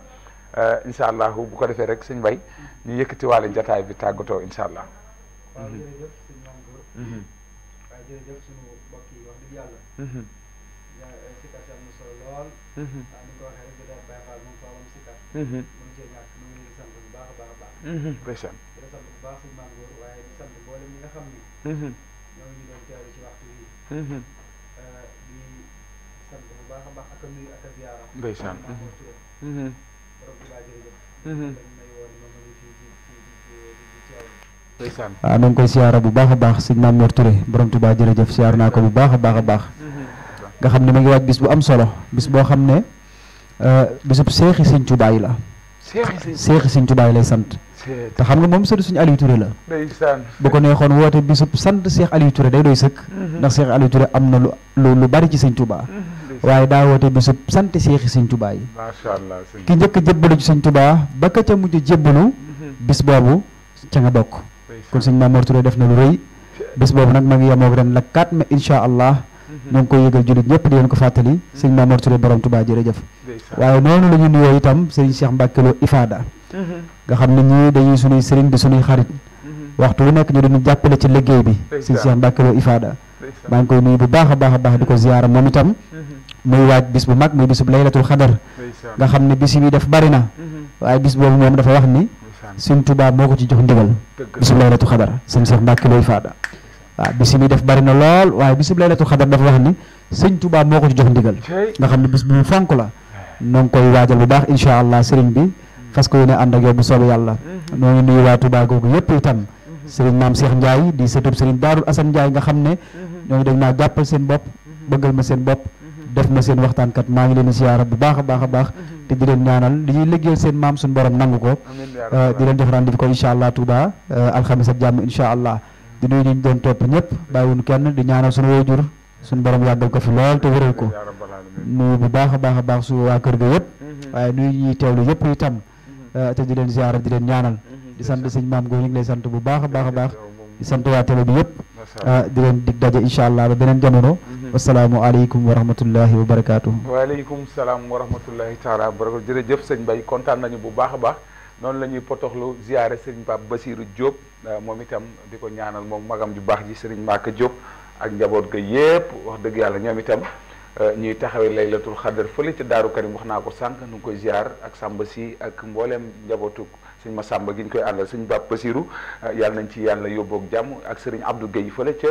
euh, incha allah bu ko defee rek sëñ bay ñu yëkk mm-hmm. yëkkatiwaale njataay bi tàggatoo incha allah waaw Mm-hmm. ndeysaan di koy bu mm-hmm. mm-hmm. uh, bu baax a baax ak a nuyu ak borom bi baa jërëjëf jëf may siyaara ah, naa ko bu baax a baax a baax nga xam ne ma ngi waaj bis bu am solo bis boo xam ne uh, bisub seexi sëñ Tuubaa la seexi sëñ Tuubaa lay sant te xam nga moom sëtu suñu Aliou Touré la. ndeysaan bu ko neexoon woote bisub sant Cheikh Aliou Touré day doy sëkk. Mhm. ndax Cheikh Aliou Touré am na lu lu lu bari ci sëñ Touba. Mhm. waaye daa woote bisub sant Cheikh sëñ Touba yi. macha allah ki njëkk a jébbalu ci sëñ Touba ba ka ca mujj jébbalu. Mhm. bis boobu ca nga bokk. kon sëñ Mamour Touré def na lu rëy. bis boobu nag ma ngi yemoog ren la 4 mai incha allah. ñoo ngi koy yëgal jullit ñëpp di leen ko fàttali. sëñ Mamour Touré borom Touba jërëjëf. waaye noonu la ñu nuyoo itam sëñ Cheikh nga xam ne ñii dañuy suñuy sëriñ di suñuy xarit mm-hmm. waxtu wu nekk ñu dañu jàppale ci liggéey bi sëñ Cheikh Mbacke Lo Ifada maa ngi koy nuyu bu baax a baax a baax di ko ziyaara moom itam mm-hmm. muy waaj bis bu mag muy bis bu laylatul xadar nga xam ne bis bi def bari na mm-hmm. waaye bis boobu moom dafa wax ko ci jox ndigal bis bu laylatul xadar sëñ Cheikh Mbacke Lo Ifada waaw bis bi na lool waaye bis bu laylatul xadar dafa wax ni sëñ Tuubaa moo ko ci jox ndigal nga xam ne bis bu mu fonk la noo ngi koy waajal bu baax incha allah sëriñ bi fas ko yéene ànd ak yow bu soobee yàlla mhm. noo nuyu waa Touba googu yëpp itam mhm. sëriñ maam Cheikh Ndiaye di sëtub sëriñ Daarul Assane Ndiaye nga xam ne mhm. ñooñu dañ maa jàppal seen bopp bëggal ma seen bopp def ma seen waxtaankat maa ngi leen di siyaara bu baax a baax a baax te di leen ñaanal li ñuy liggéeyal seen maam suñu borom nangu ko euh, di leen jox rendez-vous ko incha allah Touba euh, alxamis ak jàmm incha allah di nuyu ñu doon topp ñëpp bàyyiwuñu kenn di ñaanal suñu waajur suñu a a baax su waa Euh, te di leen ziara di leen ñaanal mhm. di sant sëñ maam Góor ñu lay sant bu baax a baax a baax di sant waa télé bi yëpp euh, di leen dig daje incha allah ba beneen jamono mhm. wasalaamualeykum wa rahmatullahi wa barakaatu. waaleykum salaam wa rahmatullahi taala wa barakaatu jërëjëf sëñ bay kontaan nañu bu baax a baax noonu la ñuy potoxlu ziare sëriñ Pape Basirou Diop euh, moom itam di ko ñaanal moom magam ju baax ji sëriñ Maka Diop ak njaboot ga yëpp wax dëgg yàlla ñoom itam ñuy taxawee laylatul xadar fële ca daaru karim wax naa ko sànq nu ngi koy ziar ak sàmba si ak mbooleem njabootu sëñ ma sàmba gi ñu koy àndal sëñ Bab Basiru ah, yàlla nañ ci yàlla yóbbook jàmm ak sëriñ Abdou Guèye fële ca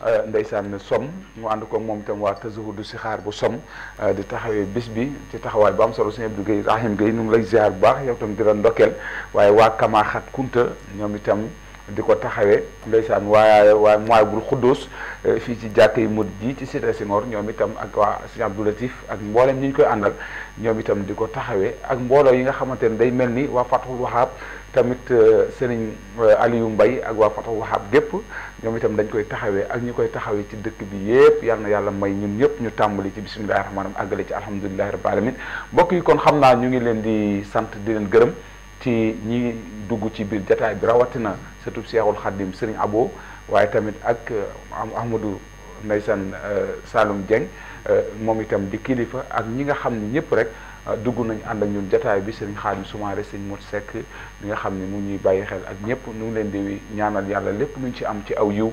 ah, ndeysaan som mu ànd ko moom itam waa tazahudu si xaar bu som ah, di taxawee bis bi ci taxawaay bu am solo sëñ Abdou Guèye Rahim Guèye nu ngi lay ziar bu baax yow tam di la ndokkeel waaye waa Kama Xat Kunta ñoom itam di ko taxawee ndeysaan waaye waaye mooy bul xudduus eh, fii ci jàkka yi mut ji ci cité ñoom itam ak waa Sëñ Abdou ak mboolem ñi koy àndal ñoom itam di ko taxawee ak mbooloo yi nga xamante ne day mel ni waa Fathul Wahab tamit eh, Serigne eh, Aliou mbay ak waa Fathul Wahab gépp ñoom itam dañ koy taxawee ak ñi koy taxawee ci dëkk bi yépp yal na yàlla may ñun ñëpp ñu tàmbali ci bisimillahi rahmaani àggale ci alhamdulilahi rabbil alamin mbokk yi kon xam naa ñu ngi leen di sant di leen gërëm ci ñi dugg ci biir jataay bi rawatina surtout Seexul Xaddim Serigne Abo waaye tamit ak euh, Ahmadou Ndeysaan euh, Saloum Dieng euh, moom itam di kilifa ak ñi nga xam ne ñëpp rek dugg nañu ànd ak ñun jataay bi Serigne Khadim Soumaré Serigne Mot sekk ñi nga xam ne mu ñuy bàyyi xel ak ñëpp ñu leen di ñaanal yàlla lépp luñ ci am ci aw yiw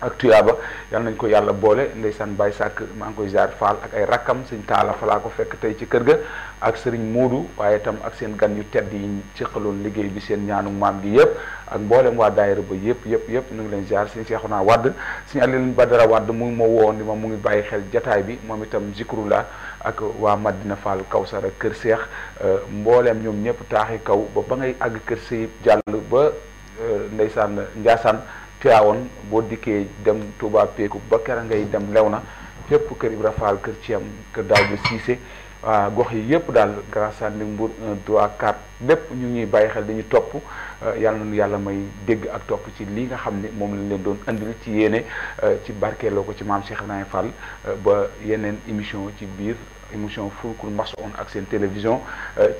ak tuyaaba yal nañ ko yàlla boole ndeysaan baay Sakk maa ngi koy ziar Fall ak ay rakkam sëñ taala fa falaa ko fekk tey ci kër ga ak sëriñ muudu waaye itam ak seen gan yu tedd yi seqaloon liggéey bi seen ñaanu maam gi yëpp ak mboolem waa daayira ba yëpp yëpp yëpp ñu ngi leen jaar ziar sëñ Seexuna Wadd sëñ ba Badara Wadd mu ma woon ni ma mu ngi bàyyi xel jataay bi moom itam zikrula ak waa maddina Madina kaw Kawsara Kër Seex euh, mboolem ñoom ñëpp taaxi kaw ba àgg kër Seyib jàll ba euh, ndeysaan Njaasaan Tiwaawoon boo dikkee dem tubaab Peku ba a ngay dem lew na fépp kër Ibra Fall kër Thiam kër Daouda Cissé waaw gox yi yëpp daal Grand Sanding Mbour 1 3 4 lépp ñu ñuy bàyyi xel dañu topp euh, yàlla na yàlla may dégg ak topp ci li nga xam ne moom lañ leen doon andil ci yéene euh, ci barkeeloo ko ci maam Cheikh Ibrahima Fall euh, ba yeneen émission ci biir émission Fulkul Masawoon ak seen télévision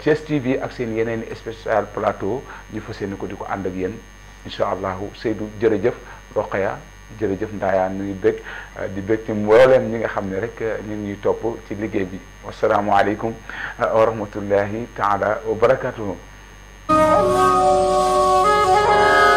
Thiès TV ak seen yeneen spécial plateau ñu fa yéene ko di ko ànd ak yéen. incha allah Seydou jërëjëf Roqaya jërëjëf ndayaan ñu ngi bég di ñi nga xam ne rek ñu ngi ñuy topp ci liggéey bi wasalaamualeykum wa rahmatullahi taala wa